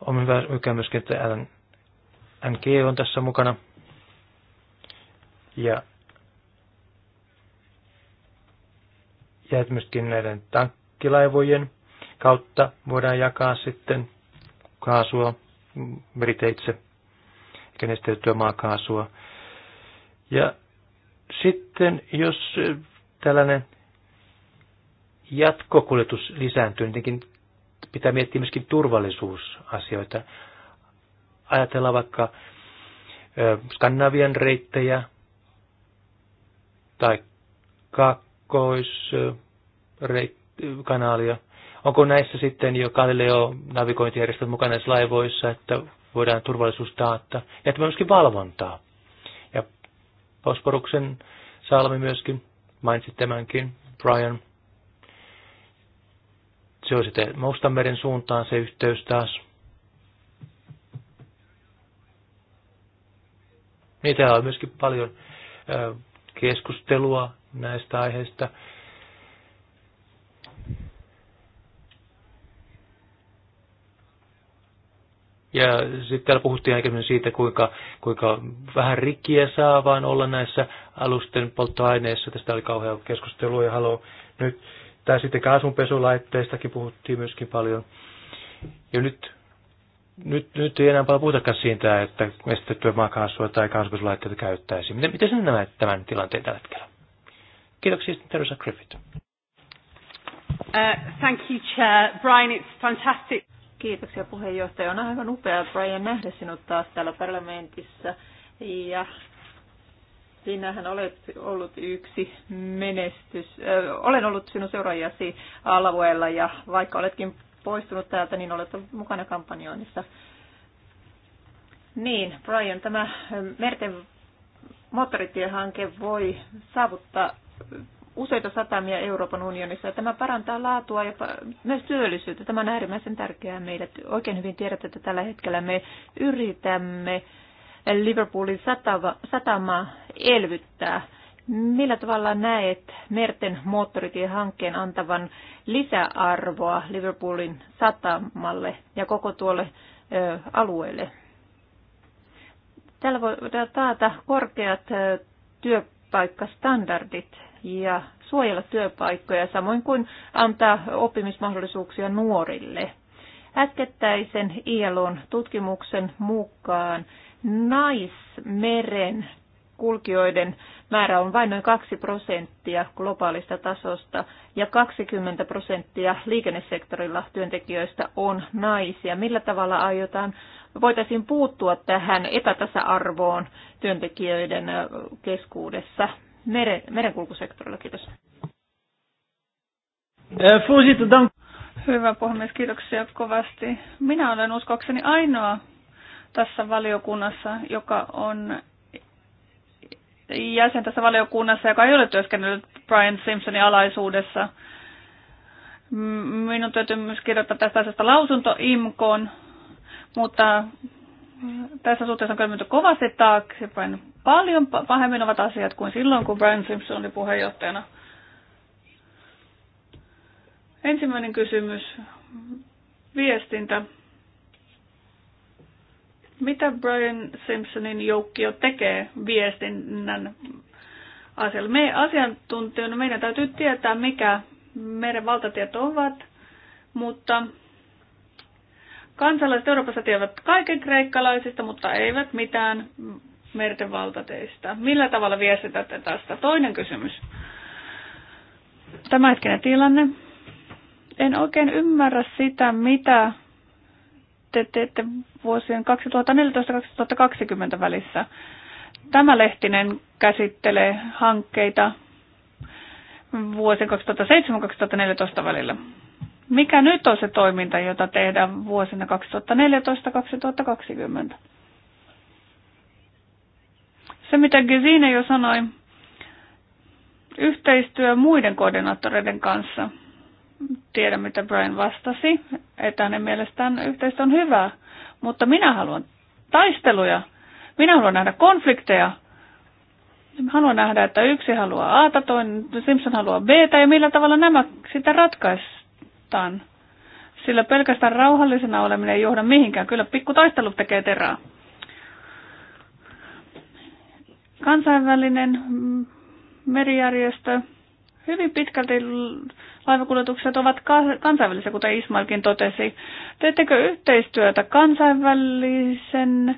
on hyvä mikä myöskin, että LNG on tässä mukana. Ja ja myöskin näiden tank- bulkkilaivojen kautta voidaan jakaa sitten kaasua meriteitse, eli nesteytyä maakaasua. Ja sitten jos tällainen jatkokuljetus lisääntyy, niin pitää miettiä myöskin turvallisuusasioita. Ajatellaan vaikka Skandinavian reittejä tai kakkoisreittejä kanaalia. Onko näissä sitten jo Galileo-navigointijärjestelmät mukana näissä laivoissa, että voidaan turvallisuus taata, ja että myöskin valvontaa. Ja Posporuksen Salmi myöskin mainitsi tämänkin, Brian. Se on sitten Moustanmeren suuntaan se yhteys taas. Niin täällä on myöskin paljon keskustelua näistä aiheista. Ja sitten täällä puhuttiin aikaisemmin siitä, kuinka, kuinka vähän rikkiä saa vaan olla näissä alusten polttoaineissa. Tästä oli kauhean keskustelua ja haluan nyt, tai sitten kaasunpesulaitteistakin puhuttiin myöskin paljon. Ja nyt, nyt, nyt ei enää paljon puhutakaan siitä, että estettyä maakaasua tai kaasunpesulaitteita käyttäisi. Miten, miten sinä näet tämän tilanteen tällä hetkellä? Kiitoksia, Teresa Griffith. Uh, thank you, Chair. Brian, it's fantastic. Kiitoksia puheenjohtaja. On aivan upea Brian nähdä sinut taas täällä parlamentissa. Ja sinähän olet ollut yksi menestys. Äh, olen ollut sinun seuraajasi alueella ja vaikka oletkin poistunut täältä, niin olet ollut mukana kampanjoinnissa. Niin, Brian, tämä merten moottoritiehanke voi saavuttaa useita satamia Euroopan unionissa ja tämä parantaa laatua ja myös työllisyyttä. Tämä on äärimmäisen tärkeää meille. Oikein hyvin tiedätte, että tällä hetkellä me yritämme Liverpoolin satama, satamaa elvyttää. Millä tavalla näet merten moottoritiehankkeen antavan lisäarvoa Liverpoolin satamalle ja koko tuolle ö, alueelle? Täällä voidaan taata korkeat työpaikkastandardit ja suojella työpaikkoja, samoin kuin antaa oppimismahdollisuuksia nuorille. Äskettäisen ILOn tutkimuksen mukaan naismeren kulkijoiden määrä on vain noin 2 prosenttia globaalista tasosta ja 20 prosenttia liikennesektorilla työntekijöistä on naisia. Millä tavalla aiotaan, voitaisiin puuttua tähän epätasa-arvoon työntekijöiden keskuudessa? meren, merenkulkusektorilla. Kiitos. Eh, Hyvä puhemies, kiitoksia kovasti. Minä olen uskokseni ainoa tässä valiokunnassa, joka on jäsen tässä valiokunnassa, joka ei ole työskennellyt Brian Simpsonin alaisuudessa. Minun täytyy myös kirjoittaa tästä asiasta lausunto IMKOon, mutta tässä suhteessa on kyllä kovasti taaksepäin Paljon pahemmin ovat asiat kuin silloin, kun Brian Simpson oli puheenjohtajana. Ensimmäinen kysymys. Viestintä. Mitä Brian Simpsonin joukkio tekee viestinnän asialle? Me asiantuntijoina meidän täytyy tietää, mikä meidän valtatiet ovat, mutta kansalaiset Euroopassa tietävät kaiken kreikkalaisista, mutta eivät mitään merten valtateistä. Millä tavalla viestitätte tästä? Toinen kysymys. Tämä hetkinen tilanne. En oikein ymmärrä sitä, mitä te teette vuosien 2014-2020 välissä. Tämä lehtinen käsittelee hankkeita vuosien 2007-2014 välillä. Mikä nyt on se toiminta, jota tehdään vuosina 2014-2020? Se, mitä Gesine jo sanoi, yhteistyö muiden koordinaattoreiden kanssa. Tiedän, mitä Brian vastasi, että hänen mielestään yhteistyö on hyvää, mutta minä haluan taisteluja. Minä haluan nähdä konflikteja. Haluan nähdä, että yksi haluaa A, toinen Simpson haluaa B, ja millä tavalla nämä sitä ratkaistaan. Sillä pelkästään rauhallisena oleminen ei johda mihinkään. Kyllä pikku taistelu tekee terää. Kansainvälinen mm, merijärjestö hyvin pitkälti laivakuljetukset ovat kansainvälisiä, kuten Ismailkin totesi. Teettekö yhteistyötä kansainvälisen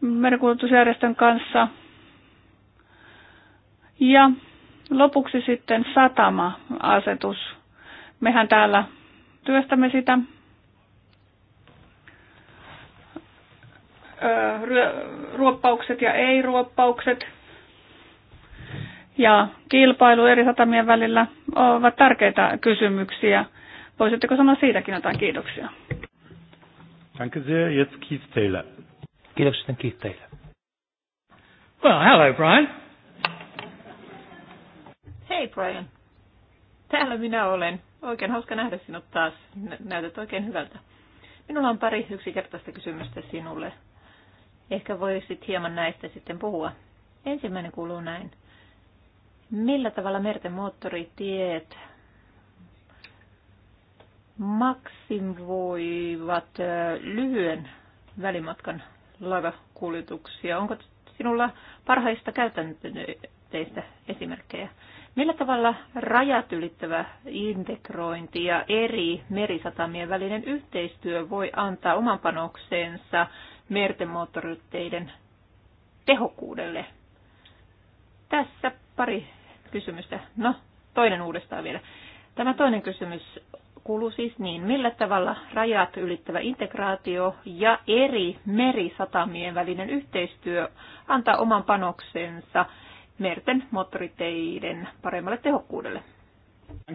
merikuljetusjärjestön kanssa? Ja lopuksi sitten satama-asetus. Mehän täällä työstämme sitä. ruoppaukset ja ei-ruoppaukset ja kilpailu eri satamien välillä ovat tärkeitä kysymyksiä. Voisitteko sanoa siitäkin jotain kiitoksia? Danke sehr, jetzt Keith Taylor. Kiitoksia Keith Taylor. Well, hello Brian. Hei Brian. Täällä minä olen. Oikein hauska nähdä sinut taas. Näytät oikein hyvältä. Minulla on pari yksinkertaista kysymystä sinulle. Ehkä voisit hieman näistä sitten puhua. Ensimmäinen kuuluu näin. Millä tavalla merten moottoritiet maksimoivat lyhyen välimatkan laivakuljetuksia? Onko sinulla parhaista käytänteistä esimerkkejä? Millä tavalla rajat ylittävä integrointi ja eri merisatamien välinen yhteistyö voi antaa oman panokseensa merten moottoriteiden tehokkuudelle? Tässä pari kysymystä. No, toinen uudestaan vielä. Tämä toinen kysymys kuuluu siis niin, millä tavalla rajat ylittävä integraatio ja eri merisatamien välinen yhteistyö antaa oman panoksensa merten moottoriteiden paremmalle tehokkuudelle.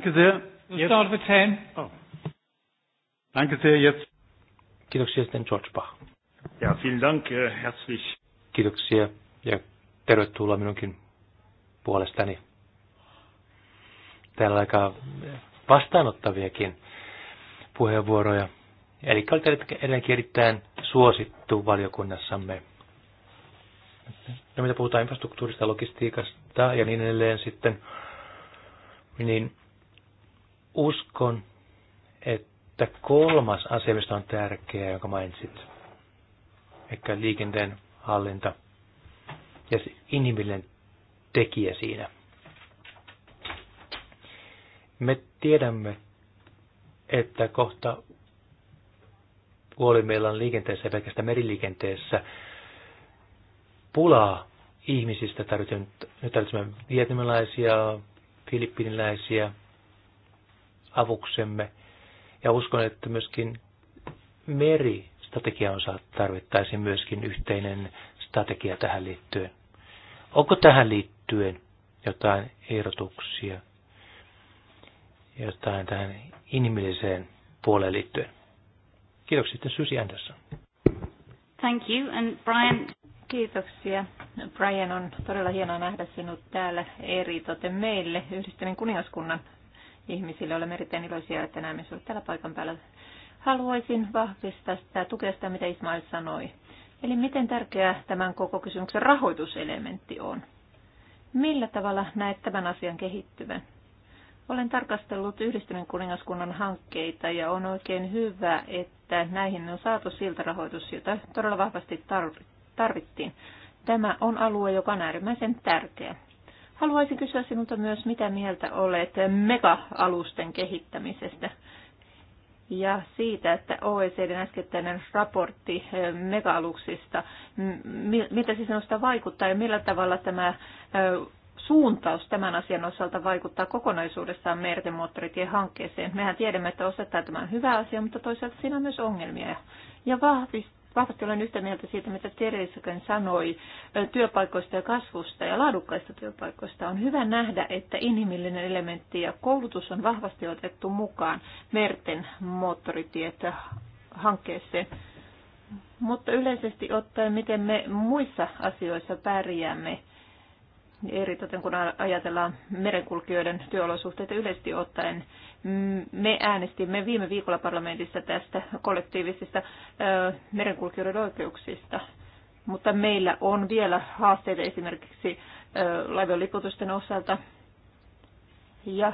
Danke oh. Jetzt. Kiitoksia sitten George Bach. Ja, vielen Dank, äh, herzlich. Kiitoksia ja tervetuloa minunkin puolestani. Täällä on aika vastaanottaviakin puheenvuoroja. Eli olet edelleenkin erittäin suosittu valiokunnassamme. Ja mitä puhutaan infrastruktuurista, logistiikasta ja niin edelleen sitten, niin uskon, että kolmas asia, mistä on tärkeä, jonka mainitsit, ehkä liikenteen hallinta ja inhimillinen tekijä siinä. Me tiedämme, että kohta puoli meillä on liikenteessä ja pelkästään meriliikenteessä pulaa ihmisistä. Tarvitsemme, nyt tarvitsemme vietnamilaisia, filippiniläisiä avuksemme. Ja uskon, että myöskin meri strategian osalta tarvittaisiin myöskin yhteinen strategia tähän liittyen. Onko tähän liittyen jotain ehdotuksia, jotain tähän inhimilliseen puoleen liittyen? Kiitoksia sitten Susi Anderson. Thank you and Brian. Kiitoksia. Brian on todella hienoa nähdä sinut täällä eri toten meille, yhdistyneen kuningaskunnan ihmisille. Olemme erittäin iloisia, että näemme sinut täällä paikan päällä Haluaisin vahvistaa sitä, tukea sitä, mitä Ismail sanoi. Eli miten tärkeä tämän koko kysymyksen rahoituselementti on? Millä tavalla näet tämän asian kehittyvän? Olen tarkastellut yhdistyneen kuningaskunnan hankkeita ja on oikein hyvä, että näihin on saatu siltä rahoitus, jota todella vahvasti tarvittiin. Tämä on alue, joka on äärimmäisen tärkeä. Haluaisin kysyä sinulta myös, mitä mieltä olet mega-alusten kehittämisestä ja siitä, että OECDn äskettäinen raportti eh, megaaluksista, mitä se sinusta vaikuttaa ja millä tavalla tämä eh, suuntaus tämän asian osalta vaikuttaa kokonaisuudessaan merten moottoritien hankkeeseen. Mehän tiedämme, että osittain tämä on hyvä asia, mutta toisaalta siinä on myös ongelmia. Ja vahvist, vahvasti olen yhtä mieltä siitä, mitä Teresakin sanoi työpaikoista ja kasvusta ja laadukkaista työpaikoista. On hyvä nähdä, että inhimillinen elementti ja koulutus on vahvasti otettu mukaan merten moottoritietä hankkeeseen. Mutta yleisesti ottaen, miten me muissa asioissa pärjäämme, eritoten kun ajatellaan merenkulkijoiden työolosuhteita yleisesti ottaen. Me äänestimme viime viikolla parlamentissa tästä kollektiivisista merenkulkijoiden oikeuksista, mutta meillä on vielä haasteita esimerkiksi laivojen liputusten osalta ja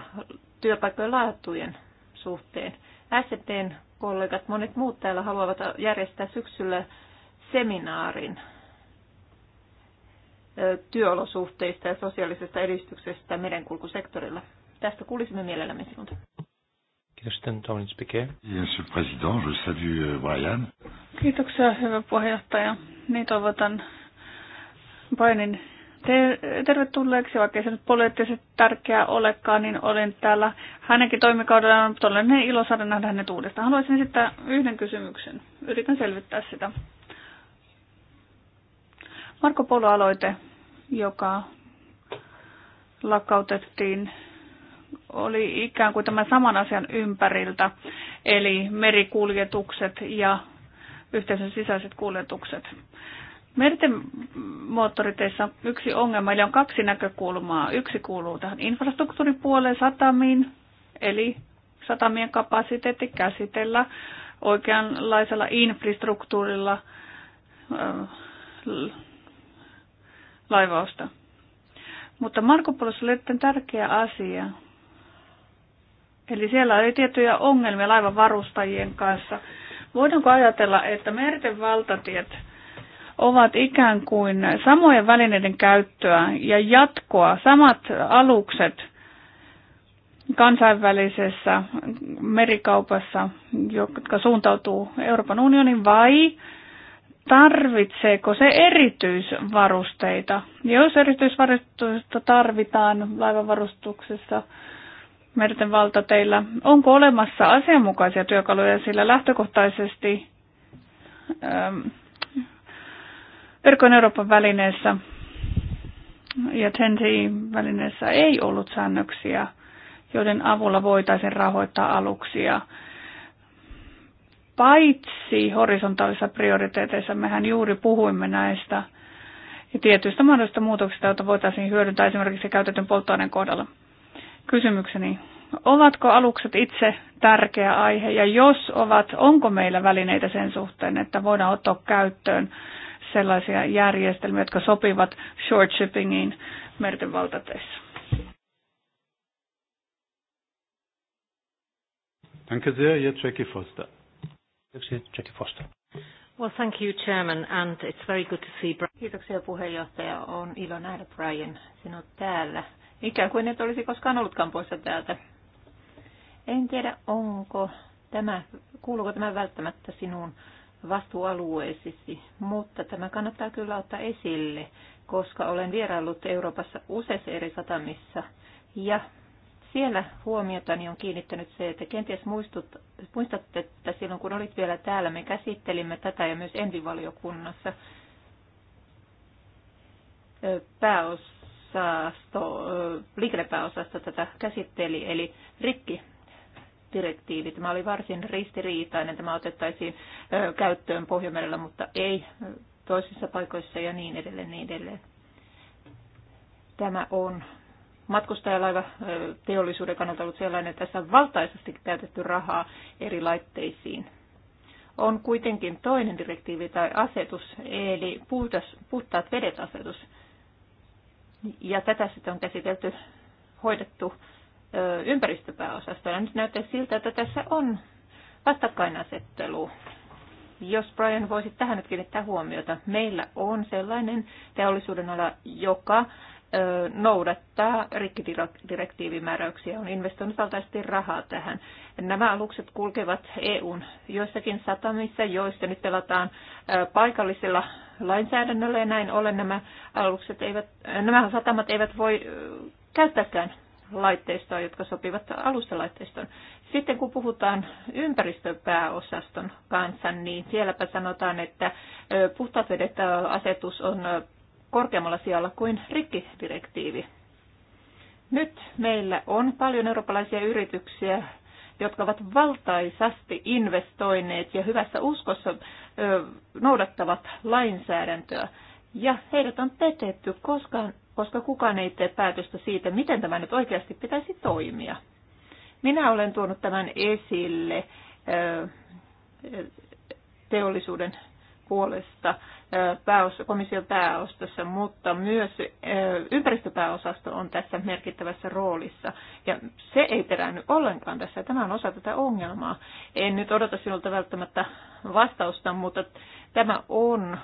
työpaikkojen laatujen suhteen. SDn kollegat, monet muut täällä haluavat järjestää syksyllä seminaarin työolosuhteista ja sosiaalisesta edistyksestä merenkulkusektorilla. Tästä kuulisimme mielellämme sinulta. Euh, Kiitoksia, hyvä puheenjohtaja. Niin toivotan Brianin tervetulleeksi, vaikka se nyt poliittisesti tärkeää olekaan, niin olen täällä. Hänenkin toimikaudellaan on todellinen ilo saada nähdä hänet uudestaan. Haluaisin esittää yhden kysymyksen. Yritän selvittää sitä. Marko Polo-aloite, joka lakkautettiin, oli ikään kuin tämän saman asian ympäriltä, eli merikuljetukset ja yhteisön sisäiset kuljetukset. Merten moottoriteissa on yksi ongelma, eli on kaksi näkökulmaa. Yksi kuuluu tähän infrastruktuuripuoleen satamiin, eli satamien kapasiteetti käsitellä oikeanlaisella infrastruktuurilla laivausta. Mutta Marko Polossa oli tärkeä asia. Eli siellä oli tiettyjä ongelmia laivan varustajien kanssa. Voidaanko ajatella, että merten valtatiet ovat ikään kuin samojen välineiden käyttöä ja jatkoa, samat alukset kansainvälisessä merikaupassa, joka suuntautuu Euroopan unionin, vai tarvitseeko se erityisvarusteita. Jos erityisvarusteita tarvitaan laivavarustuksessa, merten valtateillä, onko olemassa asianmukaisia työkaluja, sillä lähtökohtaisesti ähm, Verkon Euroopan välineessä ja TENTI-välineessä ei ollut säännöksiä, joiden avulla voitaisiin rahoittaa aluksia paitsi horisontaalisissa prioriteeteissa, mehän juuri puhuimme näistä ja tietyistä mahdollisista muutoksista, joita voitaisiin hyödyntää esimerkiksi käytetyn polttoaineen kohdalla. Kysymykseni, ovatko alukset itse tärkeä aihe ja jos ovat, onko meillä välineitä sen suhteen, että voidaan ottaa käyttöön sellaisia järjestelmiä, jotka sopivat short shippingiin merten valtateissa? Danke sehr, jetzt Jackie Foster. Kiitoksia, Well, thank you, Chairman, and it's very good to see Brian. Kiitoksia puheenjohtaja. On ilo nähdä Brian sinut täällä. Ikään kuin et olisi koskaan ollutkaan poissa täältä. En tiedä, onko tämä, kuuluuko tämä välttämättä sinun vastuualueesisi, mutta tämä kannattaa kyllä ottaa esille, koska olen vieraillut Euroopassa useissa eri satamissa ja siellä huomiotani on kiinnittänyt se, että kenties muistut, muistatte, että silloin kun olit vielä täällä, me käsittelimme tätä ja myös envivaliokunnassa pääosasto, liikennepääosasto tätä käsitteli, eli rikki direktiivi. Tämä oli varsin ristiriitainen. Tämä otettaisiin käyttöön Pohjanmerellä, mutta ei toisissa paikoissa ja niin edelleen, niin edelleen. Tämä on matkustajalaiva teollisuuden kannalta ollut sellainen, että tässä on valtaisesti käytetty rahaa eri laitteisiin. On kuitenkin toinen direktiivi tai asetus, eli puhtas, puhtaat vedet asetus. Ja tätä sitten on käsitelty, hoidettu ympäristöpääosastolla. Nyt näyttää siltä, että tässä on vastakkainasettelu. Jos Brian voisi tähän nyt kiinnittää huomiota, meillä on sellainen teollisuuden ala, joka noudattaa rikkidirektiivimääräyksiä, on investoinut valtaisesti rahaa tähän. Nämä alukset kulkevat EUn joissakin satamissa, joista nyt pelataan paikallisilla lainsäädännöllä ja näin ollen nämä, alukset eivät, nämä satamat eivät voi käyttääkään laitteistoa, jotka sopivat alustalaitteistoon. Sitten kun puhutaan ympäristöpääosaston kanssa, niin sielläpä sanotaan, että puhtaat vedet asetus on korkeammalla sijalla kuin rikkidirektiivi. Nyt meillä on paljon eurooppalaisia yrityksiä, jotka ovat valtaisasti investoineet ja hyvässä uskossa noudattavat lainsäädäntöä. Ja heidät on petetty, koska, koska kukaan ei tee päätöstä siitä, miten tämä nyt oikeasti pitäisi toimia. Minä olen tuonut tämän esille teollisuuden puolesta pääosa, komission pääostossa, mutta myös ympäristöpääosasto on tässä merkittävässä roolissa. Ja se ei peräänny ollenkaan tässä, tämä on osa tätä ongelmaa. En nyt odota sinulta välttämättä vastausta, mutta tämä on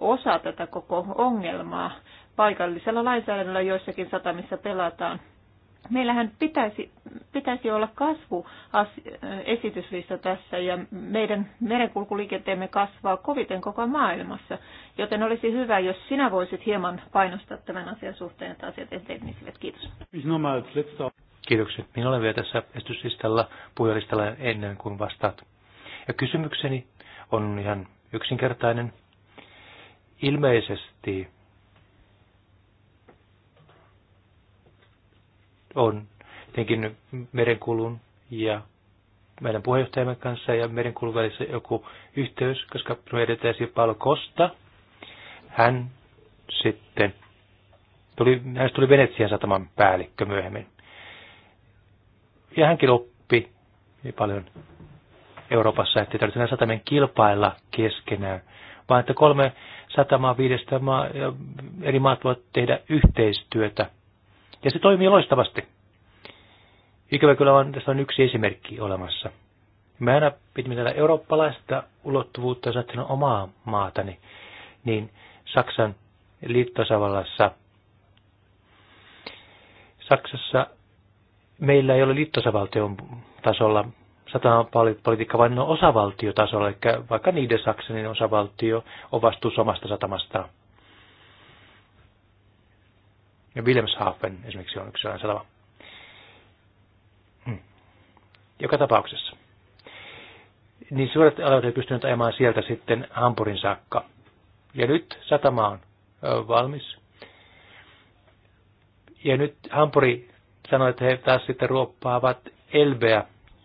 osa tätä koko ongelmaa. Paikallisella lainsäädännöllä joissakin satamissa pelataan meillähän pitäisi, pitäisi olla kasvuesityslista tässä ja meidän merenkulkuliikenteemme kasvaa koviten koko maailmassa, joten olisi hyvä, jos sinä voisit hieman painostaa tämän asian suhteen, että asiat etenisivät. Kiitos. Kiitokset. Minä olen vielä tässä esityslistalla puhujalistalla ennen kuin vastaat. Ja kysymykseni on ihan yksinkertainen. Ilmeisesti on tietenkin merenkulun ja meidän puheenjohtajamme kanssa ja merenkulun välissä joku yhteys, koska meidän Paolo Kosta, hän sitten tuli, hän tuli Venetsian sataman päällikkö myöhemmin. Ja hänkin oppi niin paljon Euroopassa, että ei tarvitse nämä satamien kilpailla keskenään, vaan että kolme satamaa viidestä maa, eri maat voivat tehdä yhteistyötä ja se toimii loistavasti. Ikävä kyllä on, tässä on yksi esimerkki olemassa. Mä aina pidimme täällä eurooppalaista ulottuvuutta, jos ajattelen omaa maatani, niin Saksan liittosavallassa, Saksassa meillä ei ole liittosavaltion tasolla satamapolitiikka, vaan ne on osavaltiotasolla, eli vaikka niiden Saksanin osavaltio on vastuussa omasta satamastaan. Ja Wilhelmshaven esimerkiksi on yksi sellainen satama. Hmm. Joka tapauksessa. Niin suuret alueet ei pystynyt ajamaan sieltä sitten Hampurin saakka. Ja nyt satama on valmis. Ja nyt Hampuri sanoi, että he taas sitten ruoppaavat Elbeä,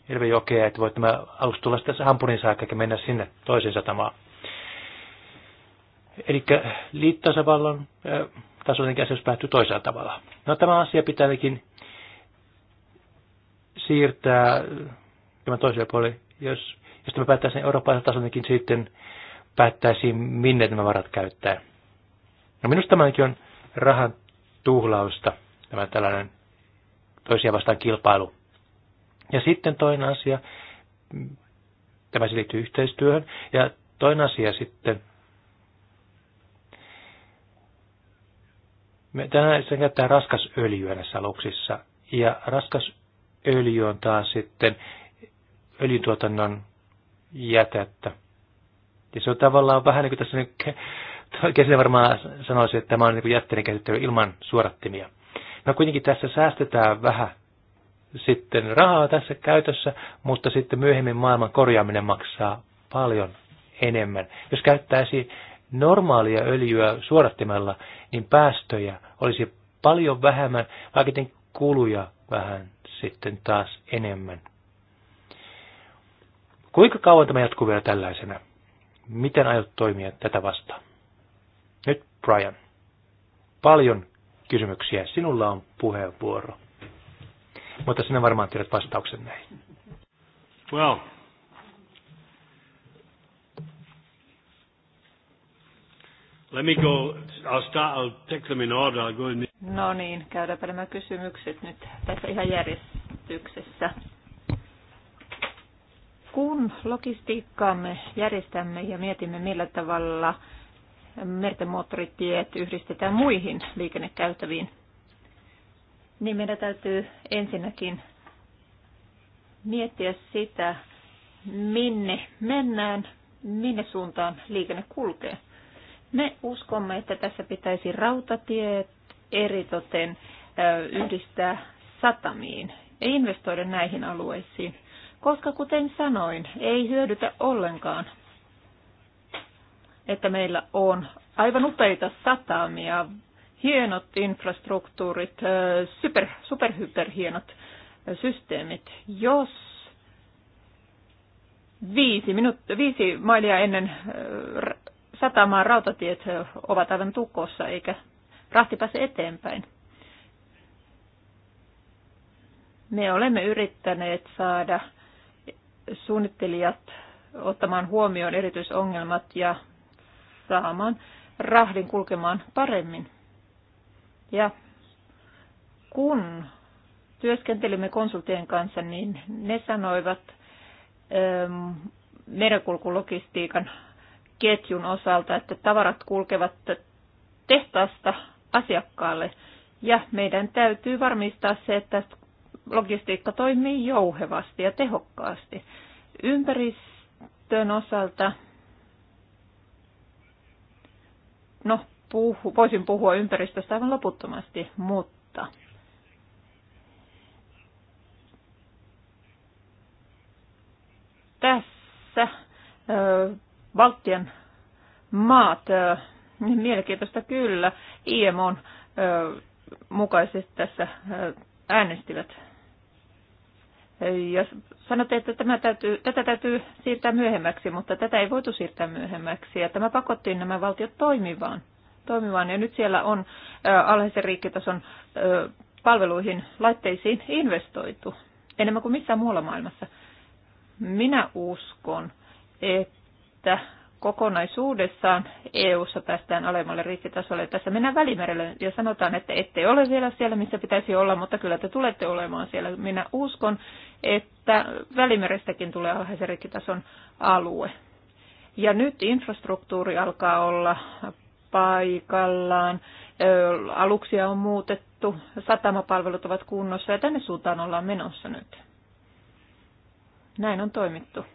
Elbejokea, että voit tämä alus tulla sitten Hampurin saakka ja mennä sinne toiseen satamaan. Eli liittosavallon tasoinen käsitys päättyy toisella tavalla. No tämä asia pitääkin siirtää tämän toiselle puolelle, jos, jos tämä päättäisiin tasolla, niin sitten päättäisiin, minne nämä varat käyttää. No minusta tämäkin on rahan tuhlausta, tämä tällainen toisia vastaan kilpailu. Ja sitten toinen asia, tämä liittyy yhteistyöhön, ja toinen asia sitten Me tänään se käyttää öljyä näissä aluksissa. Ja raskasöljy on taas sitten öljytuotannon jätettä. Ja se on tavallaan vähän niin kuin tässä nyt, Kesinen varmaan sanoisi, että tämä on niin jätteiden käsittely ilman suorattimia. No kuitenkin tässä säästetään vähän sitten rahaa tässä käytössä, mutta sitten myöhemmin maailman korjaaminen maksaa paljon enemmän. Jos käyttäisi normaalia öljyä suodattimella, niin päästöjä olisi paljon vähemmän, vaikka kuluja vähän sitten taas enemmän. Kuinka kauan tämä jatkuu vielä tällaisena? Miten aiot toimia tätä vastaan? Nyt Brian. Paljon kysymyksiä. Sinulla on puheenvuoro. Mutta sinä varmaan tiedät vastauksen näihin. Well, Let me go. I'll start. I'll take them in order. I'll go in. No niin, käydäänpä nämä kysymykset nyt tässä ihan järjestyksessä. Kun logistiikkaamme järjestämme ja mietimme, millä tavalla merten moottoritiet yhdistetään muihin liikennekäytäviin, niin meidän täytyy ensinnäkin miettiä sitä, minne mennään, minne suuntaan liikenne kulkee. Me uskomme, että tässä pitäisi rautatiet eritoten yhdistää satamiin ja investoida näihin alueisiin, koska kuten sanoin, ei hyödytä ollenkaan, että meillä on aivan upeita satamia, hienot infrastruktuurit, super, superhyperhienot systeemit, jos viisi, minuut, viisi mailia ennen satamaan rautatiet ovat aivan tukossa eikä rahti pääse eteenpäin. Me olemme yrittäneet saada suunnittelijat ottamaan huomioon erityisongelmat ja saamaan rahdin kulkemaan paremmin. Ja kun työskentelimme konsultien kanssa, niin ne sanoivat merenkulkulogistiikan ketjun osalta, että tavarat kulkevat tehtaasta asiakkaalle. Ja meidän täytyy varmistaa se, että logistiikka toimii jouhevasti ja tehokkaasti. Ympäristön osalta, no puhu, voisin puhua ympäristöstä aivan loputtomasti, mutta tässä Baltian maat, niin mielenkiintoista kyllä, IMOn mukaisesti tässä äänestivät. Ja sanotte, että tämä täytyy, tätä täytyy siirtää myöhemmäksi, mutta tätä ei voitu siirtää myöhemmäksi. Ja tämä pakotti nämä valtiot toimivaan. toimivaan. Ja nyt siellä on alhaisen riikkitason palveluihin, laitteisiin investoitu enemmän kuin missään muualla maailmassa. Minä uskon, että että kokonaisuudessaan EU-ssa päästään alemmalle riskitasolle. Tässä mennään välimerelle ja sanotaan, että ette ole vielä siellä, missä pitäisi olla, mutta kyllä te tulette olemaan siellä. Minä uskon, että välimerestäkin tulee alhaisen riskitason alue. Ja nyt infrastruktuuri alkaa olla paikallaan, aluksia on muutettu, satamapalvelut ovat kunnossa ja tänne suuntaan ollaan menossa nyt. Näin on toimittu.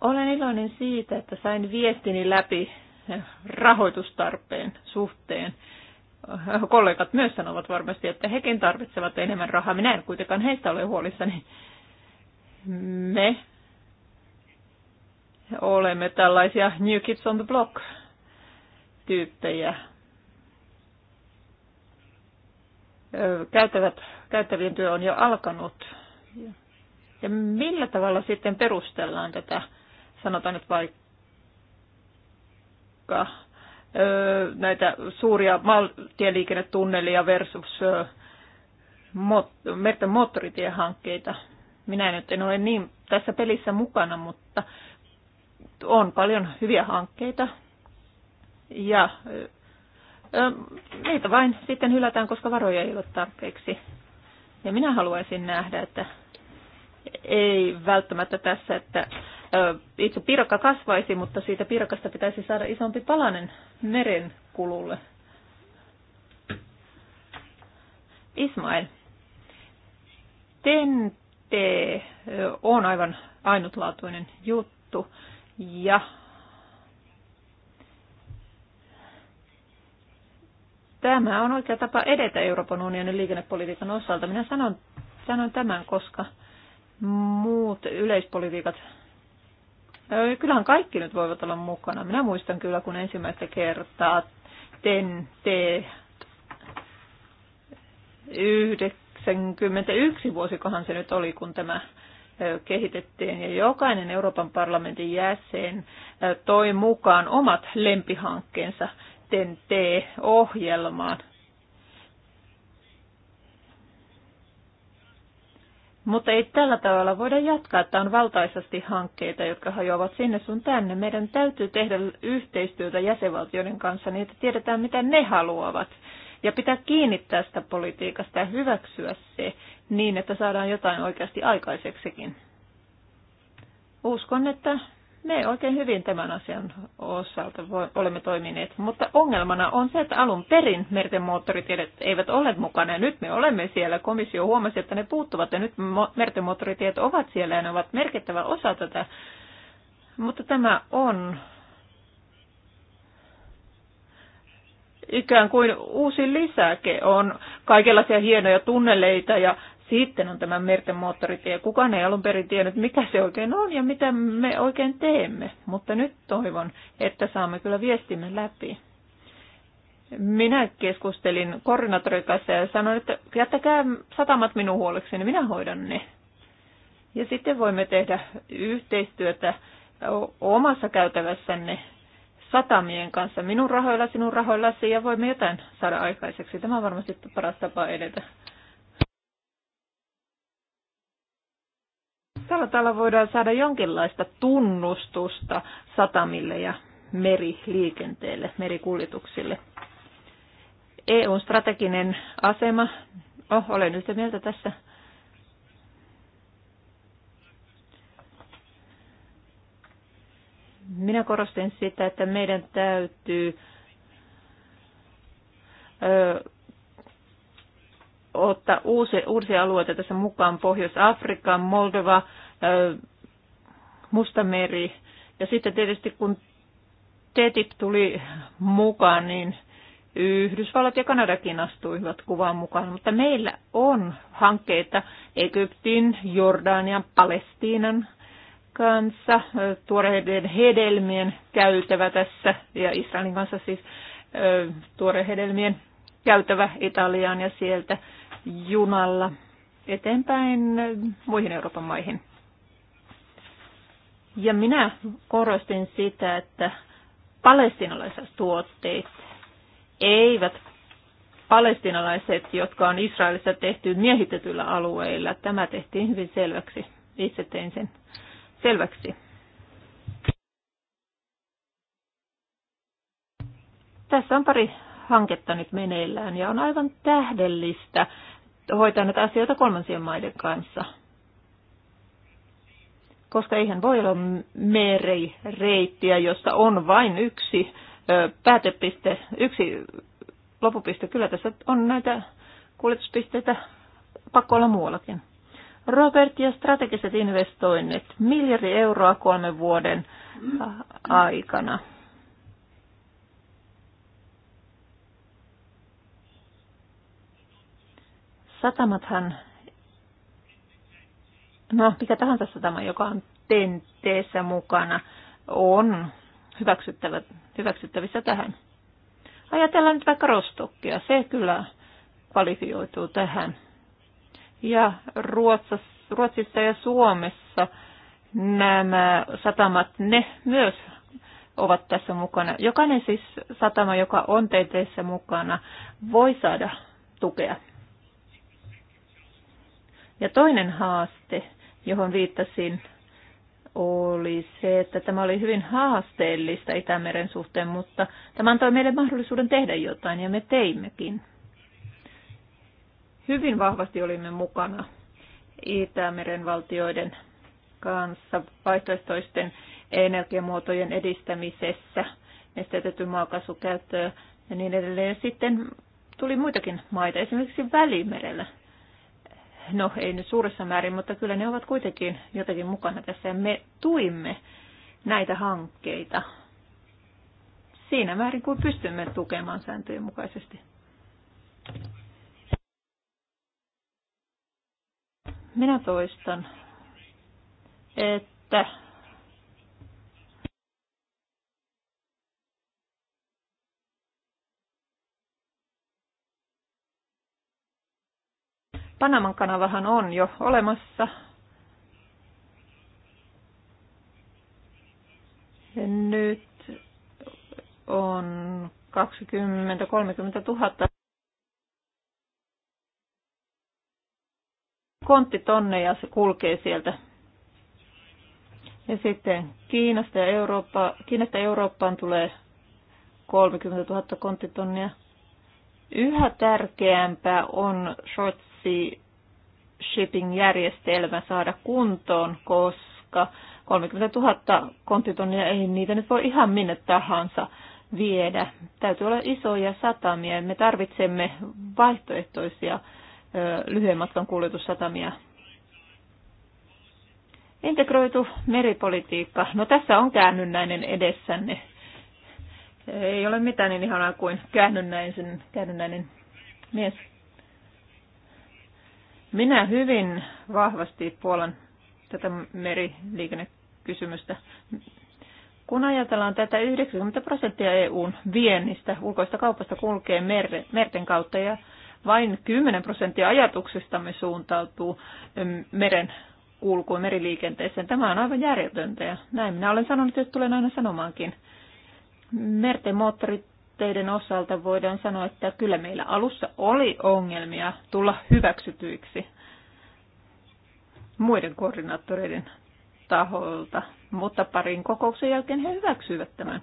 Olen iloinen siitä, että sain viestini läpi rahoitustarpeen suhteen. Kollegat myös sanovat varmasti, että hekin tarvitsevat enemmän rahaa. Minä en kuitenkaan heistä ole huolissani. Me olemme tällaisia New Kids on the Block tyyppejä. Käytävät, käyttävien työ on jo alkanut. Ja millä tavalla sitten perustellaan tätä sanotaan nyt vaikka näitä suuria maltieliikennetunnelia versus merten moottoritiehankkeita. Minä nyt en ole niin tässä pelissä mukana, mutta on paljon hyviä hankkeita. Ja niitä vain sitten hylätään, koska varoja ei ole tarpeeksi. Ja minä haluaisin nähdä, että ei välttämättä tässä, että itse piirakka kasvaisi, mutta siitä piirakasta pitäisi saada isompi palanen meren kululle. Ismail, tente on aivan ainutlaatuinen juttu ja tämä on oikea tapa edetä Euroopan unionin liikennepolitiikan osalta. Minä sanon, sanon tämän, koska muut yleispolitiikat Kyllähän kaikki nyt voivat olla mukana. Minä muistan kyllä, kun ensimmäistä kertaa TEN T 91 vuosikohan se nyt oli, kun tämä kehitettiin ja jokainen Euroopan parlamentin jäsen toi mukaan omat lempihankkeensa TEN-T-ohjelmaan. Mutta ei tällä tavalla voida jatkaa, että on valtaisasti hankkeita, jotka hajoavat sinne sun tänne. Meidän täytyy tehdä yhteistyötä jäsenvaltioiden kanssa niin, että tiedetään, mitä ne haluavat. Ja pitää kiinni tästä politiikasta ja hyväksyä se niin, että saadaan jotain oikeasti aikaiseksikin. Uskon, että me oikein hyvin tämän asian osalta olemme toimineet, mutta ongelmana on se, että alun perin merten moottoritiedet eivät ole mukana ja nyt me olemme siellä. Komissio huomasi, että ne puuttuvat ja nyt merten moottoritiet ovat siellä ja ne ovat merkittävä osa tätä. Mutta tämä on ikään kuin uusi lisäke on kaikenlaisia hienoja tunneleita ja sitten on tämä merten moottoritie. Kukaan ei alun perin tiennyt, mikä se oikein on ja mitä me oikein teemme. Mutta nyt toivon, että saamme kyllä viestimme läpi. Minä keskustelin koordinaattorin kanssa ja sanoin, että jättäkää satamat minun niin minä hoidan ne. Ja sitten voimme tehdä yhteistyötä omassa käytävässänne satamien kanssa, minun rahoilla, sinun rahoillasi, ja voimme jotain saada aikaiseksi. Tämä on varmasti paras tapa edetä. Tällä tavalla voidaan saada jonkinlaista tunnustusta satamille ja meriliikenteelle, merikuljetuksille. EUn strateginen asema, oh, olen yhtä mieltä tässä, minä korostin sitä, että meidän täytyy ottaa uusia, uusia alueita tässä mukaan, pohjois afrika Moldova, Mustameri. Ja sitten tietysti kun TTIP tuli mukaan, niin Yhdysvallat ja Kanadakin astuivat kuvaan mukaan, mutta meillä on hankkeita Egyptin, Jordanian, Palestiinan kanssa, tuoreiden hedelmien käytävä tässä ja Israelin kanssa siis tuoreiden hedelmien käytävä Italiaan ja sieltä junalla eteenpäin muihin Euroopan maihin. Ja minä korostin sitä, että palestinalaiset tuotteet eivät palestinalaiset, jotka on Israelissa tehty miehitetyillä alueilla. Tämä tehtiin hyvin selväksi. Itse tein sen selväksi. Tässä on pari hanketta nyt meneillään ja on aivan tähdellistä hoitaa näitä asioita kolmansien maiden kanssa. Koska eihän voi olla merireittiä, jossa on vain yksi päätepiste, yksi lopupiste. Kyllä tässä on näitä kuljetuspisteitä pakko olla muuallakin. Robert ja strategiset investoinnit, miljardi euroa kolmen vuoden aikana. Satamathan, no mikä tahansa satama, joka on tenteessä mukana, on hyväksyttävä, hyväksyttävissä tähän. Ajatellaan nyt vaikka Rostokkia, se kyllä kvalifioituu tähän. Ja Ruotsassa, Ruotsissa ja Suomessa nämä satamat, ne myös ovat tässä mukana. Jokainen siis satama, joka on TTssä mukana, voi saada tukea ja toinen haaste, johon viittasin, oli se, että tämä oli hyvin haasteellista Itämeren suhteen, mutta tämä antoi meille mahdollisuuden tehdä jotain ja me teimmekin. Hyvin vahvasti olimme mukana Itämeren valtioiden kanssa vaihtoehtoisten energiamuotojen edistämisessä, nesteytetyn maakaasun ja niin edelleen. Sitten tuli muitakin maita, esimerkiksi Välimerellä no ei nyt suuressa määrin, mutta kyllä ne ovat kuitenkin jotenkin mukana tässä. Ja me tuimme näitä hankkeita siinä määrin kuin pystymme tukemaan sääntöjen mukaisesti. Minä toistan, että Panaman kanavahan on jo olemassa. ja Nyt on 20 30 000 konttitonneja se kulkee sieltä. Ja sitten Kiinasta ja Eurooppa, Kiinasta Eurooppaan tulee 30 000 konttitonnia. Yhä tärkeämpää on short Sea Shipping-järjestelmä saada kuntoon, koska 30 000 konttitonnia ei niitä nyt voi ihan minne tahansa viedä. Täytyy olla isoja satamia ja me tarvitsemme vaihtoehtoisia lyhyen matkan kuljetussatamia. Integroitu meripolitiikka. No tässä on käännynnäinen edessänne. Ei ole mitään niin ihanaa kuin käännynnäisen, käännynnäinen mies. Minä hyvin vahvasti puolan tätä meriliikennekysymystä. Kun ajatellaan tätä 90 prosenttia EUn viennistä, ulkoista kaupasta kulkee merten kautta ja vain 10 prosenttia ajatuksistamme suuntautuu meren kulkuun meriliikenteeseen. Tämä on aivan järjetöntä ja näin minä olen sanonut, että tulen aina sanomaankin. Merten moottorit tuotteiden osalta voidaan sanoa, että kyllä meillä alussa oli ongelmia tulla hyväksytyiksi muiden koordinaattoreiden taholta, mutta parin kokouksen jälkeen he hyväksyivät tämän.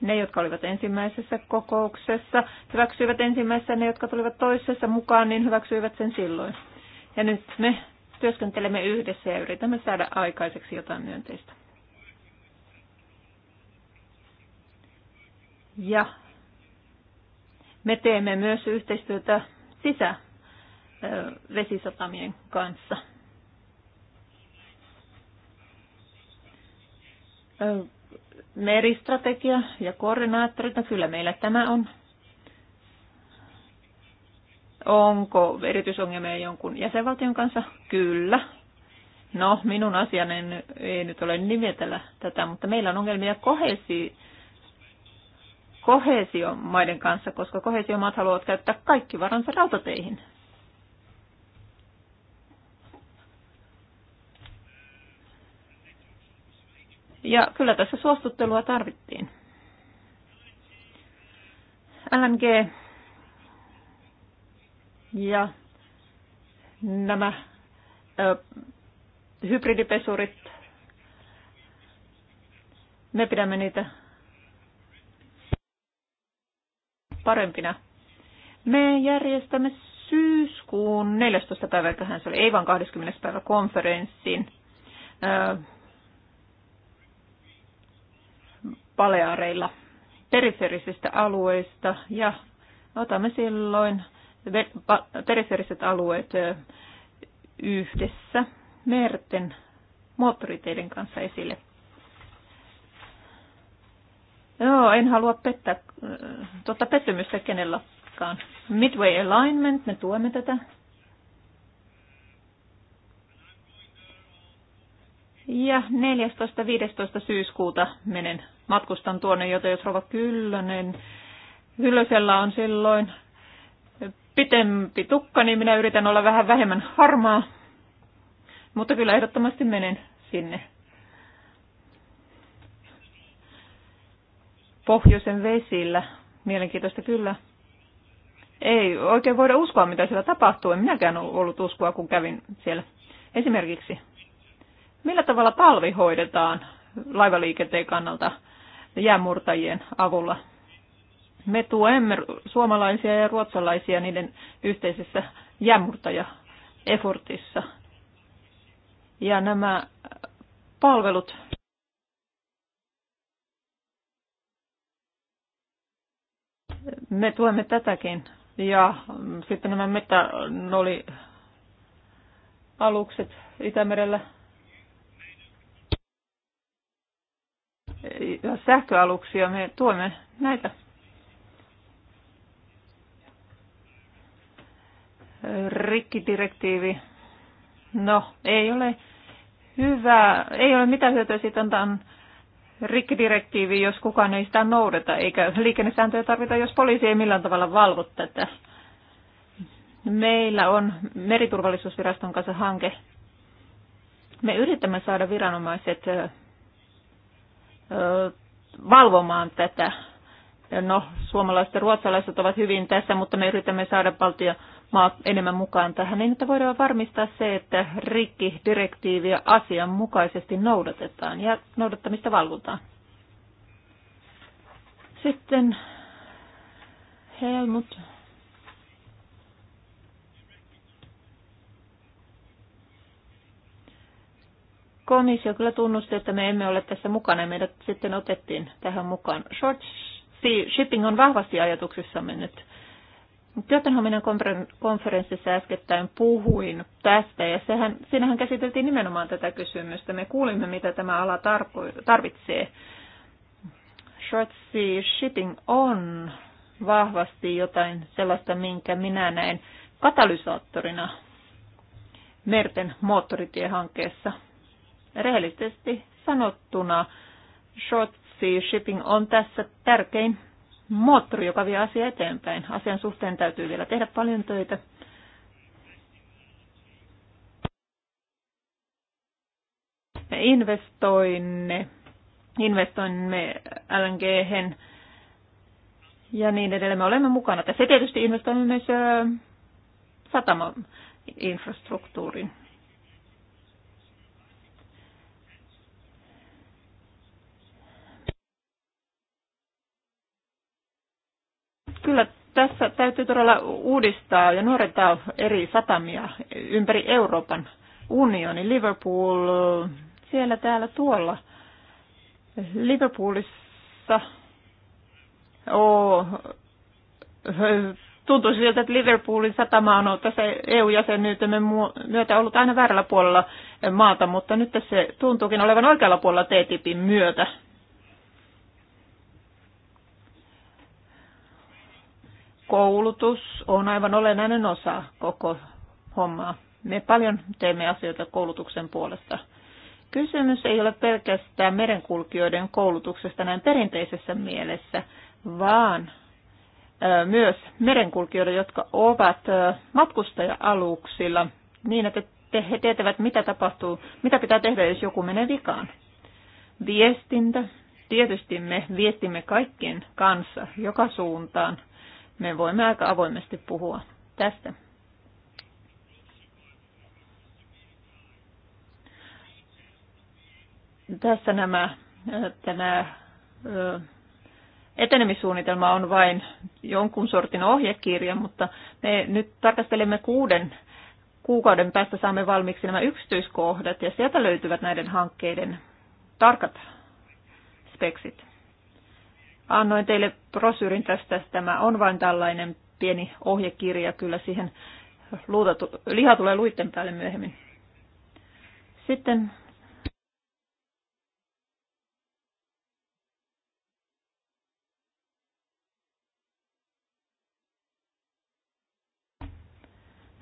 Ne, jotka olivat ensimmäisessä kokouksessa, hyväksyivät ensimmäisessä, ne, jotka tulivat toisessa mukaan, niin hyväksyivät sen silloin. Ja nyt me työskentelemme yhdessä ja yritämme saada aikaiseksi jotain myönteistä. Ja me teemme myös yhteistyötä sisävesisatamien kanssa. Meristrategia ja koordinaattorita, no kyllä meillä tämä on. Onko erityisongelmia jonkun jäsenvaltion kanssa? Kyllä. No, minun asiani ei nyt ole nimetellä tätä, mutta meillä on ongelmia kohesi kohesiomaiden kanssa, koska kohesiomaat haluavat käyttää kaikki varansa rautateihin. Ja kyllä tässä suostuttelua tarvittiin. LNG ja nämä ö, hybridipesurit, me pidämme niitä parempina. Me järjestämme syyskuun 14. päivältähän se oli, ei vaan 20. päivä konferenssin Paleareilla periferisistä alueista ja otamme silloin periferiset alueet yhdessä merten moottoriteiden kanssa esille. Joo, en halua pettää, äh, totta pettymystä kenellakaan. Midway Alignment, me tuemme tätä. Ja 14.15. syyskuuta menen, matkustan tuonne, joten jos Rova Kyllönen, Kyllösellä on silloin pitempi tukka, niin minä yritän olla vähän vähemmän harmaa. Mutta kyllä ehdottomasti menen sinne. pohjoisen vesillä. Mielenkiintoista kyllä. Ei oikein voida uskoa, mitä siellä tapahtuu. En minäkään ollut uskoa, kun kävin siellä. Esimerkiksi, millä tavalla talvi hoidetaan laivaliikenteen kannalta jäämurtajien avulla? Me tuemme suomalaisia ja ruotsalaisia niiden yhteisessä jäämurtaja-efortissa. Ja nämä palvelut Me tuemme tätäkin. Ja mm, sitten nämä metanoli alukset Itämerellä. Ja sähköaluksia me tuemme näitä. Rikkidirektiivi. No, ei ole hyvä, ei ole mitään hyötyä siitä antaa rikkidirektiivi, jos kukaan ei sitä noudata, eikä liikennesääntöjä tarvita, jos poliisi ei millään tavalla valvo tätä. Meillä on meriturvallisuusviraston kanssa hanke. Me yritämme saada viranomaiset valvomaan tätä. No, suomalaiset ja ruotsalaiset ovat hyvin tässä, mutta me yritämme saada Baltian maa enemmän mukaan tähän, niin että voidaan varmistaa se, että rikkidirektiiviä asianmukaisesti noudatetaan ja noudattamista valvotaan. Sitten Helmut. Komissio kyllä tunnusti, että me emme ole tässä mukana ja meidät sitten otettiin tähän mukaan. Short shipping on vahvasti ajatuksissamme nyt Kööpenhaminan konferenssissa äskettäin puhuin tästä ja sehän, siinähän käsiteltiin nimenomaan tätä kysymystä. Me kuulimme, mitä tämä ala tarko- tarvitsee. Short sea shipping on vahvasti jotain sellaista, minkä minä näen katalysaattorina merten moottoritiehankkeessa. Rehellisesti sanottuna short sea shipping on tässä tärkein moottori, joka vie asia eteenpäin. Asian suhteen täytyy vielä tehdä paljon töitä. Me investoinne, investoimme lng ja niin edelleen. Me olemme mukana tässä. tietysti investoimme myös infrastruktuuriin. Kyllä tässä täytyy todella uudistaa ja nuorentaa eri satamia ympäri Euroopan unioni. Liverpool, siellä täällä tuolla. Liverpoolissa oh, tuntuu siltä, että Liverpoolin satama on tässä EU-jäsenyytemme myötä ollut aina väärällä puolella maata, mutta nyt se tuntuukin olevan oikealla puolella TTIPin myötä. koulutus on aivan olennainen osa koko hommaa. Me paljon teemme asioita koulutuksen puolesta. Kysymys ei ole pelkästään merenkulkijoiden koulutuksesta näin perinteisessä mielessä, vaan myös merenkulkijoiden, jotka ovat matkustaja-aluksilla niin, että he tietävät, mitä tapahtuu, mitä pitää tehdä, jos joku menee vikaan. Viestintä. Tietysti me viestimme kaikkien kanssa joka suuntaan me voimme aika avoimesti puhua tästä. Tässä nämä, tämä etenemissuunnitelma on vain jonkun sortin ohjekirja, mutta me nyt tarkastelemme kuuden kuukauden päästä saamme valmiiksi nämä yksityiskohdat ja sieltä löytyvät näiden hankkeiden tarkat speksit annoin teille brosyyrin tästä. Tämä on vain tällainen pieni ohjekirja, kyllä siihen luuta, liha tulee luitten päälle myöhemmin. Sitten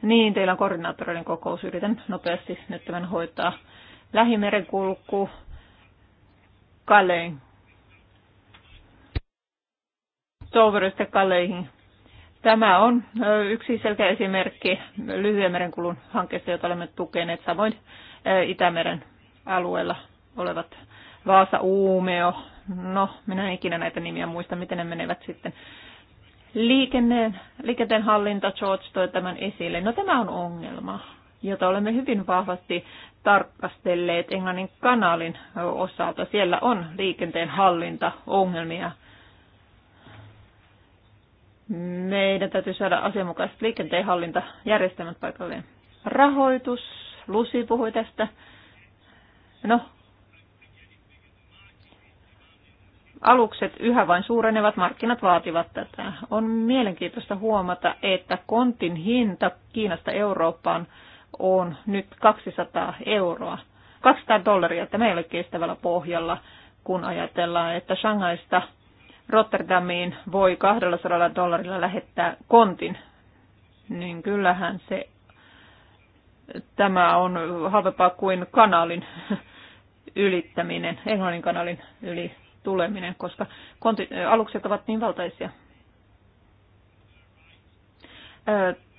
Niin, teillä on koordinaattoreiden kokous. Yritän nopeasti nyt tämän hoitaa. Lähimerenkulku, Kalein Touverystä Kalleihin. Tämä on yksi selkeä esimerkki lyhyen merenkulun hankkeesta, jota olemme tukeneet, samoin Itämeren alueella olevat Vaasa Uumeo. No, minä en ikinä näitä nimiä muista, miten ne menevät sitten. Liikenteen, liikenteen hallinta, George toi tämän esille. No tämä on ongelma, jota olemme hyvin vahvasti tarkastelleet Englannin kanalin osalta. Siellä on liikenteen hallinta ongelmia meidän täytyy saada asianmukaiset liikenteenhallintajärjestelmät paikalleen. Rahoitus, Lusi puhui tästä. No, alukset yhä vain suurenevat, markkinat vaativat tätä. On mielenkiintoista huomata, että kontin hinta Kiinasta Eurooppaan on nyt 200 euroa, 200 dollaria, että meillä ei ole kestävällä pohjalla, kun ajatellaan, että Shanghaista Rotterdamiin voi 200 dollarilla lähettää kontin, niin kyllähän se tämä on halvempaa kuin kanalin ylittäminen, Englannin kanalin yli tuleminen, koska konti, alukset ovat niin valtaisia.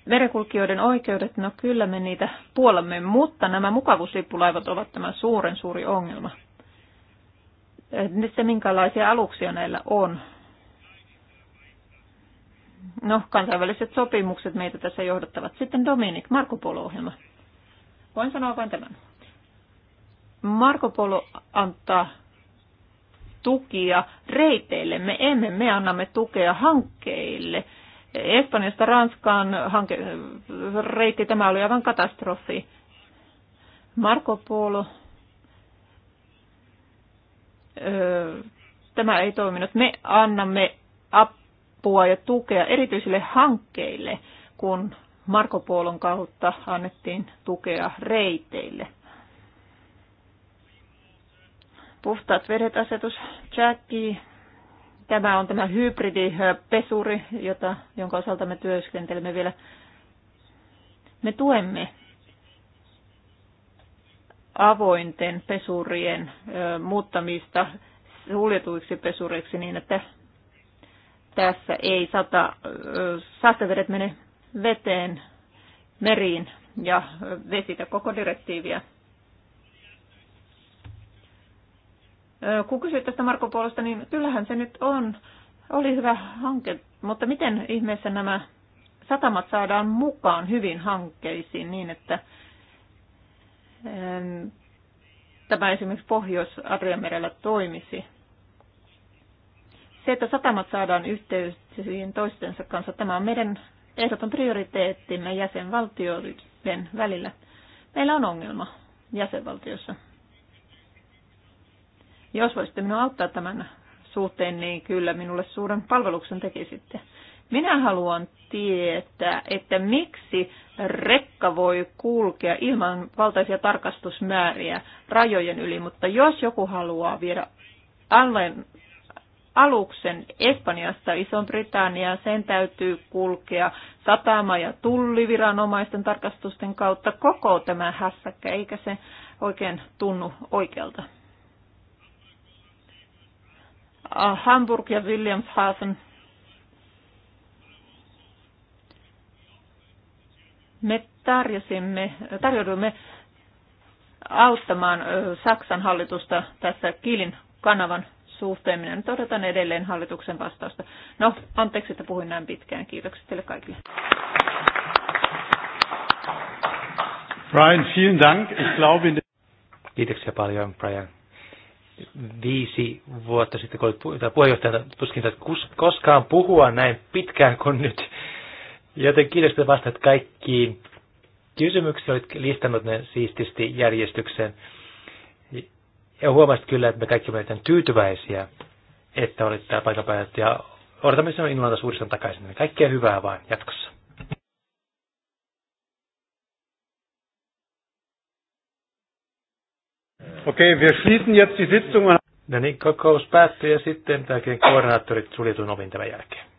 Merenkulkijoiden oikeudet, no kyllä me niitä puolamme, mutta nämä mukavuuslippulaivat ovat tämä suuren suuri ongelma että minkälaisia aluksia näillä on. No, kansainväliset sopimukset meitä tässä johdattavat. Sitten Dominik, Marko Polo-ohjelma. Voin sanoa vain tämän. Marko Polo antaa tukia reiteille. Me emme, me annamme tukea hankkeille. Espanjasta Ranskaan hanke, reitti, tämä oli aivan katastrofi. Marko Polo tämä ei toiminut. Me annamme apua ja tukea erityisille hankkeille, kun Marko Poolon kautta annettiin tukea reiteille. Puhtaat vedet asetus, Jackie. Tämä on tämä hybridipesuri, jota, jonka osalta me työskentelemme vielä. Me tuemme avointen pesurien muuttamista suljetuiksi pesureiksi niin, että tässä ei sata, saastavedet mene veteen, meriin ja vesitä koko direktiiviä. Kun kysyit tästä Marko Polosta, niin kyllähän se nyt on. Oli hyvä hanke, mutta miten ihmeessä nämä satamat saadaan mukaan hyvin hankkeisiin niin, että tämä esimerkiksi Pohjois-Adrianmerellä toimisi. Se, että satamat saadaan yhteyksiin toistensa kanssa, tämä on meidän ehdoton prioriteettimme jäsenvaltioiden välillä. Meillä on ongelma jäsenvaltiossa. Jos voisitte minua auttaa tämän suhteen, niin kyllä minulle suuren palveluksen tekisitte. Minä haluan tietää, että miksi rekka voi kulkea ilman valtaisia tarkastusmääriä rajojen yli, mutta jos joku haluaa viedä alleen, aluksen Espanjasta ison britannia sen täytyy kulkea satama- ja tulliviranomaisten tarkastusten kautta koko tämä hässäkkä, eikä se oikein tunnu oikealta. Ah, Hamburg ja Williamshaven Me tarjosimme, auttamaan Saksan hallitusta tässä Kiilin kanavan suhteen. Minä nyt odotan edelleen hallituksen vastausta. No, anteeksi, että puhuin näin pitkään. Kiitokset teille kaikille. Brian, vielen Dank. Ich glaube, Kiitoksia paljon, Brian. Viisi vuotta sitten, kun olit puheenjohtajana, tuskin koskaan puhua näin pitkään kuin nyt. Joten kiitos, että vastaat kaikkiin kysymyksiin. Olet listannut ne siististi järjestykseen. Ja huomasit kyllä, että me kaikki olemme tyytyväisiä, että olit täällä paikan päällä. Ja odotamme sinua innolla taas uudestaan takaisin. Kaikkea hyvää vaan jatkossa. Okei, okay, wir schließen jetzt die Sitzung. No niin, kokous päättyi ja sitten tämän koordinaattorit suljetun ovin tämän jälkeen.